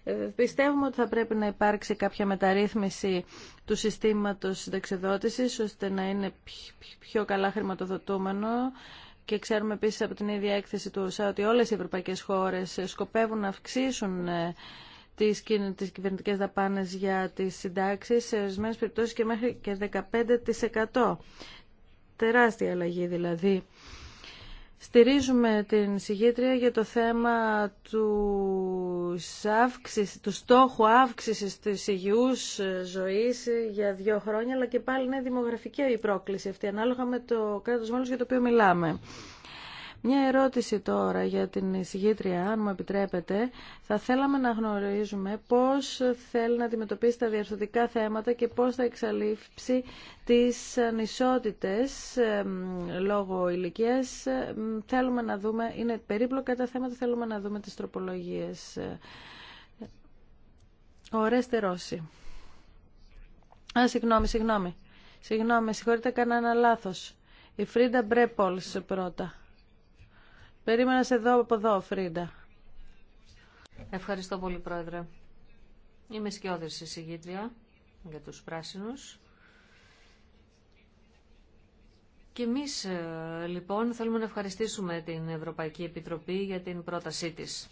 Ε, πιστεύουμε ότι θα πρέπει να υπάρξει κάποια μεταρρύθμιση του συστήματος συνταξιδότησης ώστε να είναι πιο καλά χρηματοδοτούμενο και ξέρουμε επίσης από την ίδια έκθεση του ΩΣΑ ότι όλες οι ευρωπαϊκές χώρες σκοπεύουν να αυξήσουν τις, τις κυβερνητικές για τις συντάξεις, σε ορισμένε περιπτώσεις και μέχρι και 15%. Τεράστια αλλαγή δηλαδή. Στηρίζουμε την συγγήτρια για το θέμα του, αύξηση, του στόχου αύξησης της υγιούς ζωής για δύο χρόνια, αλλά και πάλι είναι δημογραφική η πρόκληση αυτή, ανάλογα με το κράτος μόνος για το οποίο μιλάμε. Μια ερώτηση τώρα για την εισηγήτρια, αν μου επιτρέπετε. Θα θέλαμε να γνωρίζουμε πώς θέλει να αντιμετωπίσει τα διαρθωτικά θέματα και πώς θα εξαλείψει τις ανισότητες λόγω ηλικίας. Θέλουμε να δούμε, είναι περίπλοκα τα θέματα, θέλουμε να δούμε τις τροπολογίες. Ρέστε Ρώση. Α, συγγνώμη, συγγνώμη. Συγγνώμη, συγχωρείτε, κανένα λάθος. Η Φρίντα Μπρέπολς πρώτα. Περίμενα σε εδώ από εδώ, Φρίντα. Ευχαριστώ πολύ, Πρόεδρε. Είμαι σκιώδης εισηγήτρια για τους πράσινους. Και εμείς ε, λοιπόν θέλουμε να ευχαριστήσουμε την Ευρωπαϊκή Επιτροπή για την πρότασή της.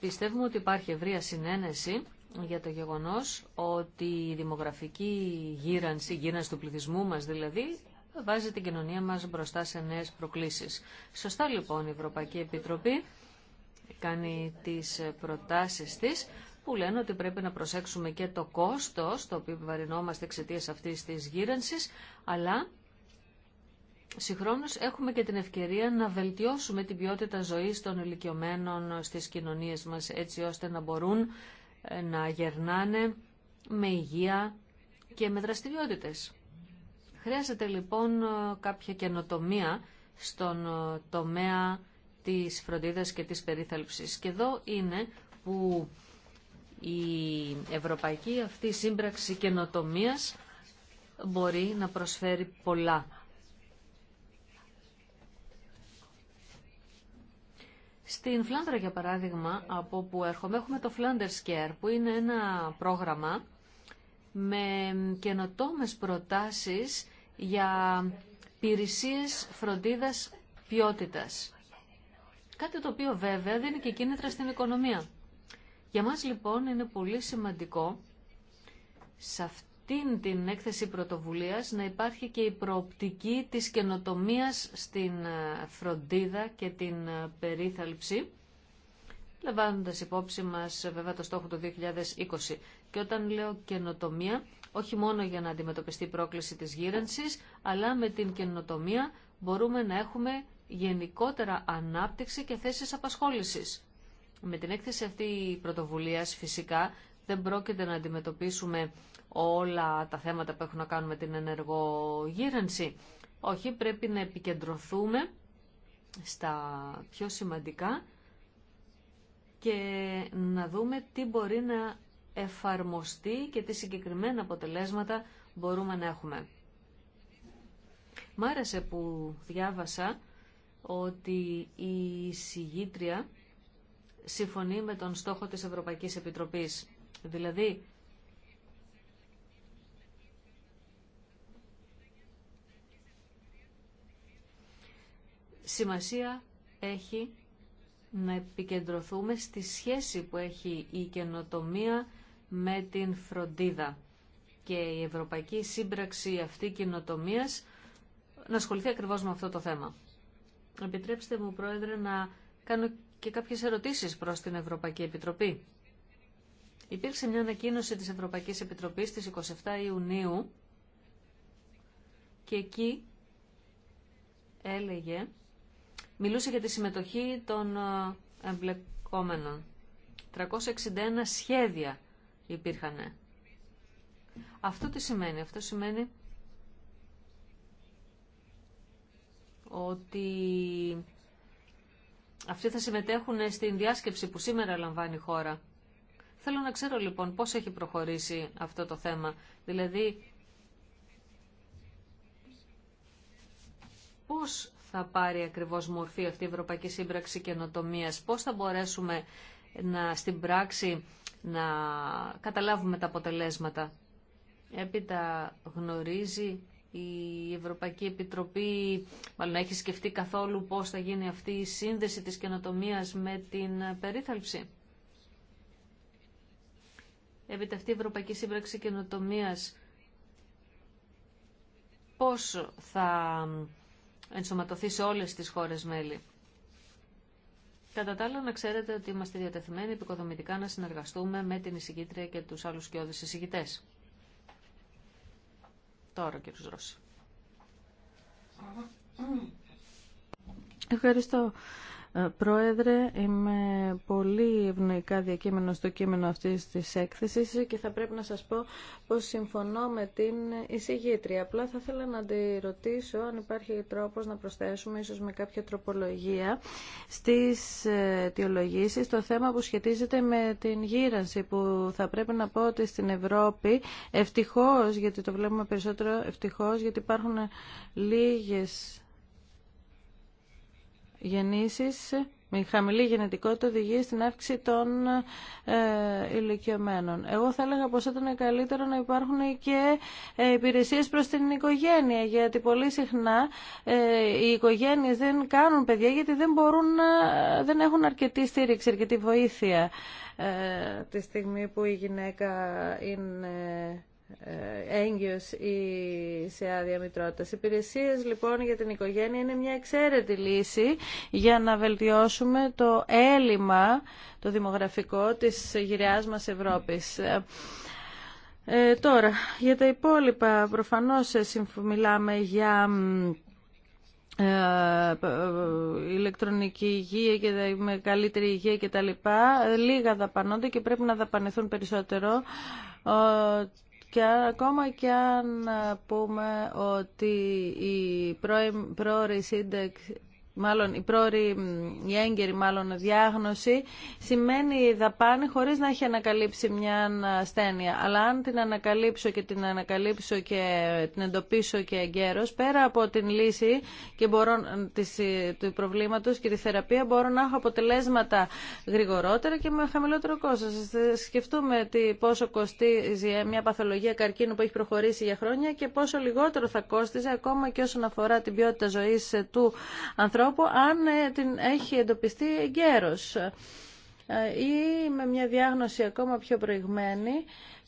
Πιστεύουμε ότι υπάρχει ευρεία συνένεση για το γεγονός ότι η δημογραφική γύρανση, η γύρανση του πληθυσμού μας δηλαδή, βάζει την κοινωνία μας μπροστά σε νέες προκλήσεις. Σωστά λοιπόν η Ευρωπαϊκή Επιτροπή κάνει τις προτάσεις της που λένε ότι πρέπει να προσέξουμε και το κόστος το οποίο βαρινόμαστε εξαιτία αυτής της γύρανσης αλλά συγχρόνως έχουμε και την ευκαιρία να βελτιώσουμε την ποιότητα ζωής των ηλικιωμένων στις κοινωνίες μας έτσι ώστε να μπορούν ε, να γερνάνε με υγεία και με δραστηριότητες. Χρειάζεται λοιπόν ε, κάποια καινοτομία στον ε, τομέα της φροντίδας και της περίθαλψης. Και εδώ είναι που η ευρωπαϊκή αυτή σύμπραξη καινοτομία μπορεί να προσφέρει πολλά. Στην Φλάνδρα, για παράδειγμα, από που έρχομαι, έχουμε το Flanders Care, που είναι ένα πρόγραμμα με καινοτόμες προτάσεις για υπηρεσίες φροντίδας ποιότητας. Κάτι το οποίο βέβαια δίνει και κίνητρα στην οικονομία. Για μας λοιπόν είναι πολύ σημαντικό σε αυτήν την έκθεση πρωτοβουλίας να υπάρχει και η προοπτική της καινοτομίας στην ε, φροντίδα και την ε, περίθαλψη λαμβάνοντας υπόψη μας βέβαια το στόχο του 2020. Και όταν λέω καινοτομία, όχι μόνο για να αντιμετωπιστεί η πρόκληση της γύρανσης, αλλά με την καινοτομία μπορούμε να έχουμε γενικότερα ανάπτυξη και θέσεις απασχόλησης. Με την έκθεση αυτή πρωτοβουλίας φυσικά δεν πρόκειται να αντιμετωπίσουμε όλα τα θέματα που έχουν να κάνουν με την ενεργογύρανση. Όχι, πρέπει να επικεντρωθούμε στα πιο σημαντικά και να δούμε τι μπορεί να εφαρμοστεί και τι συγκεκριμένα αποτελέσματα μπορούμε να έχουμε. Μ' άρεσε που διάβασα ότι η συγγήτρια συμφωνεί με τον στόχο της Ευρωπαϊκής Επιτροπής. Δηλαδή, σημασία έχει να επικεντρωθούμε στη σχέση που έχει η καινοτομία με την φροντίδα και η Ευρωπαϊκή Σύμπραξη αυτή καινοτομία να ασχοληθεί ακριβώς με αυτό το θέμα. Επιτρέψτε μου, Πρόεδρε, να κάνω και κάποιες ερωτήσεις προς την Ευρωπαϊκή Επιτροπή. Υπήρξε μια ανακοίνωση της Ευρωπαϊκής Επιτροπής στις 27 Ιουνίου και εκεί έλεγε μιλούσε για τη συμμετοχή των ε, εμπλεκόμενων. 361 σχέδια υπήρχαν. Αυτό τι σημαίνει. Αυτό σημαίνει ότι αυτοί θα συμμετέχουν στην διάσκεψη που σήμερα λαμβάνει η χώρα. Θέλω να ξέρω λοιπόν πώς έχει προχωρήσει αυτό το θέμα. Δηλαδή, πώς θα πάρει ακριβώς μορφή αυτή η Ευρωπαϊκή Σύμπραξη Καινοτομίας, πώς θα μπορέσουμε να, στην πράξη να καταλάβουμε τα αποτελέσματα. Έπειτα γνωρίζει η Ευρωπαϊκή Επιτροπή, μάλλον έχει σκεφτεί καθόλου πώς θα γίνει αυτή η σύνδεση της καινοτομίας με την περίθαλψη. Έπειτα αυτή η Ευρωπαϊκή Σύμπραξη Καινοτομίας πώς θα ενσωματωθεί σε όλες τις χώρες μέλη. Κατά τα άλλα, να ξέρετε ότι είμαστε διατεθειμένοι επικοδομητικά να συνεργαστούμε με την εισηγήτρια και τους άλλους κοιόδης εισηγητές. Τώρα, κύριος Ρώση. Ευχαριστώ. Ε, Πρόεδρε, είμαι πολύ ευνοϊκά διακείμενο στο κείμενο αυτής της έκθεσης και θα πρέπει να σας πω πως συμφωνώ με την εισηγήτρια. Απλά θα ήθελα να τη ρωτήσω αν υπάρχει τρόπος να προσθέσουμε ίσως με κάποια τροπολογία στις ε, αιτιολογήσεις το θέμα που σχετίζεται με την γύρανση που θα πρέπει να πω ότι στην Ευρώπη ευτυχώς, γιατί το βλέπουμε περισσότερο ευτυχώς, γιατί υπάρχουν λίγες γεννήσεις με χαμηλή γενετικότητα οδηγεί στην αύξηση των ε, ηλικιωμένων. Εγώ θα έλεγα πως ήταν καλύτερο να υπάρχουν και ε, υπηρεσίες προς την οικογένεια, γιατί πολύ συχνά ε, οι οικογένειες δεν κάνουν παιδιά γιατί δεν, μπορούν, δεν έχουν αρκετή στήριξη, αρκετή βοήθεια ε, τη στιγμή που η γυναίκα είναι ε, έγκυος ή σε άδεια μητρότητας. Οι υπηρεσίες λοιπόν για την οικογένεια είναι μια εξαίρετη λύση για να βελτιώσουμε το έλλειμμα το δημογραφικό της γυριάς μας Ευρώπης. Ε, τώρα, για τα υπόλοιπα προφανώς ε, μιλάμε για ηλεκτρονική υγεία και με καλύτερη υγεία και τα λοιπά, λίγα δαπανώνται και πρέπει να δαπανεθούν περισσότερο και ακόμα και αν πούμε ότι η πρόορη σύνταξη μάλλον η πρόορη, η έγκαιρη μάλλον διάγνωση, σημαίνει δαπάνη χωρίς να έχει ανακαλύψει μια ασθένεια. Αλλά αν την ανακαλύψω και την ανακαλύψω και την εντοπίσω και εγκαίρως, πέρα από την λύση και μπορώ, της, του προβλήματος και τη θεραπεία, μπορώ να έχω αποτελέσματα γρηγορότερα και με χαμηλότερο κόστος. Σκεφτούμε τι, πόσο κοστίζει μια παθολογία καρκίνου που έχει προχωρήσει για χρόνια και πόσο λιγότερο θα κόστιζε ακόμα και όσον αφορά την ποιότητα ζωής του ανθρώπου τρόπο αν ε, την έχει εντοπιστεί εγκαίρως ε, ή με μια διάγνωση ακόμα πιο προηγμένη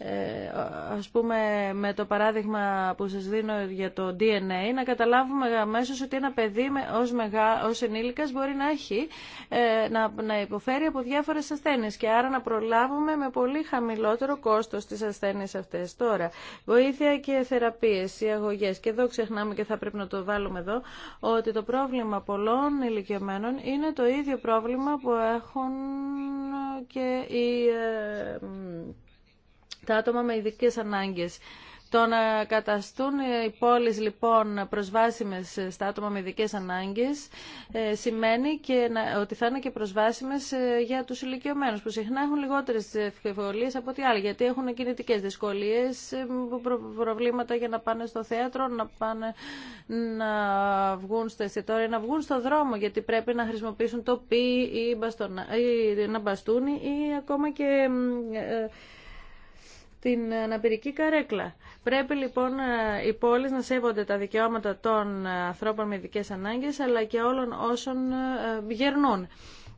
ε, ας πούμε με το παράδειγμα που σας δίνω για το DNA να καταλάβουμε αμέσως ότι ένα παιδί ως, μεγά, ως ενήλικας μπορεί να έχει ε, να, υποφέρει από διάφορες ασθένειες και άρα να προλάβουμε με πολύ χαμηλότερο κόστος τις ασθένειες αυτές. Τώρα, βοήθεια και θεραπείες, οι αγωγές και εδώ ξεχνάμε και θα πρέπει να το βάλουμε εδώ ότι το πρόβλημα πολλών ηλικιωμένων είναι το ίδιο πρόβλημα που έχουν και οι ε, τα άτομα με ειδικέ ανάγκε. Το να καταστούν οι πόλεις λοιπόν προσβάσιμες στα άτομα με ειδικέ ανάγκες ε, σημαίνει και να, ότι θα είναι και προσβάσιμες ε, για τους ηλικιωμένου, που συχνά έχουν λιγότερες ευκαιβολίες από ό,τι άλλοι γιατί έχουν κινητικές δυσκολίες, ε, προβλήματα για να πάνε στο θέατρο, να, πάνε, να βγουν στο εστιατόριο, να βγουν στο δρόμο γιατί πρέπει να χρησιμοποιήσουν το πι ή, μπαστονα, ή να μπαστούνι ή ακόμα και την αναπηρική καρέκλα. Πρέπει λοιπόν ε, οι πόλεις να σέβονται τα δικαιώματα των ε, ανθρώπων με ειδικέ ανάγκες αλλά και όλων όσων ε, γερνούν.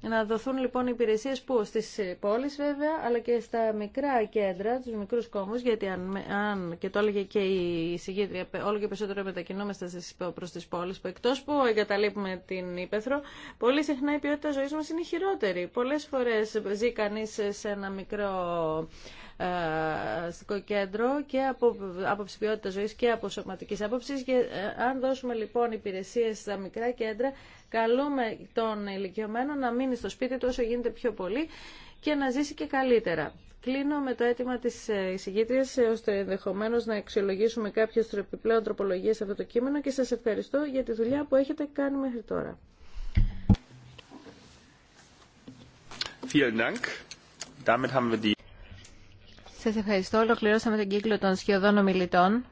Να δοθούν λοιπόν υπηρεσίες που στις πόλεις βέβαια, αλλά και στα μικρά κέντρα, τους μικρούς κόμους, γιατί αν, αν και το έλεγε και η συγκέντρια, όλο και περισσότερο μετακινούμαστε προς τις πόλεις, που εκτός που εγκαταλείπουμε την Ήπεθρο, πολύ συχνά η ποιότητα ζωής μας είναι χειρότερη. Πολλέ φορές ζει κανεί σε ένα μικρό ε, αστικό κέντρο και από άποψη ποιότητα ζωή και από σωματική άποψη. Και ε, αν δώσουμε λοιπόν υπηρεσίε στα μικρά κέντρα, καλούμε τον ηλικιωμένο να μείνει στο σπίτι του όσο γίνεται πιο πολύ και να ζήσει και καλύτερα. Κλείνω με το αίτημα τη ε, εισηγήτρια, ώστε ενδεχομένω να αξιολογήσουμε κάποιε επιπλέον τροπολογίε σε αυτό το κείμενο και σα ευχαριστώ για τη δουλειά που έχετε κάνει μέχρι τώρα. Vielen Dank. Damit haben wir die σας ευχαριστώ. Ολοκληρώσαμε τον κύκλο των σχεδόν ομιλητών.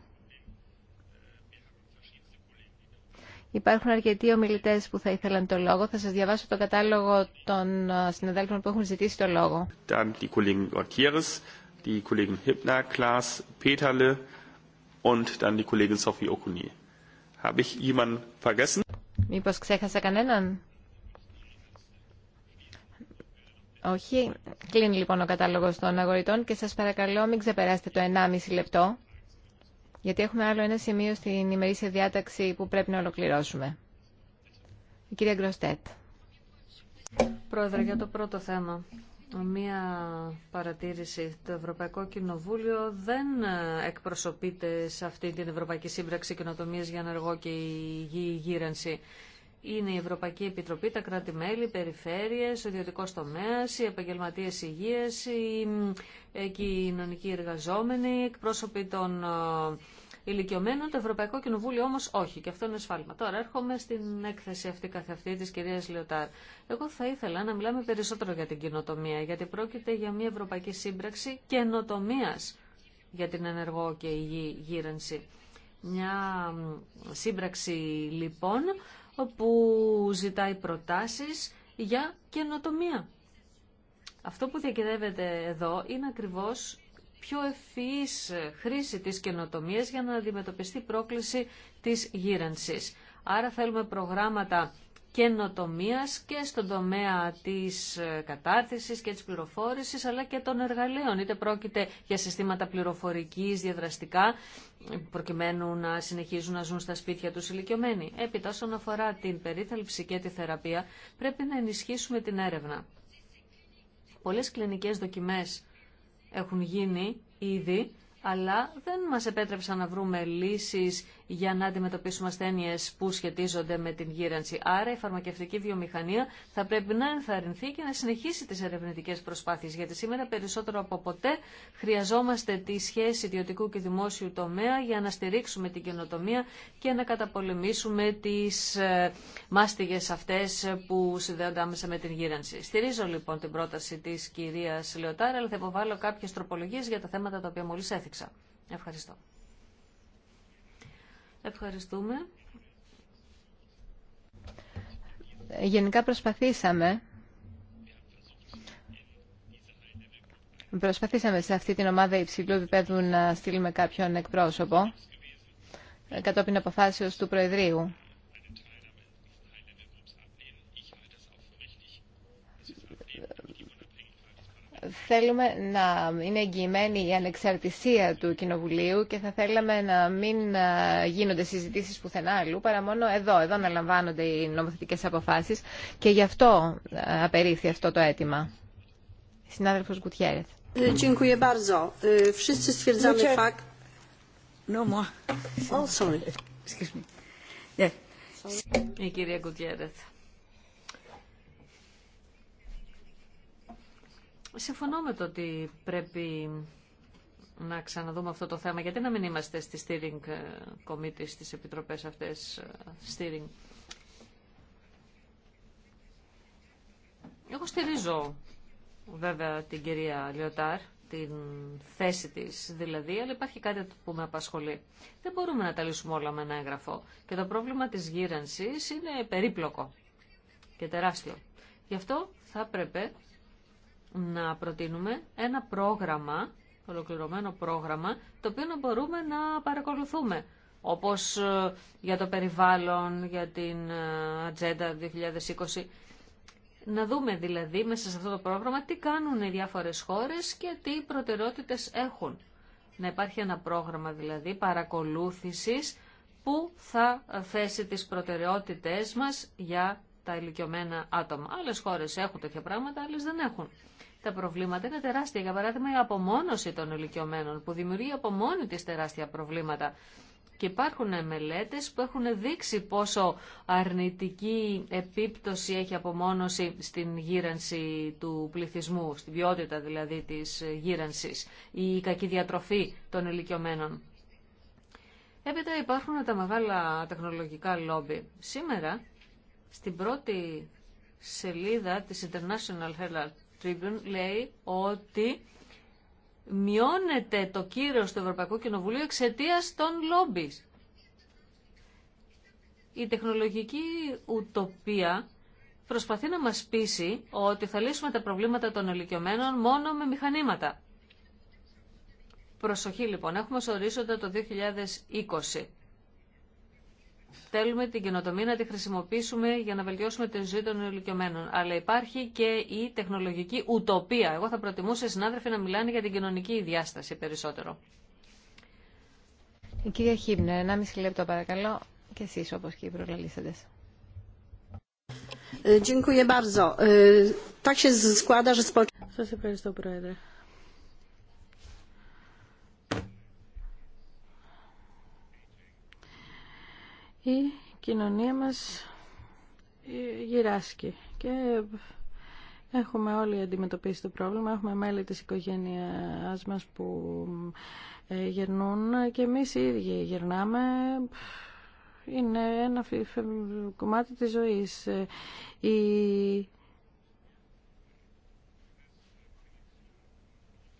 Υπάρχουν αρκετοί ομιλητέ που θα ήθελαν το λόγο. Θα σα διαβάσω το κατάλογο των ε, συναδέλφων που έχουν ζητήσει το λόγο. Dann Μήπω ξέχασα κανέναν? Όχι. Κλείνει λοιπόν ο κατάλογο των αγορητών και σας παρακαλώ μην ξεπεράσετε το 1,5 λεπτό, γιατί έχουμε άλλο ένα σημείο στην ημερήσια διάταξη που πρέπει να ολοκληρώσουμε. Η κυρία Γκροστέτ. Πρόεδρε, για το πρώτο θέμα. Μία παρατήρηση. Το Ευρωπαϊκό Κοινοβούλιο δεν εκπροσωπείται σε αυτή την Ευρωπαϊκή Σύμπραξη Κοινοτομίας για Ενεργό και Υγιή Γύρανση είναι η Ευρωπαϊκή Επιτροπή, τα κράτη-μέλη, οι περιφέρειες, ο ιδιωτικό τομέα, οι επαγγελματίε υγεία, οι ε, κοινωνικοί εργαζόμενοι, οι εκπρόσωποι των ε, ηλικιωμένων. Το Ευρωπαϊκό Κοινοβούλιο όμω όχι. Και αυτό είναι σφάλμα. Τώρα έρχομαι στην έκθεση αυτή καθεαυτή τη κυρία Λιωτάρ. Εγώ θα ήθελα να μιλάμε περισσότερο για την κοινοτομία, γιατί πρόκειται για μια ευρωπαϊκή σύμπραξη καινοτομία για την ενεργό και υγιή γύρανση. Μια σύμπραξη λοιπόν όπου ζητάει προτάσεις για καινοτομία. Αυτό που διακυδεύεται εδώ είναι ακριβώς πιο ευφυής χρήση της καινοτομίας για να αντιμετωπιστεί πρόκληση της γύρανσης. Άρα θέλουμε προγράμματα καινοτομίας και στον τομέα της ε, κατάρτισης και της πληροφόρησης αλλά και των εργαλείων. Είτε πρόκειται για συστήματα πληροφορικής διαδραστικά προκειμένου να συνεχίζουν να ζουν στα σπίτια τους ηλικιωμένοι. Έπειτα όσον αφορά την περίθαλψη και τη θεραπεία πρέπει να ενισχύσουμε την έρευνα. Πολλές κλινικές δοκιμές έχουν γίνει ήδη αλλά δεν μας επέτρεψαν να βρούμε λύσεις για να αντιμετωπίσουμε ασθένειε που σχετίζονται με την γύρανση. Άρα η φαρμακευτική βιομηχανία θα πρέπει να ενθαρρυνθεί και να συνεχίσει τι ερευνητικέ προσπάθειε. Γιατί σήμερα περισσότερο από ποτέ χρειαζόμαστε τη σχέση ιδιωτικού και δημόσιου τομέα για να στηρίξουμε την καινοτομία και να καταπολεμήσουμε τι ε, μάστιγε αυτέ που συνδέονται άμεσα με την γύρανση. Στηρίζω λοιπόν την πρόταση τη κυρία Λεωτάρα, αλλά θα υποβάλω κάποιε τροπολογίε για τα θέματα τα οποία μόλι έθιξα. Ευχαριστώ. Ευχαριστούμε. Γενικά προσπαθήσαμε Προσπαθήσαμε σε αυτή την ομάδα υψηλού επίπεδου να στείλουμε κάποιον εκπρόσωπο ε, κατόπιν αποφάσεως του Προεδρείου. θέλουμε να είναι εγγυημένη η ανεξαρτησία του Κοινοβουλίου και θα θέλαμε να μην ε, γίνονται συζητήσεις πουθενά αλλού παρά μόνο εδώ. Εδώ να λαμβάνονται οι νομοθετικές αποφάσεις και γι' αυτό ε, απερίφθη αυτό το αίτημα. Συνάδελφος Γκουτιέρεθ. Ε, oh, ναι. Η κυρία Συμφωνώ με το ότι πρέπει να ξαναδούμε αυτό το θέμα. Γιατί να μην είμαστε στη steering ε, committee, στις επιτροπές αυτές ε, steering. Εγώ στηρίζω βέβαια την κυρία Λιωτάρ, την θέση της δηλαδή, αλλά υπάρχει κάτι που με απασχολεί. Δεν μπορούμε να τα λύσουμε όλα με ένα έγγραφο. Και το πρόβλημα της γύρανσης είναι περίπλοκο και τεράστιο. Γι' αυτό θα έπρεπε να προτείνουμε ένα πρόγραμμα, ολοκληρωμένο πρόγραμμα, το οποίο να μπορούμε να παρακολουθούμε. Όπως ε, για το περιβάλλον, για την Ατζέντα ε, 2020. Να δούμε δηλαδή μέσα σε αυτό το πρόγραμμα τι κάνουν οι διάφορες χώρες και τι προτεραιότητες έχουν. Να υπάρχει ένα πρόγραμμα δηλαδή παρακολούθησης που θα θέσει τις προτεραιότητες μας για τα ηλικιωμένα άτομα. Άλλες χώρες έχουν τέτοια πράγματα, άλλες δεν έχουν. Τα προβλήματα είναι τεράστια. Για παράδειγμα, η απομόνωση των ηλικιωμένων που δημιουργεί από μόνη τη τεράστια προβλήματα. Και υπάρχουν μελέτε που έχουν δείξει πόσο αρνητική επίπτωση έχει απομόνωση στην γύρανση του πληθυσμού, στην ποιότητα δηλαδή της γύρανσης, η κακή διατροφή των ηλικιωμένων. Έπειτα υπάρχουν τα μεγάλα τεχνολογικά λόμπι. Σήμερα, στην πρώτη σελίδα της International Herald Tribune λέει ότι μειώνεται το κύρος του Ευρωπαϊκού Κοινοβουλίου εξαιτία των λόμπι. Η τεχνολογική ουτοπία προσπαθεί να μας πείσει ότι θα λύσουμε τα προβλήματα των ηλικιωμένων μόνο με μηχανήματα. Προσοχή λοιπόν, έχουμε ως ορίζοντα το 2020 θέλουμε την καινοτομία να τη χρησιμοποιήσουμε για να βελτιώσουμε την ζωή των ηλικιωμένων. Αλλά υπάρχει και η τεχνολογική ουτοπία. Εγώ θα προτιμούσα οι συνάδελφοι να μιλάνε για την κοινωνική διάσταση περισσότερο. Η κυρία Χίμνερ, ένα μισή λεπτό παρακαλώ και εσείς όπως και οι προλαλήσαντες. Ε, ε, Σας ευχαριστώ, Πρόεδρε. η κοινωνία μας γυράσκει και έχουμε όλοι αντιμετωπίσει το πρόβλημα. Έχουμε μέλη της οικογένειάς μας που ε, γερνούν και εμείς οι ίδιοι γερνάμε. Είναι ένα κομμάτι της ζωής. Ε, η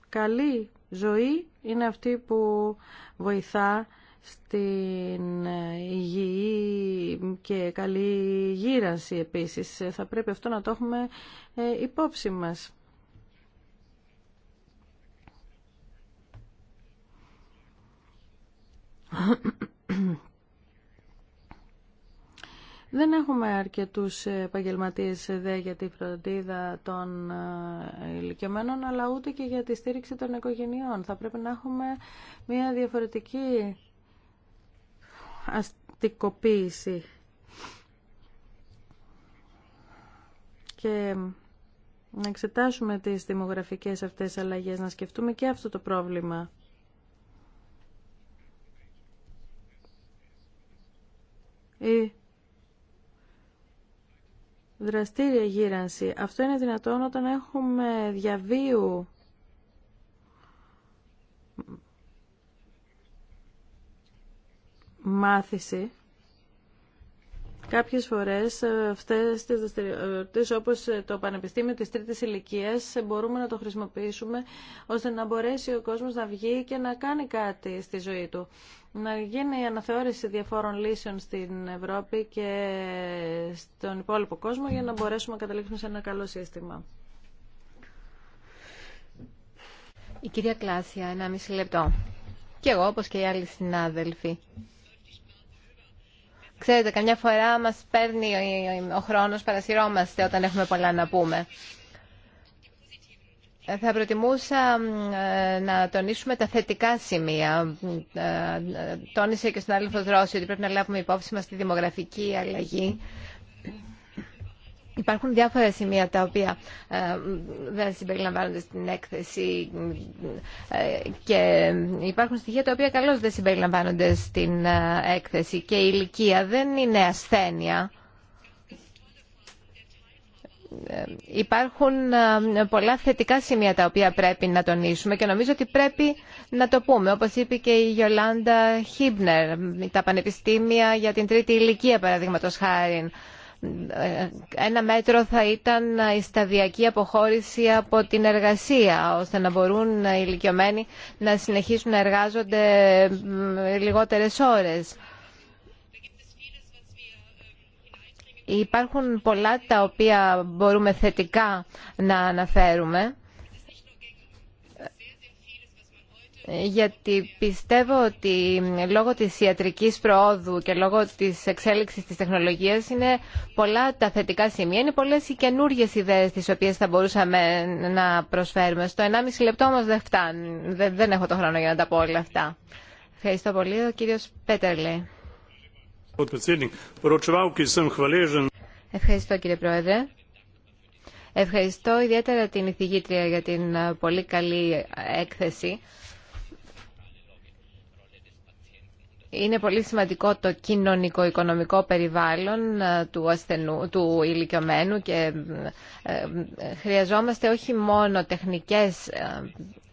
καλή ζωή είναι αυτή που βοηθά στην ε, υγιή και καλή γύρανση επίσης. Ε, θα πρέπει αυτό να το έχουμε ε, υπόψη μας. Δεν έχουμε αρκετούς επαγγελματίε δε για τη φροντίδα των ηλικιωμένων, αλλά ούτε και για τη στήριξη των οικογενειών. Θα πρέπει να έχουμε μια διαφορετική αστικοποίηση. Και να εξετάσουμε τις δημογραφικές αυτές αλλαγές, να σκεφτούμε και αυτό το πρόβλημα. Η δραστήρια γύρανση. Αυτό είναι δυνατόν όταν έχουμε διαβίου μάθηση Κάποιες φορές ε, αυτές τις δραστηριότητες όπως ε, το Πανεπιστήμιο της Τρίτης ηλικία ε, μπορούμε να το χρησιμοποιήσουμε ώστε να μπορέσει ο κόσμος να βγει και να κάνει κάτι στη ζωή του. Να γίνει η αναθεώρηση διαφόρων λύσεων στην Ευρώπη και στον υπόλοιπο κόσμο για να μπορέσουμε να καταλήξουμε σε ένα καλό σύστημα. Η κυρία Κλάσια, ένα μισή λεπτό. Και εγώ όπως και οι άλλοι συνάδελφοι. Ξέρετε, καμιά φορά μας παίρνει ο χρόνος, παρασυρώμαστε όταν έχουμε πολλά να πούμε. Ε, θα προτιμούσα ε, να τονίσουμε τα θετικά σημεία. Ε, τόνισε και ο συνάδελφος Ρώση ότι πρέπει να λάβουμε υπόψη μας τη δημογραφική αλλαγή Υπάρχουν διάφορα σημεία τα οποία ε, δεν συμπεριλαμβάνονται στην έκθεση ε, και υπάρχουν στοιχεία τα οποία καλώς δεν συμπεριλαμβάνονται στην ε, έκθεση και η ηλικία δεν είναι ασθένεια. Υπάρχουν πολλά θετικά σημεία τα οποία πρέπει να τονίσουμε και νομίζω ότι πρέπει να το πούμε. Όπως είπε και η Γιολάντα Χίμπνερ, τα πανεπιστήμια για την τρίτη ηλικία παραδείγματος χάρη ένα μέτρο θα ήταν η σταδιακή αποχώρηση από την εργασία, ώστε να μπορούν οι ηλικιωμένοι να συνεχίσουν να εργάζονται λιγότερες ώρες. Υπάρχουν πολλά τα οποία μπορούμε θετικά να αναφέρουμε. γιατί πιστεύω ότι λόγω της ιατρικής προόδου και λόγω της εξέλιξης της τεχνολογίας είναι πολλά τα θετικά σημεία, είναι πολλές οι καινούργιες ιδέες τις οποίες θα μπορούσαμε να προσφέρουμε. Στο 1,5 λεπτό όμως δεν φτάνει, δεν, έχω το χρόνο για να τα πω όλα αυτά. Ευχαριστώ πολύ. Ο κύριος Πέτερλε. Ευχαριστώ κύριε Πρόεδρε. Ευχαριστώ ιδιαίτερα την ηθηγήτρια για την πολύ καλή έκθεση. Είναι πολύ σημαντικό το κοινωνικο-οικονομικό περιβάλλον ε, του, ασθενού, του ηλικιωμένου και ε, ε, χρειαζόμαστε όχι μόνο τεχνικές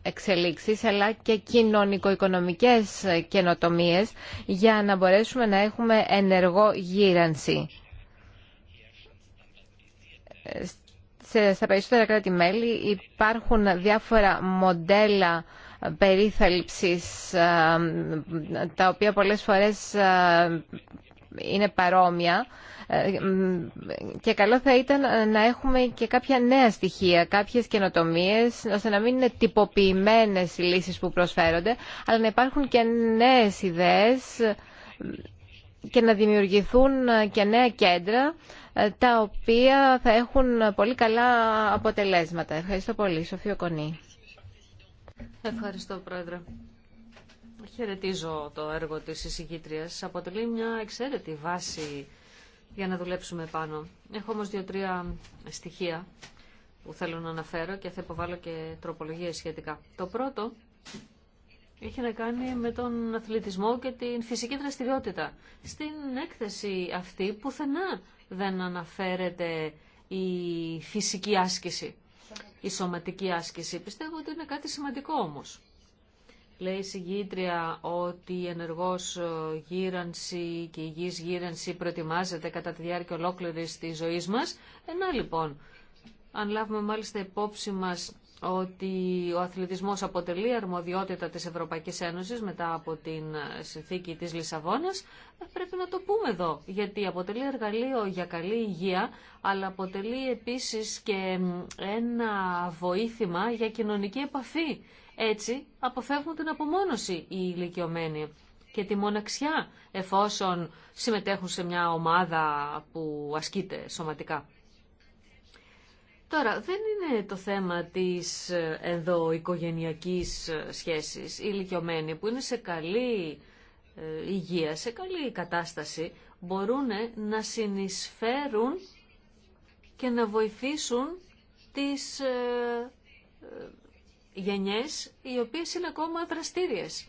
εξελίξεις αλλά και κοινωνικο-οικονομικές καινοτομίες για να μπορέσουμε να έχουμε ενεργό γύρανση. Στα περισσότερα κράτη-μέλη υπάρχουν διάφορα μοντέλα περίθαλψης ε, τα οποία πολλές φορές ε, είναι παρόμοια ε, και καλό θα ήταν να έχουμε και κάποια νέα στοιχεία, κάποιες καινοτομίες ώστε να μην είναι τυποποιημένες οι λύσεις που προσφέρονται αλλά να υπάρχουν και νέες ιδέες και να δημιουργηθούν και νέα κέντρα τα οποία θα έχουν πολύ καλά αποτελέσματα. Ευχαριστώ πολύ. Σοφία Κονή. Ευχαριστώ, Πρόεδρε. Χαιρετίζω το έργο της εισηγήτριας. Αποτελεί μια εξαίρετη βάση για να δουλέψουμε πάνω. Έχω όμως δύο-τρία στοιχεία που θέλω να αναφέρω και θα υποβάλω και τροπολογία σχετικά. Το πρώτο έχει να κάνει με τον αθλητισμό και την φυσική δραστηριότητα. Στην έκθεση αυτή πουθενά δεν αναφέρεται η φυσική άσκηση η σωματική άσκηση. Πιστεύω ότι είναι κάτι σημαντικό όμως. Λέει η συγγήτρια ότι η ενεργός ε, γύρανση και η υγιής γύρανση προετοιμάζεται κατά τη διάρκεια ολόκληρης της ζωής μας. Ενώ λοιπόν, αν λάβουμε μάλιστα υπόψη μας ότι ο αθλητισμός αποτελεί αρμοδιότητα της Ευρωπαϊκής Ένωσης μετά από την συνθήκη της Λισαβόνας, ε, πρέπει να το πούμε εδώ, γιατί αποτελεί εργαλείο για καλή υγεία, αλλά αποτελεί επίσης και ένα βοήθημα για κοινωνική επαφή. Έτσι αποφεύγουν την απομόνωση οι ηλικιωμένοι και τη μοναξιά, εφόσον συμμετέχουν σε μια ομάδα που ασκείται σωματικά. Τώρα, δεν είναι το θέμα της ε, οικογενειακής ε, σχέσης. Οι ηλικιωμένοι που είναι σε καλή ε, υγεία, σε καλή κατάσταση, μπορούν να συνεισφέρουν και να βοηθήσουν τις γενιές οι οποίες είναι ακόμα δραστήριες.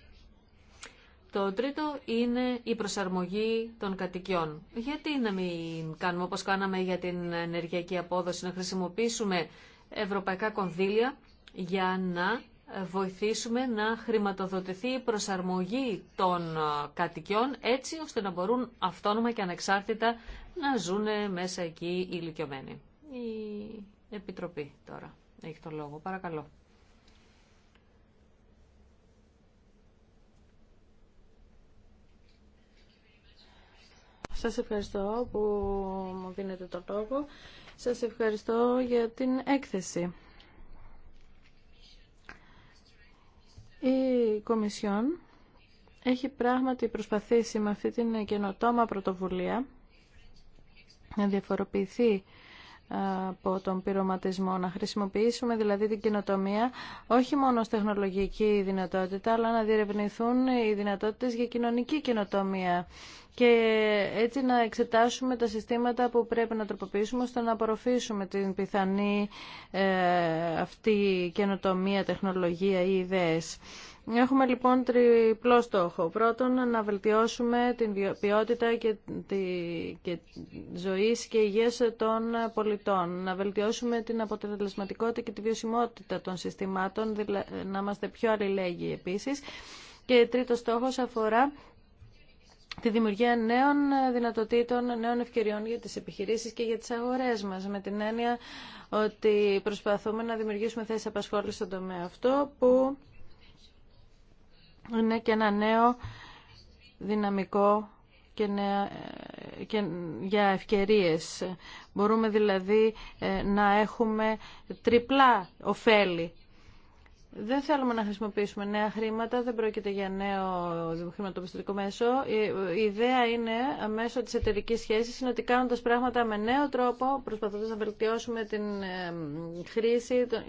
Το τρίτο είναι η προσαρμογή των κατοικιών. Γιατί να μην κάνουμε όπως κάναμε για την ενεργειακή απόδοση, να χρησιμοποιήσουμε ευρωπαϊκά κονδύλια για να βοηθήσουμε να χρηματοδοτηθεί η προσαρμογή των ε, κατοικιών έτσι ώστε να μπορούν αυτόνομα και ανεξάρτητα να ζουν μέσα εκεί οι ηλικιωμένοι. Η Επιτροπή τώρα έχει το λόγο. Παρακαλώ. Σας ευχαριστώ που μου δίνετε το λόγο. Σας ευχαριστώ για την έκθεση. Η Κομισιόν έχει πράγματι προσπαθήσει με αυτή την καινοτόμα πρωτοβουλία να διαφοροποιηθεί από τον πυροματισμό, να χρησιμοποιήσουμε δηλαδή την κοινοτομία όχι μόνο ως τεχνολογική δυνατότητα, αλλά να διερευνηθούν οι δυνατότητες για κοινωνική καινοτομία και έτσι να εξετάσουμε τα συστήματα που πρέπει να τροποποιήσουμε ώστε να απορροφήσουμε την πιθανή ε, αυτή καινοτομία, τεχνολογία ή ιδέες. Έχουμε λοιπόν τριπλό στόχο. Πρώτον, να βελτιώσουμε την ποιότητα και τη και ζωής και υγείας των πολιτών. Να βελτιώσουμε την αποτελεσματικότητα και τη βιωσιμότητα των συστημάτων, να είμαστε πιο αλληλέγγυοι επίσης. Και τρίτος στόχος αφορά τη δημιουργία νέων δυνατοτήτων, νέων ευκαιριών για τις επιχειρήσεις και για τις αγορές μας, με την έννοια ότι προσπαθούμε να δημιουργήσουμε θέσεις απασχόλησης στον τομέα αυτό, που είναι και ένα νέο δυναμικό και, νέα, και για ευκαιρίες. Μπορούμε δηλαδή ε, να έχουμε τριπλά ωφέλη δεν θέλουμε να χρησιμοποιήσουμε νέα χρήματα, δεν πρόκειται για νέο χρηματοπιστωτικό μέσο. Η ιδέα είναι μέσω τη εταιρική σχέση, είναι ότι κάνοντα πράγματα με νέο τρόπο, προσπαθώντας να βελτιώσουμε την χρήση των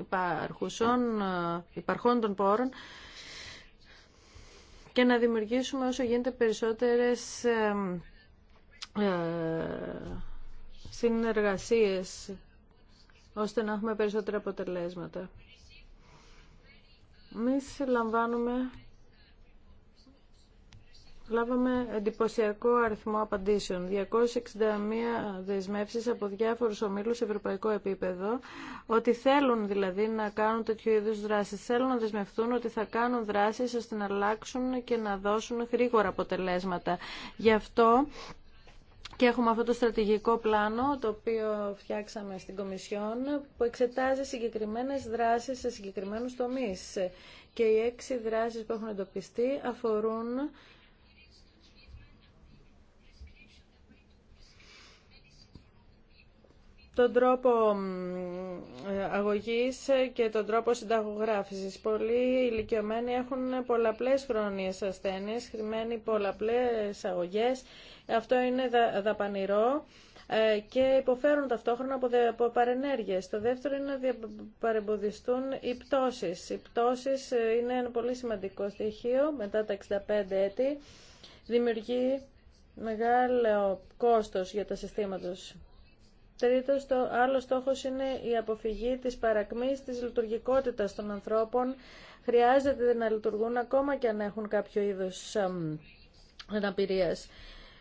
υπαρχών των πόρων και να δημιουργήσουμε όσο γίνεται περισσότερες ε, συνεργασίες ώστε να έχουμε περισσότερα αποτελέσματα. Εμεί λαμβάνουμε Λάβαμε εντυπωσιακό αριθμό απαντήσεων. 261 δεσμεύσεις από διάφορους ομίλους σε ευρωπαϊκό επίπεδο, ότι θέλουν δηλαδή να κάνουν τέτοιου είδους δράσεις. Θέλουν να δεσμευτούν ότι θα κάνουν δράσεις ώστε να αλλάξουν και να δώσουν γρήγορα αποτελέσματα. Γι' αυτό και έχουμε αυτό το στρατηγικό πλάνο το οποίο φτιάξαμε στην Κομισιόν που εξετάζει συγκεκριμένες δράσεις σε συγκεκριμένους τομείς. Και οι έξι δράσεις που έχουν εντοπιστεί αφορούν τον τρόπο ε, αγωγής και τον τρόπο συνταγογράφησης. Πολλοί ηλικιωμένοι έχουν πολλαπλές χρόνιες ασθένειες, χρημένοι πολλαπλές αγωγές. Αυτό είναι δαπανηρό ε, και υποφέρουν ταυτόχρονα από παρενέργειες. Το δεύτερο είναι να παρεμποδιστούν οι πτώσεις. Οι πτώσεις ε, είναι ένα πολύ σημαντικό στοιχείο μετά τα 65 έτη. Δημιουργεί μεγάλο κόστος για τα συστήματα Τρίτος, το άλλο στόχος είναι η αποφυγή της παρακμής της λειτουργικότητας των ανθρώπων. Χρειάζεται να λειτουργούν ακόμα και αν έχουν κάποιο είδος αναπηρίας.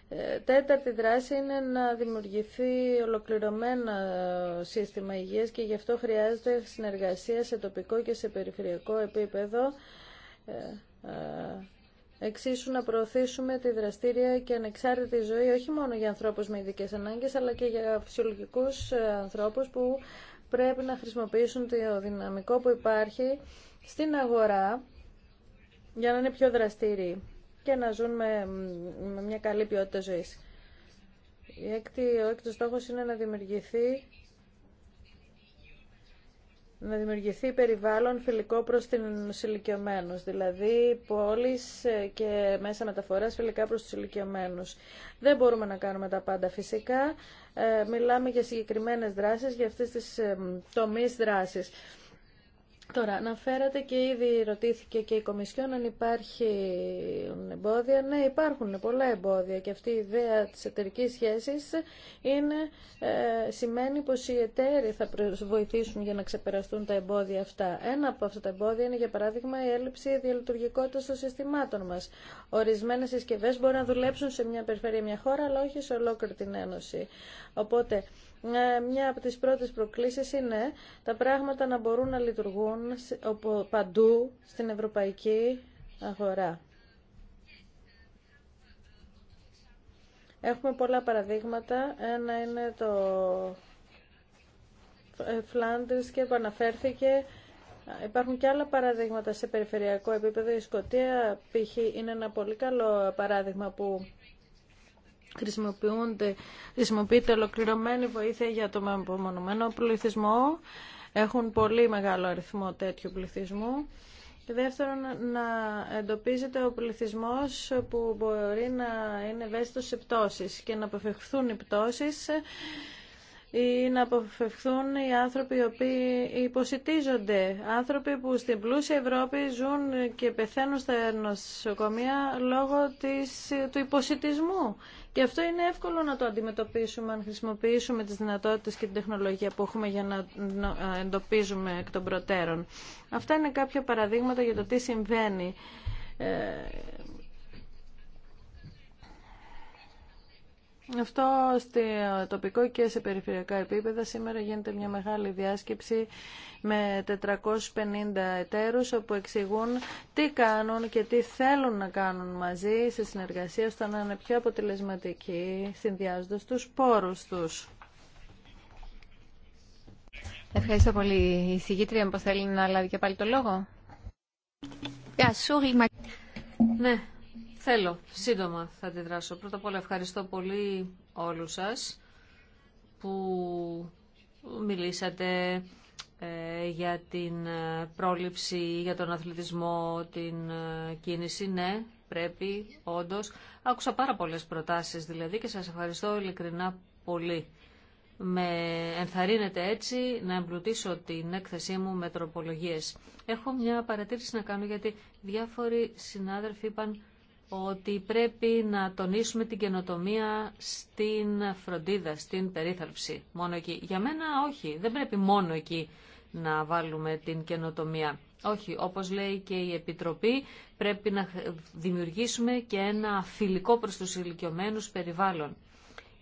Ε, τέταρτη δράση είναι να δημιουργηθεί ολοκληρωμένο σύστημα υγείας και γι' αυτό χρειάζεται συνεργασία σε τοπικό και σε περιφερειακό επίπεδο ε, ε, Εξίσου να προωθήσουμε τη δραστήρια και ανεξάρτητη ζωή όχι μόνο για ανθρώπους με ειδικέ ανάγκες αλλά και για φυσιολογικούς ε, ανθρώπους που πρέπει να χρησιμοποιήσουν το δυναμικό που υπάρχει στην αγορά για να είναι πιο δραστήριοι και να ζουν με, μια καλή ποιότητα ζωής. Ο έκτος στόχος είναι να δημιουργηθεί να δημιουργηθεί περιβάλλον φιλικό προς τους ηλικιωμένους, δηλαδή πόλεις ε, και μέσα μεταφοράς φιλικά προς τους ηλικιωμένους. Δεν μπορούμε να κάνουμε τα πάντα φυσικά, ε, μιλάμε για συγκεκριμένες δράσεις, για αυτές τις ε, τομείς δράσης. Τώρα, αναφέρατε και ήδη ρωτήθηκε και η Κομισιόν αν υπάρχουν εμπόδια. Ναι, υπάρχουν πολλά εμπόδια και αυτή η ιδέα της εταιρική σχέσης ε, σημαίνει πως οι εταίροι θα βοηθήσουν για να ξεπεραστούν τα εμπόδια αυτά. Ένα από αυτά τα εμπόδια είναι, για παράδειγμα, η έλλειψη διαλειτουργικότητας των συστημάτων μας. Ορισμένες συσκευές μπορούν να δουλέψουν σε μια περιφέρεια μια χώρα, αλλά όχι σε ολόκληρη την Ένωση. Οπότε, ε, μια από τις πρώτες προκλήσεις είναι τα πράγματα να μπορούν να λειτουργούν παντού στην ευρωπαϊκή αγορά. Έχουμε πολλά παραδείγματα. Ένα είναι το ε, Φλάντρις και που αναφέρθηκε. Υπάρχουν και άλλα παραδείγματα σε περιφερειακό επίπεδο. Η Σκοτία π.χ. είναι ένα πολύ καλό παράδειγμα που χρησιμοποιούνται, χρησιμοποιείται ολοκληρωμένη βοήθεια για το μεμπομονωμένο πληθυσμό. Έχουν πολύ μεγάλο αριθμό τέτοιου πληθυσμού. Και δεύτερον, να εντοπίζεται ο πληθυσμό που μπορεί να είναι ευαίσθητος σε πτώσεις και να αποφευχθούν οι πτώσεις ή να αποφευχθούν οι άνθρωποι οι οποίοι υποσυτίζονται. Άνθρωποι που στην πλούσια Ευρώπη ζουν και πεθαίνουν στα νοσοκομεία λόγω της, του υποσυτισμού. Και αυτό είναι εύκολο να το αντιμετωπίσουμε αν χρησιμοποιήσουμε τις δυνατότητες και την τεχνολογία που έχουμε για να εντοπίζουμε εκ των προτέρων. Αυτά είναι κάποια παραδείγματα για το τι συμβαίνει ε, Αυτό στο τοπικό και σε περιφερειακά επίπεδα. Σήμερα γίνεται μια μεγάλη διάσκεψη με 450 εταίρους όπου εξηγούν τι κάνουν και τι θέλουν να κάνουν μαζί σε συνεργασία ώστε να είναι πιο αποτελεσματικοί συνδυάζοντας τους πόρους τους. Ευχαριστώ πολύ. Η συγκήτρια μήπως θέλει να λάβει και πάλι το λόγο. Ναι, Θέλω, σύντομα θα αντιδράσω. Πρώτα απ' όλα ευχαριστώ πολύ όλους σας που μιλήσατε ε, για την ε, πρόληψη, για τον αθλητισμό, την ε, κίνηση. Ναι, πρέπει, όντως. Άκουσα πάρα πολλές προτάσεις δηλαδή και σας ευχαριστώ ειλικρινά πολύ. Με ενθαρρύνεται έτσι να εμπλουτίσω την έκθεσή μου με τροπολογίες. Έχω μια παρατήρηση να κάνω γιατί διάφοροι συνάδελφοι είπαν ότι πρέπει να τονίσουμε την καινοτομία στην φροντίδα, στην περίθαλψη. Μόνο εκεί. Για μένα όχι. Δεν πρέπει μόνο εκεί να βάλουμε την καινοτομία. Όχι, όπως λέει και η Επιτροπή, πρέπει να δημιουργήσουμε και ένα φιλικό προς τους ηλικιωμένους περιβάλλον.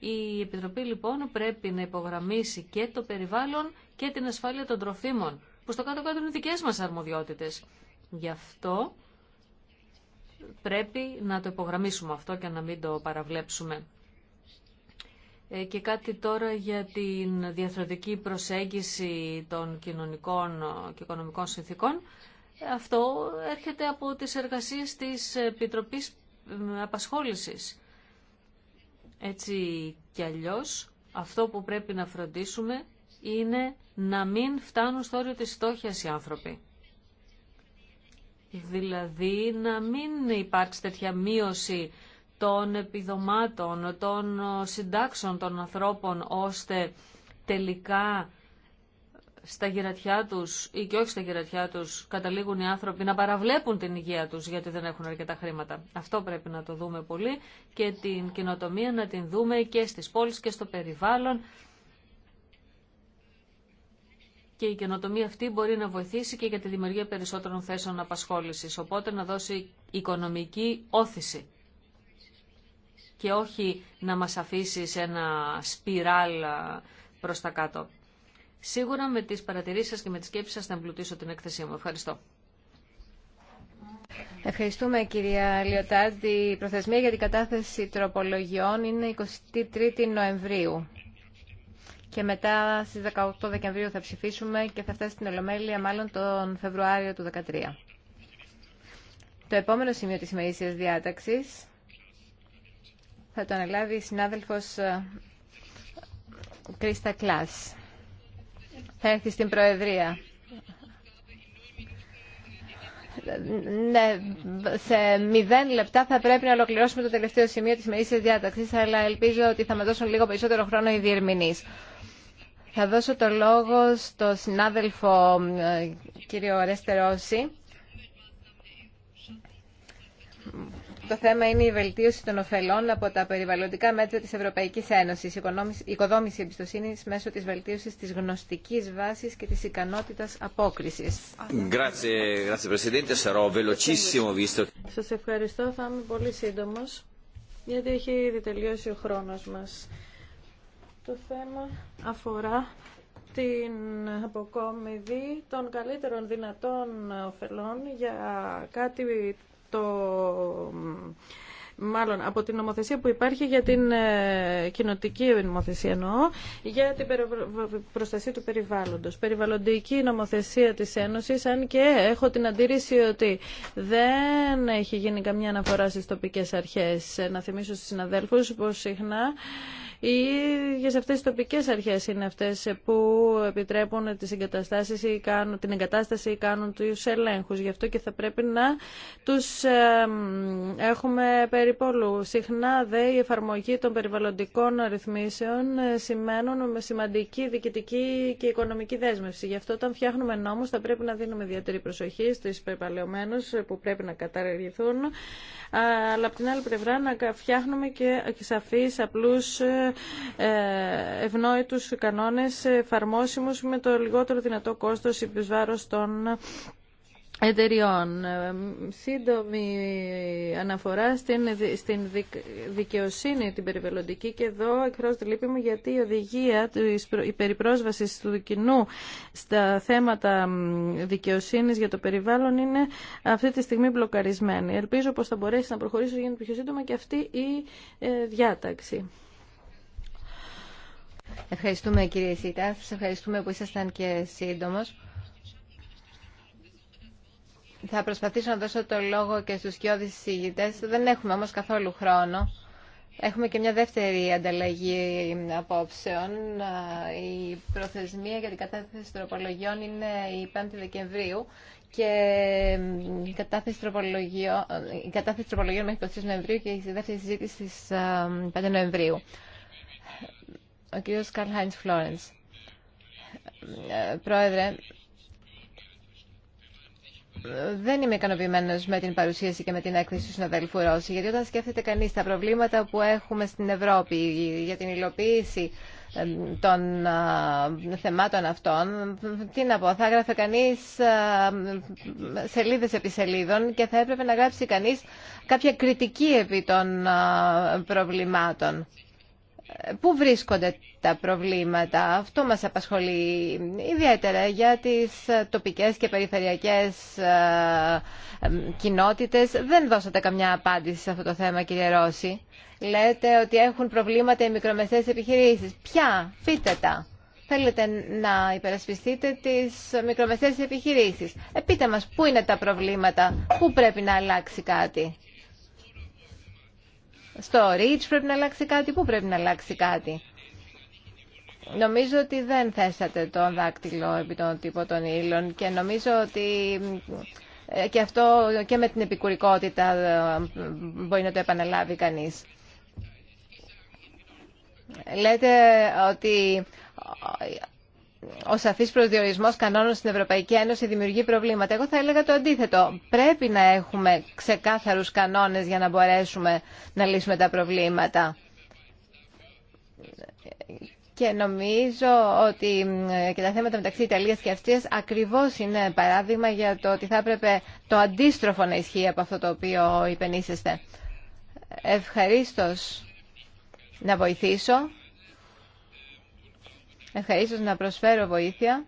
Η Επιτροπή λοιπόν πρέπει να υπογραμμίσει και το περιβάλλον και την ασφάλεια των τροφίμων, που στο κάτω-κάτω είναι δικές μας αρμοδιότητες. Γι' αυτό πρέπει να το υπογραμμίσουμε αυτό και να μην το παραβλέψουμε. Ε, και κάτι τώρα για την διαθροτική προσέγγιση των κοινωνικών και οικονομικών συνθήκων. Αυτό έρχεται από τις εργασίες της Επιτροπής ε, Απασχόλησης. Έτσι κι αλλιώς, αυτό που πρέπει να φροντίσουμε είναι να μην φτάνουν στο όριο της στόχιας οι άνθρωποι. Δηλαδή να μην υπάρξει τέτοια μείωση των επιδομάτων, των συντάξεων των ανθρώπων, ώστε τελικά στα γερατιά τους ή και όχι στα γερατιά τους καταλήγουν οι άνθρωποι να παραβλέπουν την υγεία τους γιατί δεν έχουν αρκετά χρήματα. Αυτό πρέπει να το δούμε πολύ και την κοινοτομία να την δούμε και στις πόλεις και στο περιβάλλον και η καινοτομία αυτή μπορεί να βοηθήσει και για τη δημιουργία περισσότερων θέσεων απασχόλησης, οπότε να δώσει οικονομική όθηση και όχι να μας αφήσει σε ένα σπιράλ προς τα κάτω. Σίγουρα με τις παρατηρήσεις σας και με τις σκέψεις σας θα εμπλουτίσω την έκθεσή μου. Ευχαριστώ. Ευχαριστούμε κυρία Λιωτάρτη. Η προθεσμία για την κατάθεση τροπολογιών είναι 23 Νοεμβρίου και μετά στις 18 Δεκεμβρίου θα ψηφίσουμε και θα φτάσει στην Ολομέλεια μάλλον τον Φεβρουάριο του 2013. Το επόμενο σημείο της ημερήσιας διάταξης θα το αναλάβει η συνάδελφος ε, Κρίστα Κλάς. Θα έρθει στην Προεδρία. Ναι, σε μηδέν λεπτά θα πρέπει να ολοκληρώσουμε το τελευταίο σημείο της μερίσιας διάταξης, αλλά ελπίζω ότι θα με δώσουν λίγο περισσότερο χρόνο οι διερμηνείς. Θα δώσω το λόγο στο συνάδελφο ε, κύριο Ρεστερόση. Το θέμα είναι η βελτίωση των ωφελών από τα περιβαλλοντικά μέτρα της Ευρωπαϊκής Ένωσης, οικοδόμηση εμπιστοσύνης μέσω της βελτίωσης της γνωστικής βάσης και της ικανότητας απόκρισης. Σας ευχαριστώ, θα είμαι πολύ σύντομος, γιατί έχει ήδη τελειώσει ο χρόνος μας. Το θέμα αφορά την αποκόμιδη των καλύτερων δυνατών ωφελών για κάτι το μάλλον από την νομοθεσία που υπάρχει για την ε, κοινοτική νομοθεσία εννοώ, για την προστασία του περιβάλλοντος. Περιβαλλοντική νομοθεσία της Ένωσης, αν και έχω την αντίρρηση ότι δεν έχει γίνει καμιά αναφορά στις τοπικές αρχές. Ε, να θυμίσω στους συναδέλφους πως συχνά οι σε αυτέ οι τοπικέ αρχέ είναι αυτέ που επιτρέπουν τι ή κάνουν, την εγκατάσταση ή κάνουν του ελέγχου, Γι' αυτό και θα πρέπει να τους έχουμε περίπου. Συχνά δε η εφαρμογή των περιβαλλοντικών ρυθμίσεων ε, σημαίνουν με σημαντική διοικητική και οικονομική δέσμευση. Γι' αυτό όταν φτιάχνουμε νόμου θα πρέπει να δίνουμε ιδιαίτερη προσοχή στους περιπαλαιωμένου ε, που πρέπει να καταργηθούν αλλά από την άλλη πλευρά να φτιάχνουμε και ε, απλούς ε, ευνόητους κανόνες εφαρμόσιμους με το λιγότερο δυνατό κόστος υπησβάρος των εταιριών. Ε, σύντομη αναφορά στην, στην δικαιοσύνη την περιβαλλοντική και εδώ εκφράζω τη λύπη μου γιατί η οδηγία η περιπρόσβαση του κοινού στα θέματα δικαιοσύνης για το περιβάλλον είναι αυτή τη στιγμή μπλοκαρισμένη. Ελπίζω πως θα μπορέσει να προχωρήσει γίνεται πιο σύντομα και αυτή η ε, διάταξη. Ευχαριστούμε κύριε Σίτα. Σας ευχαριστούμε που ήσασταν και σύντομος. Θα προσπαθήσω να δώσω το λόγο και στους κοιόδης συζητητές. Δεν έχουμε όμως καθόλου χρόνο. Έχουμε και μια δεύτερη ανταλλαγή απόψεων. Η προθεσμία για την κατάθεση τροπολογιών είναι η 5η Δεκεμβρίου και η κατάθεση τροπολογιών, η κατάθεση τροπολογιών μέχρι Νοεμβρίου και η δεύτερη συζήτηση στις 5 ε, Νοεμβρίου. Ο κύριος Καρλ Φλόρενς. Ε, πρόεδρε, δεν είμαι ικανοποιημένο με την παρουσίαση και με την έκθεση του συναδέλφου Ρώση, γιατί όταν σκέφτεται κανεί τα προβλήματα που έχουμε στην Ευρώπη για την υλοποίηση των θεμάτων αυτών, τι να πω, θα έγραφε κανείς σελίδες επί σελίδων και θα έπρεπε να γράψει κανείς κάποια κριτική επί των προβλημάτων. Πού βρίσκονται τα προβλήματα. Αυτό μας απασχολεί ιδιαίτερα για τις τοπικές και περιφερειακές ε, ε, κοινότητες. Δεν δώσατε καμιά απάντηση σε αυτό το θέμα, κύριε Ρώση. Λέτε ότι έχουν προβλήματα οι μικρομεσαίες επιχειρήσεις. Ποια, πείτε τα. Θέλετε να υπερασπιστείτε τις μικρομεσαίες επιχειρήσεις. Επίτε μας πού είναι τα προβλήματα, πού πρέπει να αλλάξει κάτι. Στο REACH πρέπει να αλλάξει κάτι. Πού πρέπει να αλλάξει κάτι. Νομίζω ότι δεν θέσατε το δάκτυλο επί τον των ύλων ήλων και νομίζω ότι ε, και αυτό και με την επικουρικότητα ε, μπορεί να το επαναλάβει κανείς. Λέτε ότι ο σαφής προσδιορισμό κανόνων στην Ευρωπαϊκή Ένωση δημιουργεί προβλήματα. Εγώ θα έλεγα το αντίθετο. Πρέπει να έχουμε ξεκάθαρους κανόνες για να μπορέσουμε να λύσουμε τα προβλήματα. Και νομίζω ότι και τα θέματα μεταξύ Ιταλίας και Αυστρίας ακριβώς είναι παράδειγμα για το ότι θα έπρεπε το αντίστροφο να ισχύει από αυτό το οποίο υπενήσεστε. Ευχαριστώ να βοηθήσω ίσως να προσφέρω βοήθεια.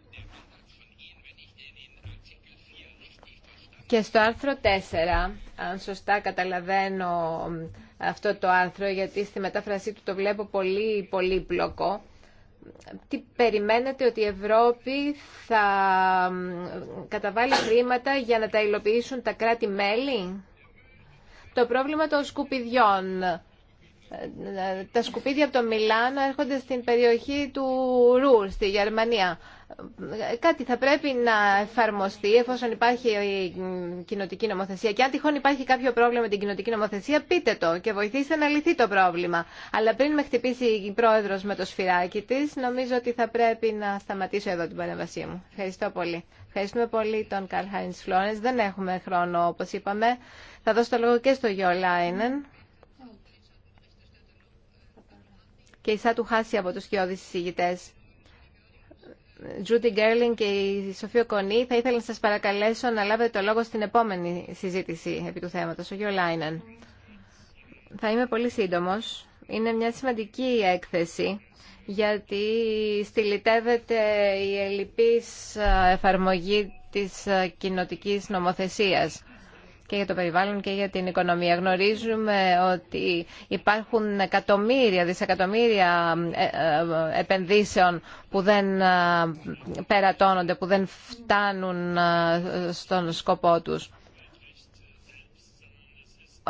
Και στο άρθρο 4, αν σωστά καταλαβαίνω αυτό το άρθρο, γιατί στη μετάφρασή του το βλέπω πολύ πολύπλοκο, τι περιμένετε ότι η Ευρώπη θα καταβάλει χρήματα για να τα υλοποιήσουν τα κράτη-μέλη. Το πρόβλημα των σκουπιδιών τα σκουπίδια από το Μιλάνο έρχονται στην περιοχή του Ρουρ, στη Γερμανία. Κάτι θα πρέπει να εφαρμοστεί εφόσον υπάρχει η κοινοτική νομοθεσία. Και αν τυχόν υπάρχει κάποιο πρόβλημα με την κοινοτική νομοθεσία, πείτε το και βοηθήστε να λυθεί το πρόβλημα. Αλλά πριν με χτυπήσει η πρόεδρο με το σφυράκι τη, νομίζω ότι θα πρέπει να σταματήσω εδώ την παρέμβασή μου. Ευχαριστώ πολύ. Ευχαριστούμε πολύ τον Καρλ Χάιν Φλόρεν. Δεν έχουμε χρόνο, όπω είπαμε. Θα δώσω το λόγο και στο Γιώλα Λάινεν. και η Σάτου χάσει από τους κοιόδης συζητητές. Τζούτι Γκέρλιν και η Σοφία Κονή, θα ήθελα να σας παρακαλέσω να λάβετε το λόγο στην επόμενη συζήτηση επί του θέματος, ο Γιώργο Λάινεν. Θα είμαι πολύ σύντομος. Είναι μια σημαντική έκθεση γιατί στυλιτεύεται η ελληπής εφαρμογή της κοινοτικής νομοθεσίας και για το περιβάλλον και για την οικονομία. Γνωρίζουμε ότι υπάρχουν εκατομμύρια, δισεκατομμύρια ε, ε, επενδύσεων που δεν ε, περατώνονται, που δεν φτάνουν στον σκοπό τους.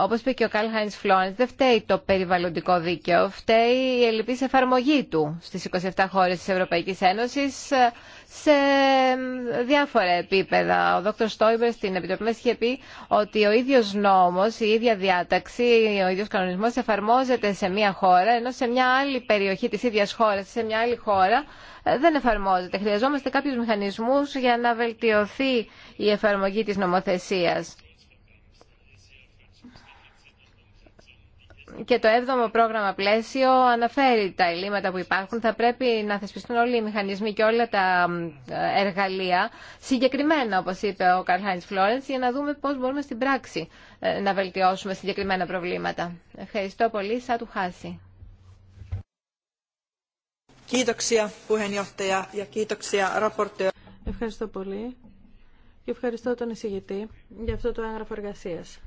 Όπως είπε και ο Καλ Χάινς Φλόρεντ, δεν φταίει το περιβαλλοντικό δίκαιο, φταίει η ελληπής εφαρμογή του στις 27 χώρες της Ευρωπαϊκής Ένωσης ε, σε διάφορα επίπεδα. Ο Δόκτωρ Στόιμπερ στην Επιτροπή μας είχε πει ότι ο ίδιος νόμος, η ίδια διάταξη, ο ίδιος κανονισμός εφαρμόζεται σε μια χώρα, ενώ σε μια άλλη περιοχή της ίδιας χώρας, σε μια άλλη χώρα, ε, δεν εφαρμόζεται. Χρειαζόμαστε κάποιους μηχανισμούς για να βελτιωθεί η εφαρμογή της νομοθεσίας. και το 7ο πρόγραμμα πλαίσιο αναφέρει τα ελλείμματα που υπάρχουν. Θα πρέπει να θεσπιστούν όλοι οι μηχανισμοί και όλα τα εργαλεία συγκεκριμένα, οπω είπε ο Καρλ Χάιντς Φλόρενς, για να δούμε πώ μπορούμε στην πράξη ε, να βελτιώσουμε συγκεκριμένα προβλήματα. Ευχαριστώ πολύ. Σα του χάσει. Ευχαριστώ πολύ και ευχαριστώ τον εισηγητή για αυτό το έγγραφο εργασίας.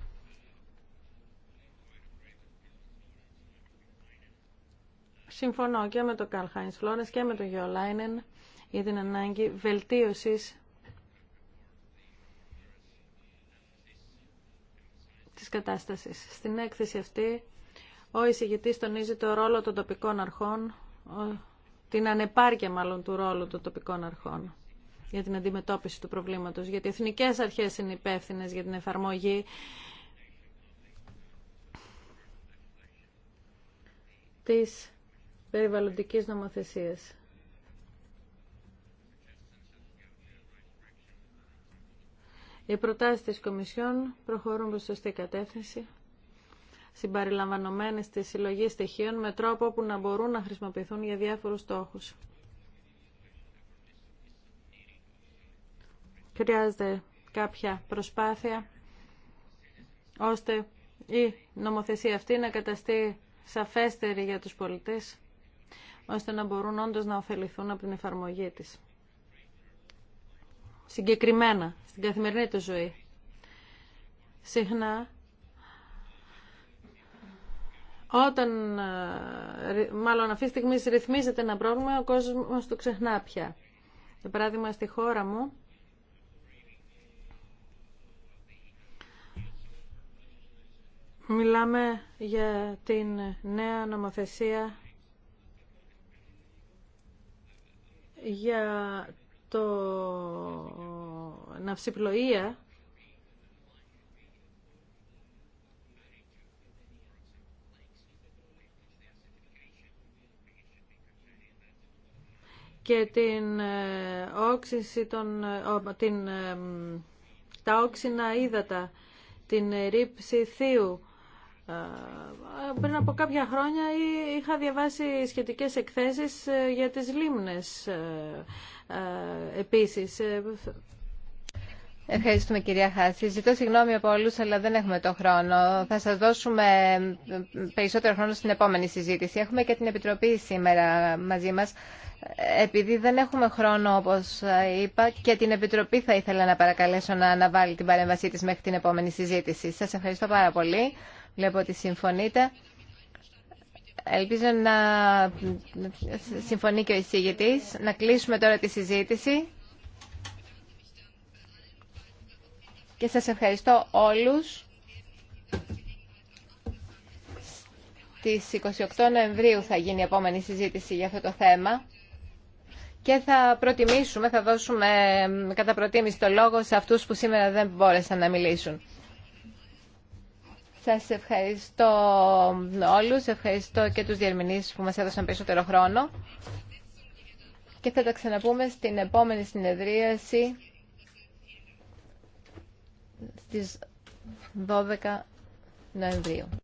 Συμφωνώ και με τον Καλ Χάινς Φλόρες και με τον Λάινεν για την ανάγκη βελτίωσης της κατάστασης. Στην έκθεση αυτή ο εισηγητής τονίζει το ρόλο των τοπικών αρχών, την ανεπάρκεια μάλλον του ρόλου των τοπικών αρχών για την αντιμετώπιση του προβλήματος, γιατί οι εθνικές αρχές είναι υπεύθυνε για την εφαρμογή της περιβαλλοντικής νομοθεσίας. Οι προτάσεις της Κομισιόν προχωρούν προς σωστή κατεύθυνση, συμπαριλαμβανομένες της συλλογή στοιχείων με τρόπο που να μπορούν να χρησιμοποιηθούν για διάφορους στόχους. Χρειάζεται κάποια προσπάθεια ώστε η νομοθεσία αυτή να καταστεί σαφέστερη για τους πολιτές ώστε να μπορούν όντως να ωφεληθούν από την εφαρμογή της. Συγκεκριμένα, στην καθημερινή του ζωή. Συχνά όταν ε, μάλλον αυτή τη στιγμή ρυθμίζεται ένα πρόβλημα, ο κόσμος το ξεχνά πια. Για παράδειγμα, στη χώρα μου, μιλάμε για την νέα νομοθεσία για το ναυσιπλοεία και την ε, όξυνση των, ε, την, ε, τα όξινα ύδατα, την ρήψη θείου. Ε, πριν από κάποια χρόνια είχα διαβάσει σχετικές εκθέσεις ε, για τις λίμνες ε, επίσης. Ευχαριστούμε κυρία Χάση. Ζητώ συγγνώμη από όλους, αλλά δεν έχουμε το χρόνο. Θα σας δώσουμε περισσότερο χρόνο στην επόμενη συζήτηση. Έχουμε και την Επιτροπή σήμερα μαζί μας. Επειδή δεν έχουμε χρόνο, όπως είπα, και την Επιτροπή θα ήθελα να παρακαλέσω να αναβάλει την παρέμβασή της μέχρι την επόμενη συζήτηση. Σας ευχαριστώ πάρα πολύ. Βλέπω ότι συμφωνείτε. Ελπίζω να συμφωνεί και ο εισηγητής. Να κλείσουμε τώρα τη συζήτηση. Και σας ευχαριστώ όλους. Στις 28 Νοεμβρίου θα γίνει η επόμενη συζήτηση για αυτό το θέμα και θα προτιμήσουμε, θα δώσουμε ε, κατά προτίμηση το λόγο σε αυτούς που σήμερα δεν μπόρεσαν να μιλήσουν. Σας ευχαριστώ όλους, ευχαριστώ και τους διερμηνείς που μας έδωσαν περισσότερο χρόνο και θα τα ξαναπούμε στην επόμενη συνεδρίαση στις 12 Νοεμβρίου.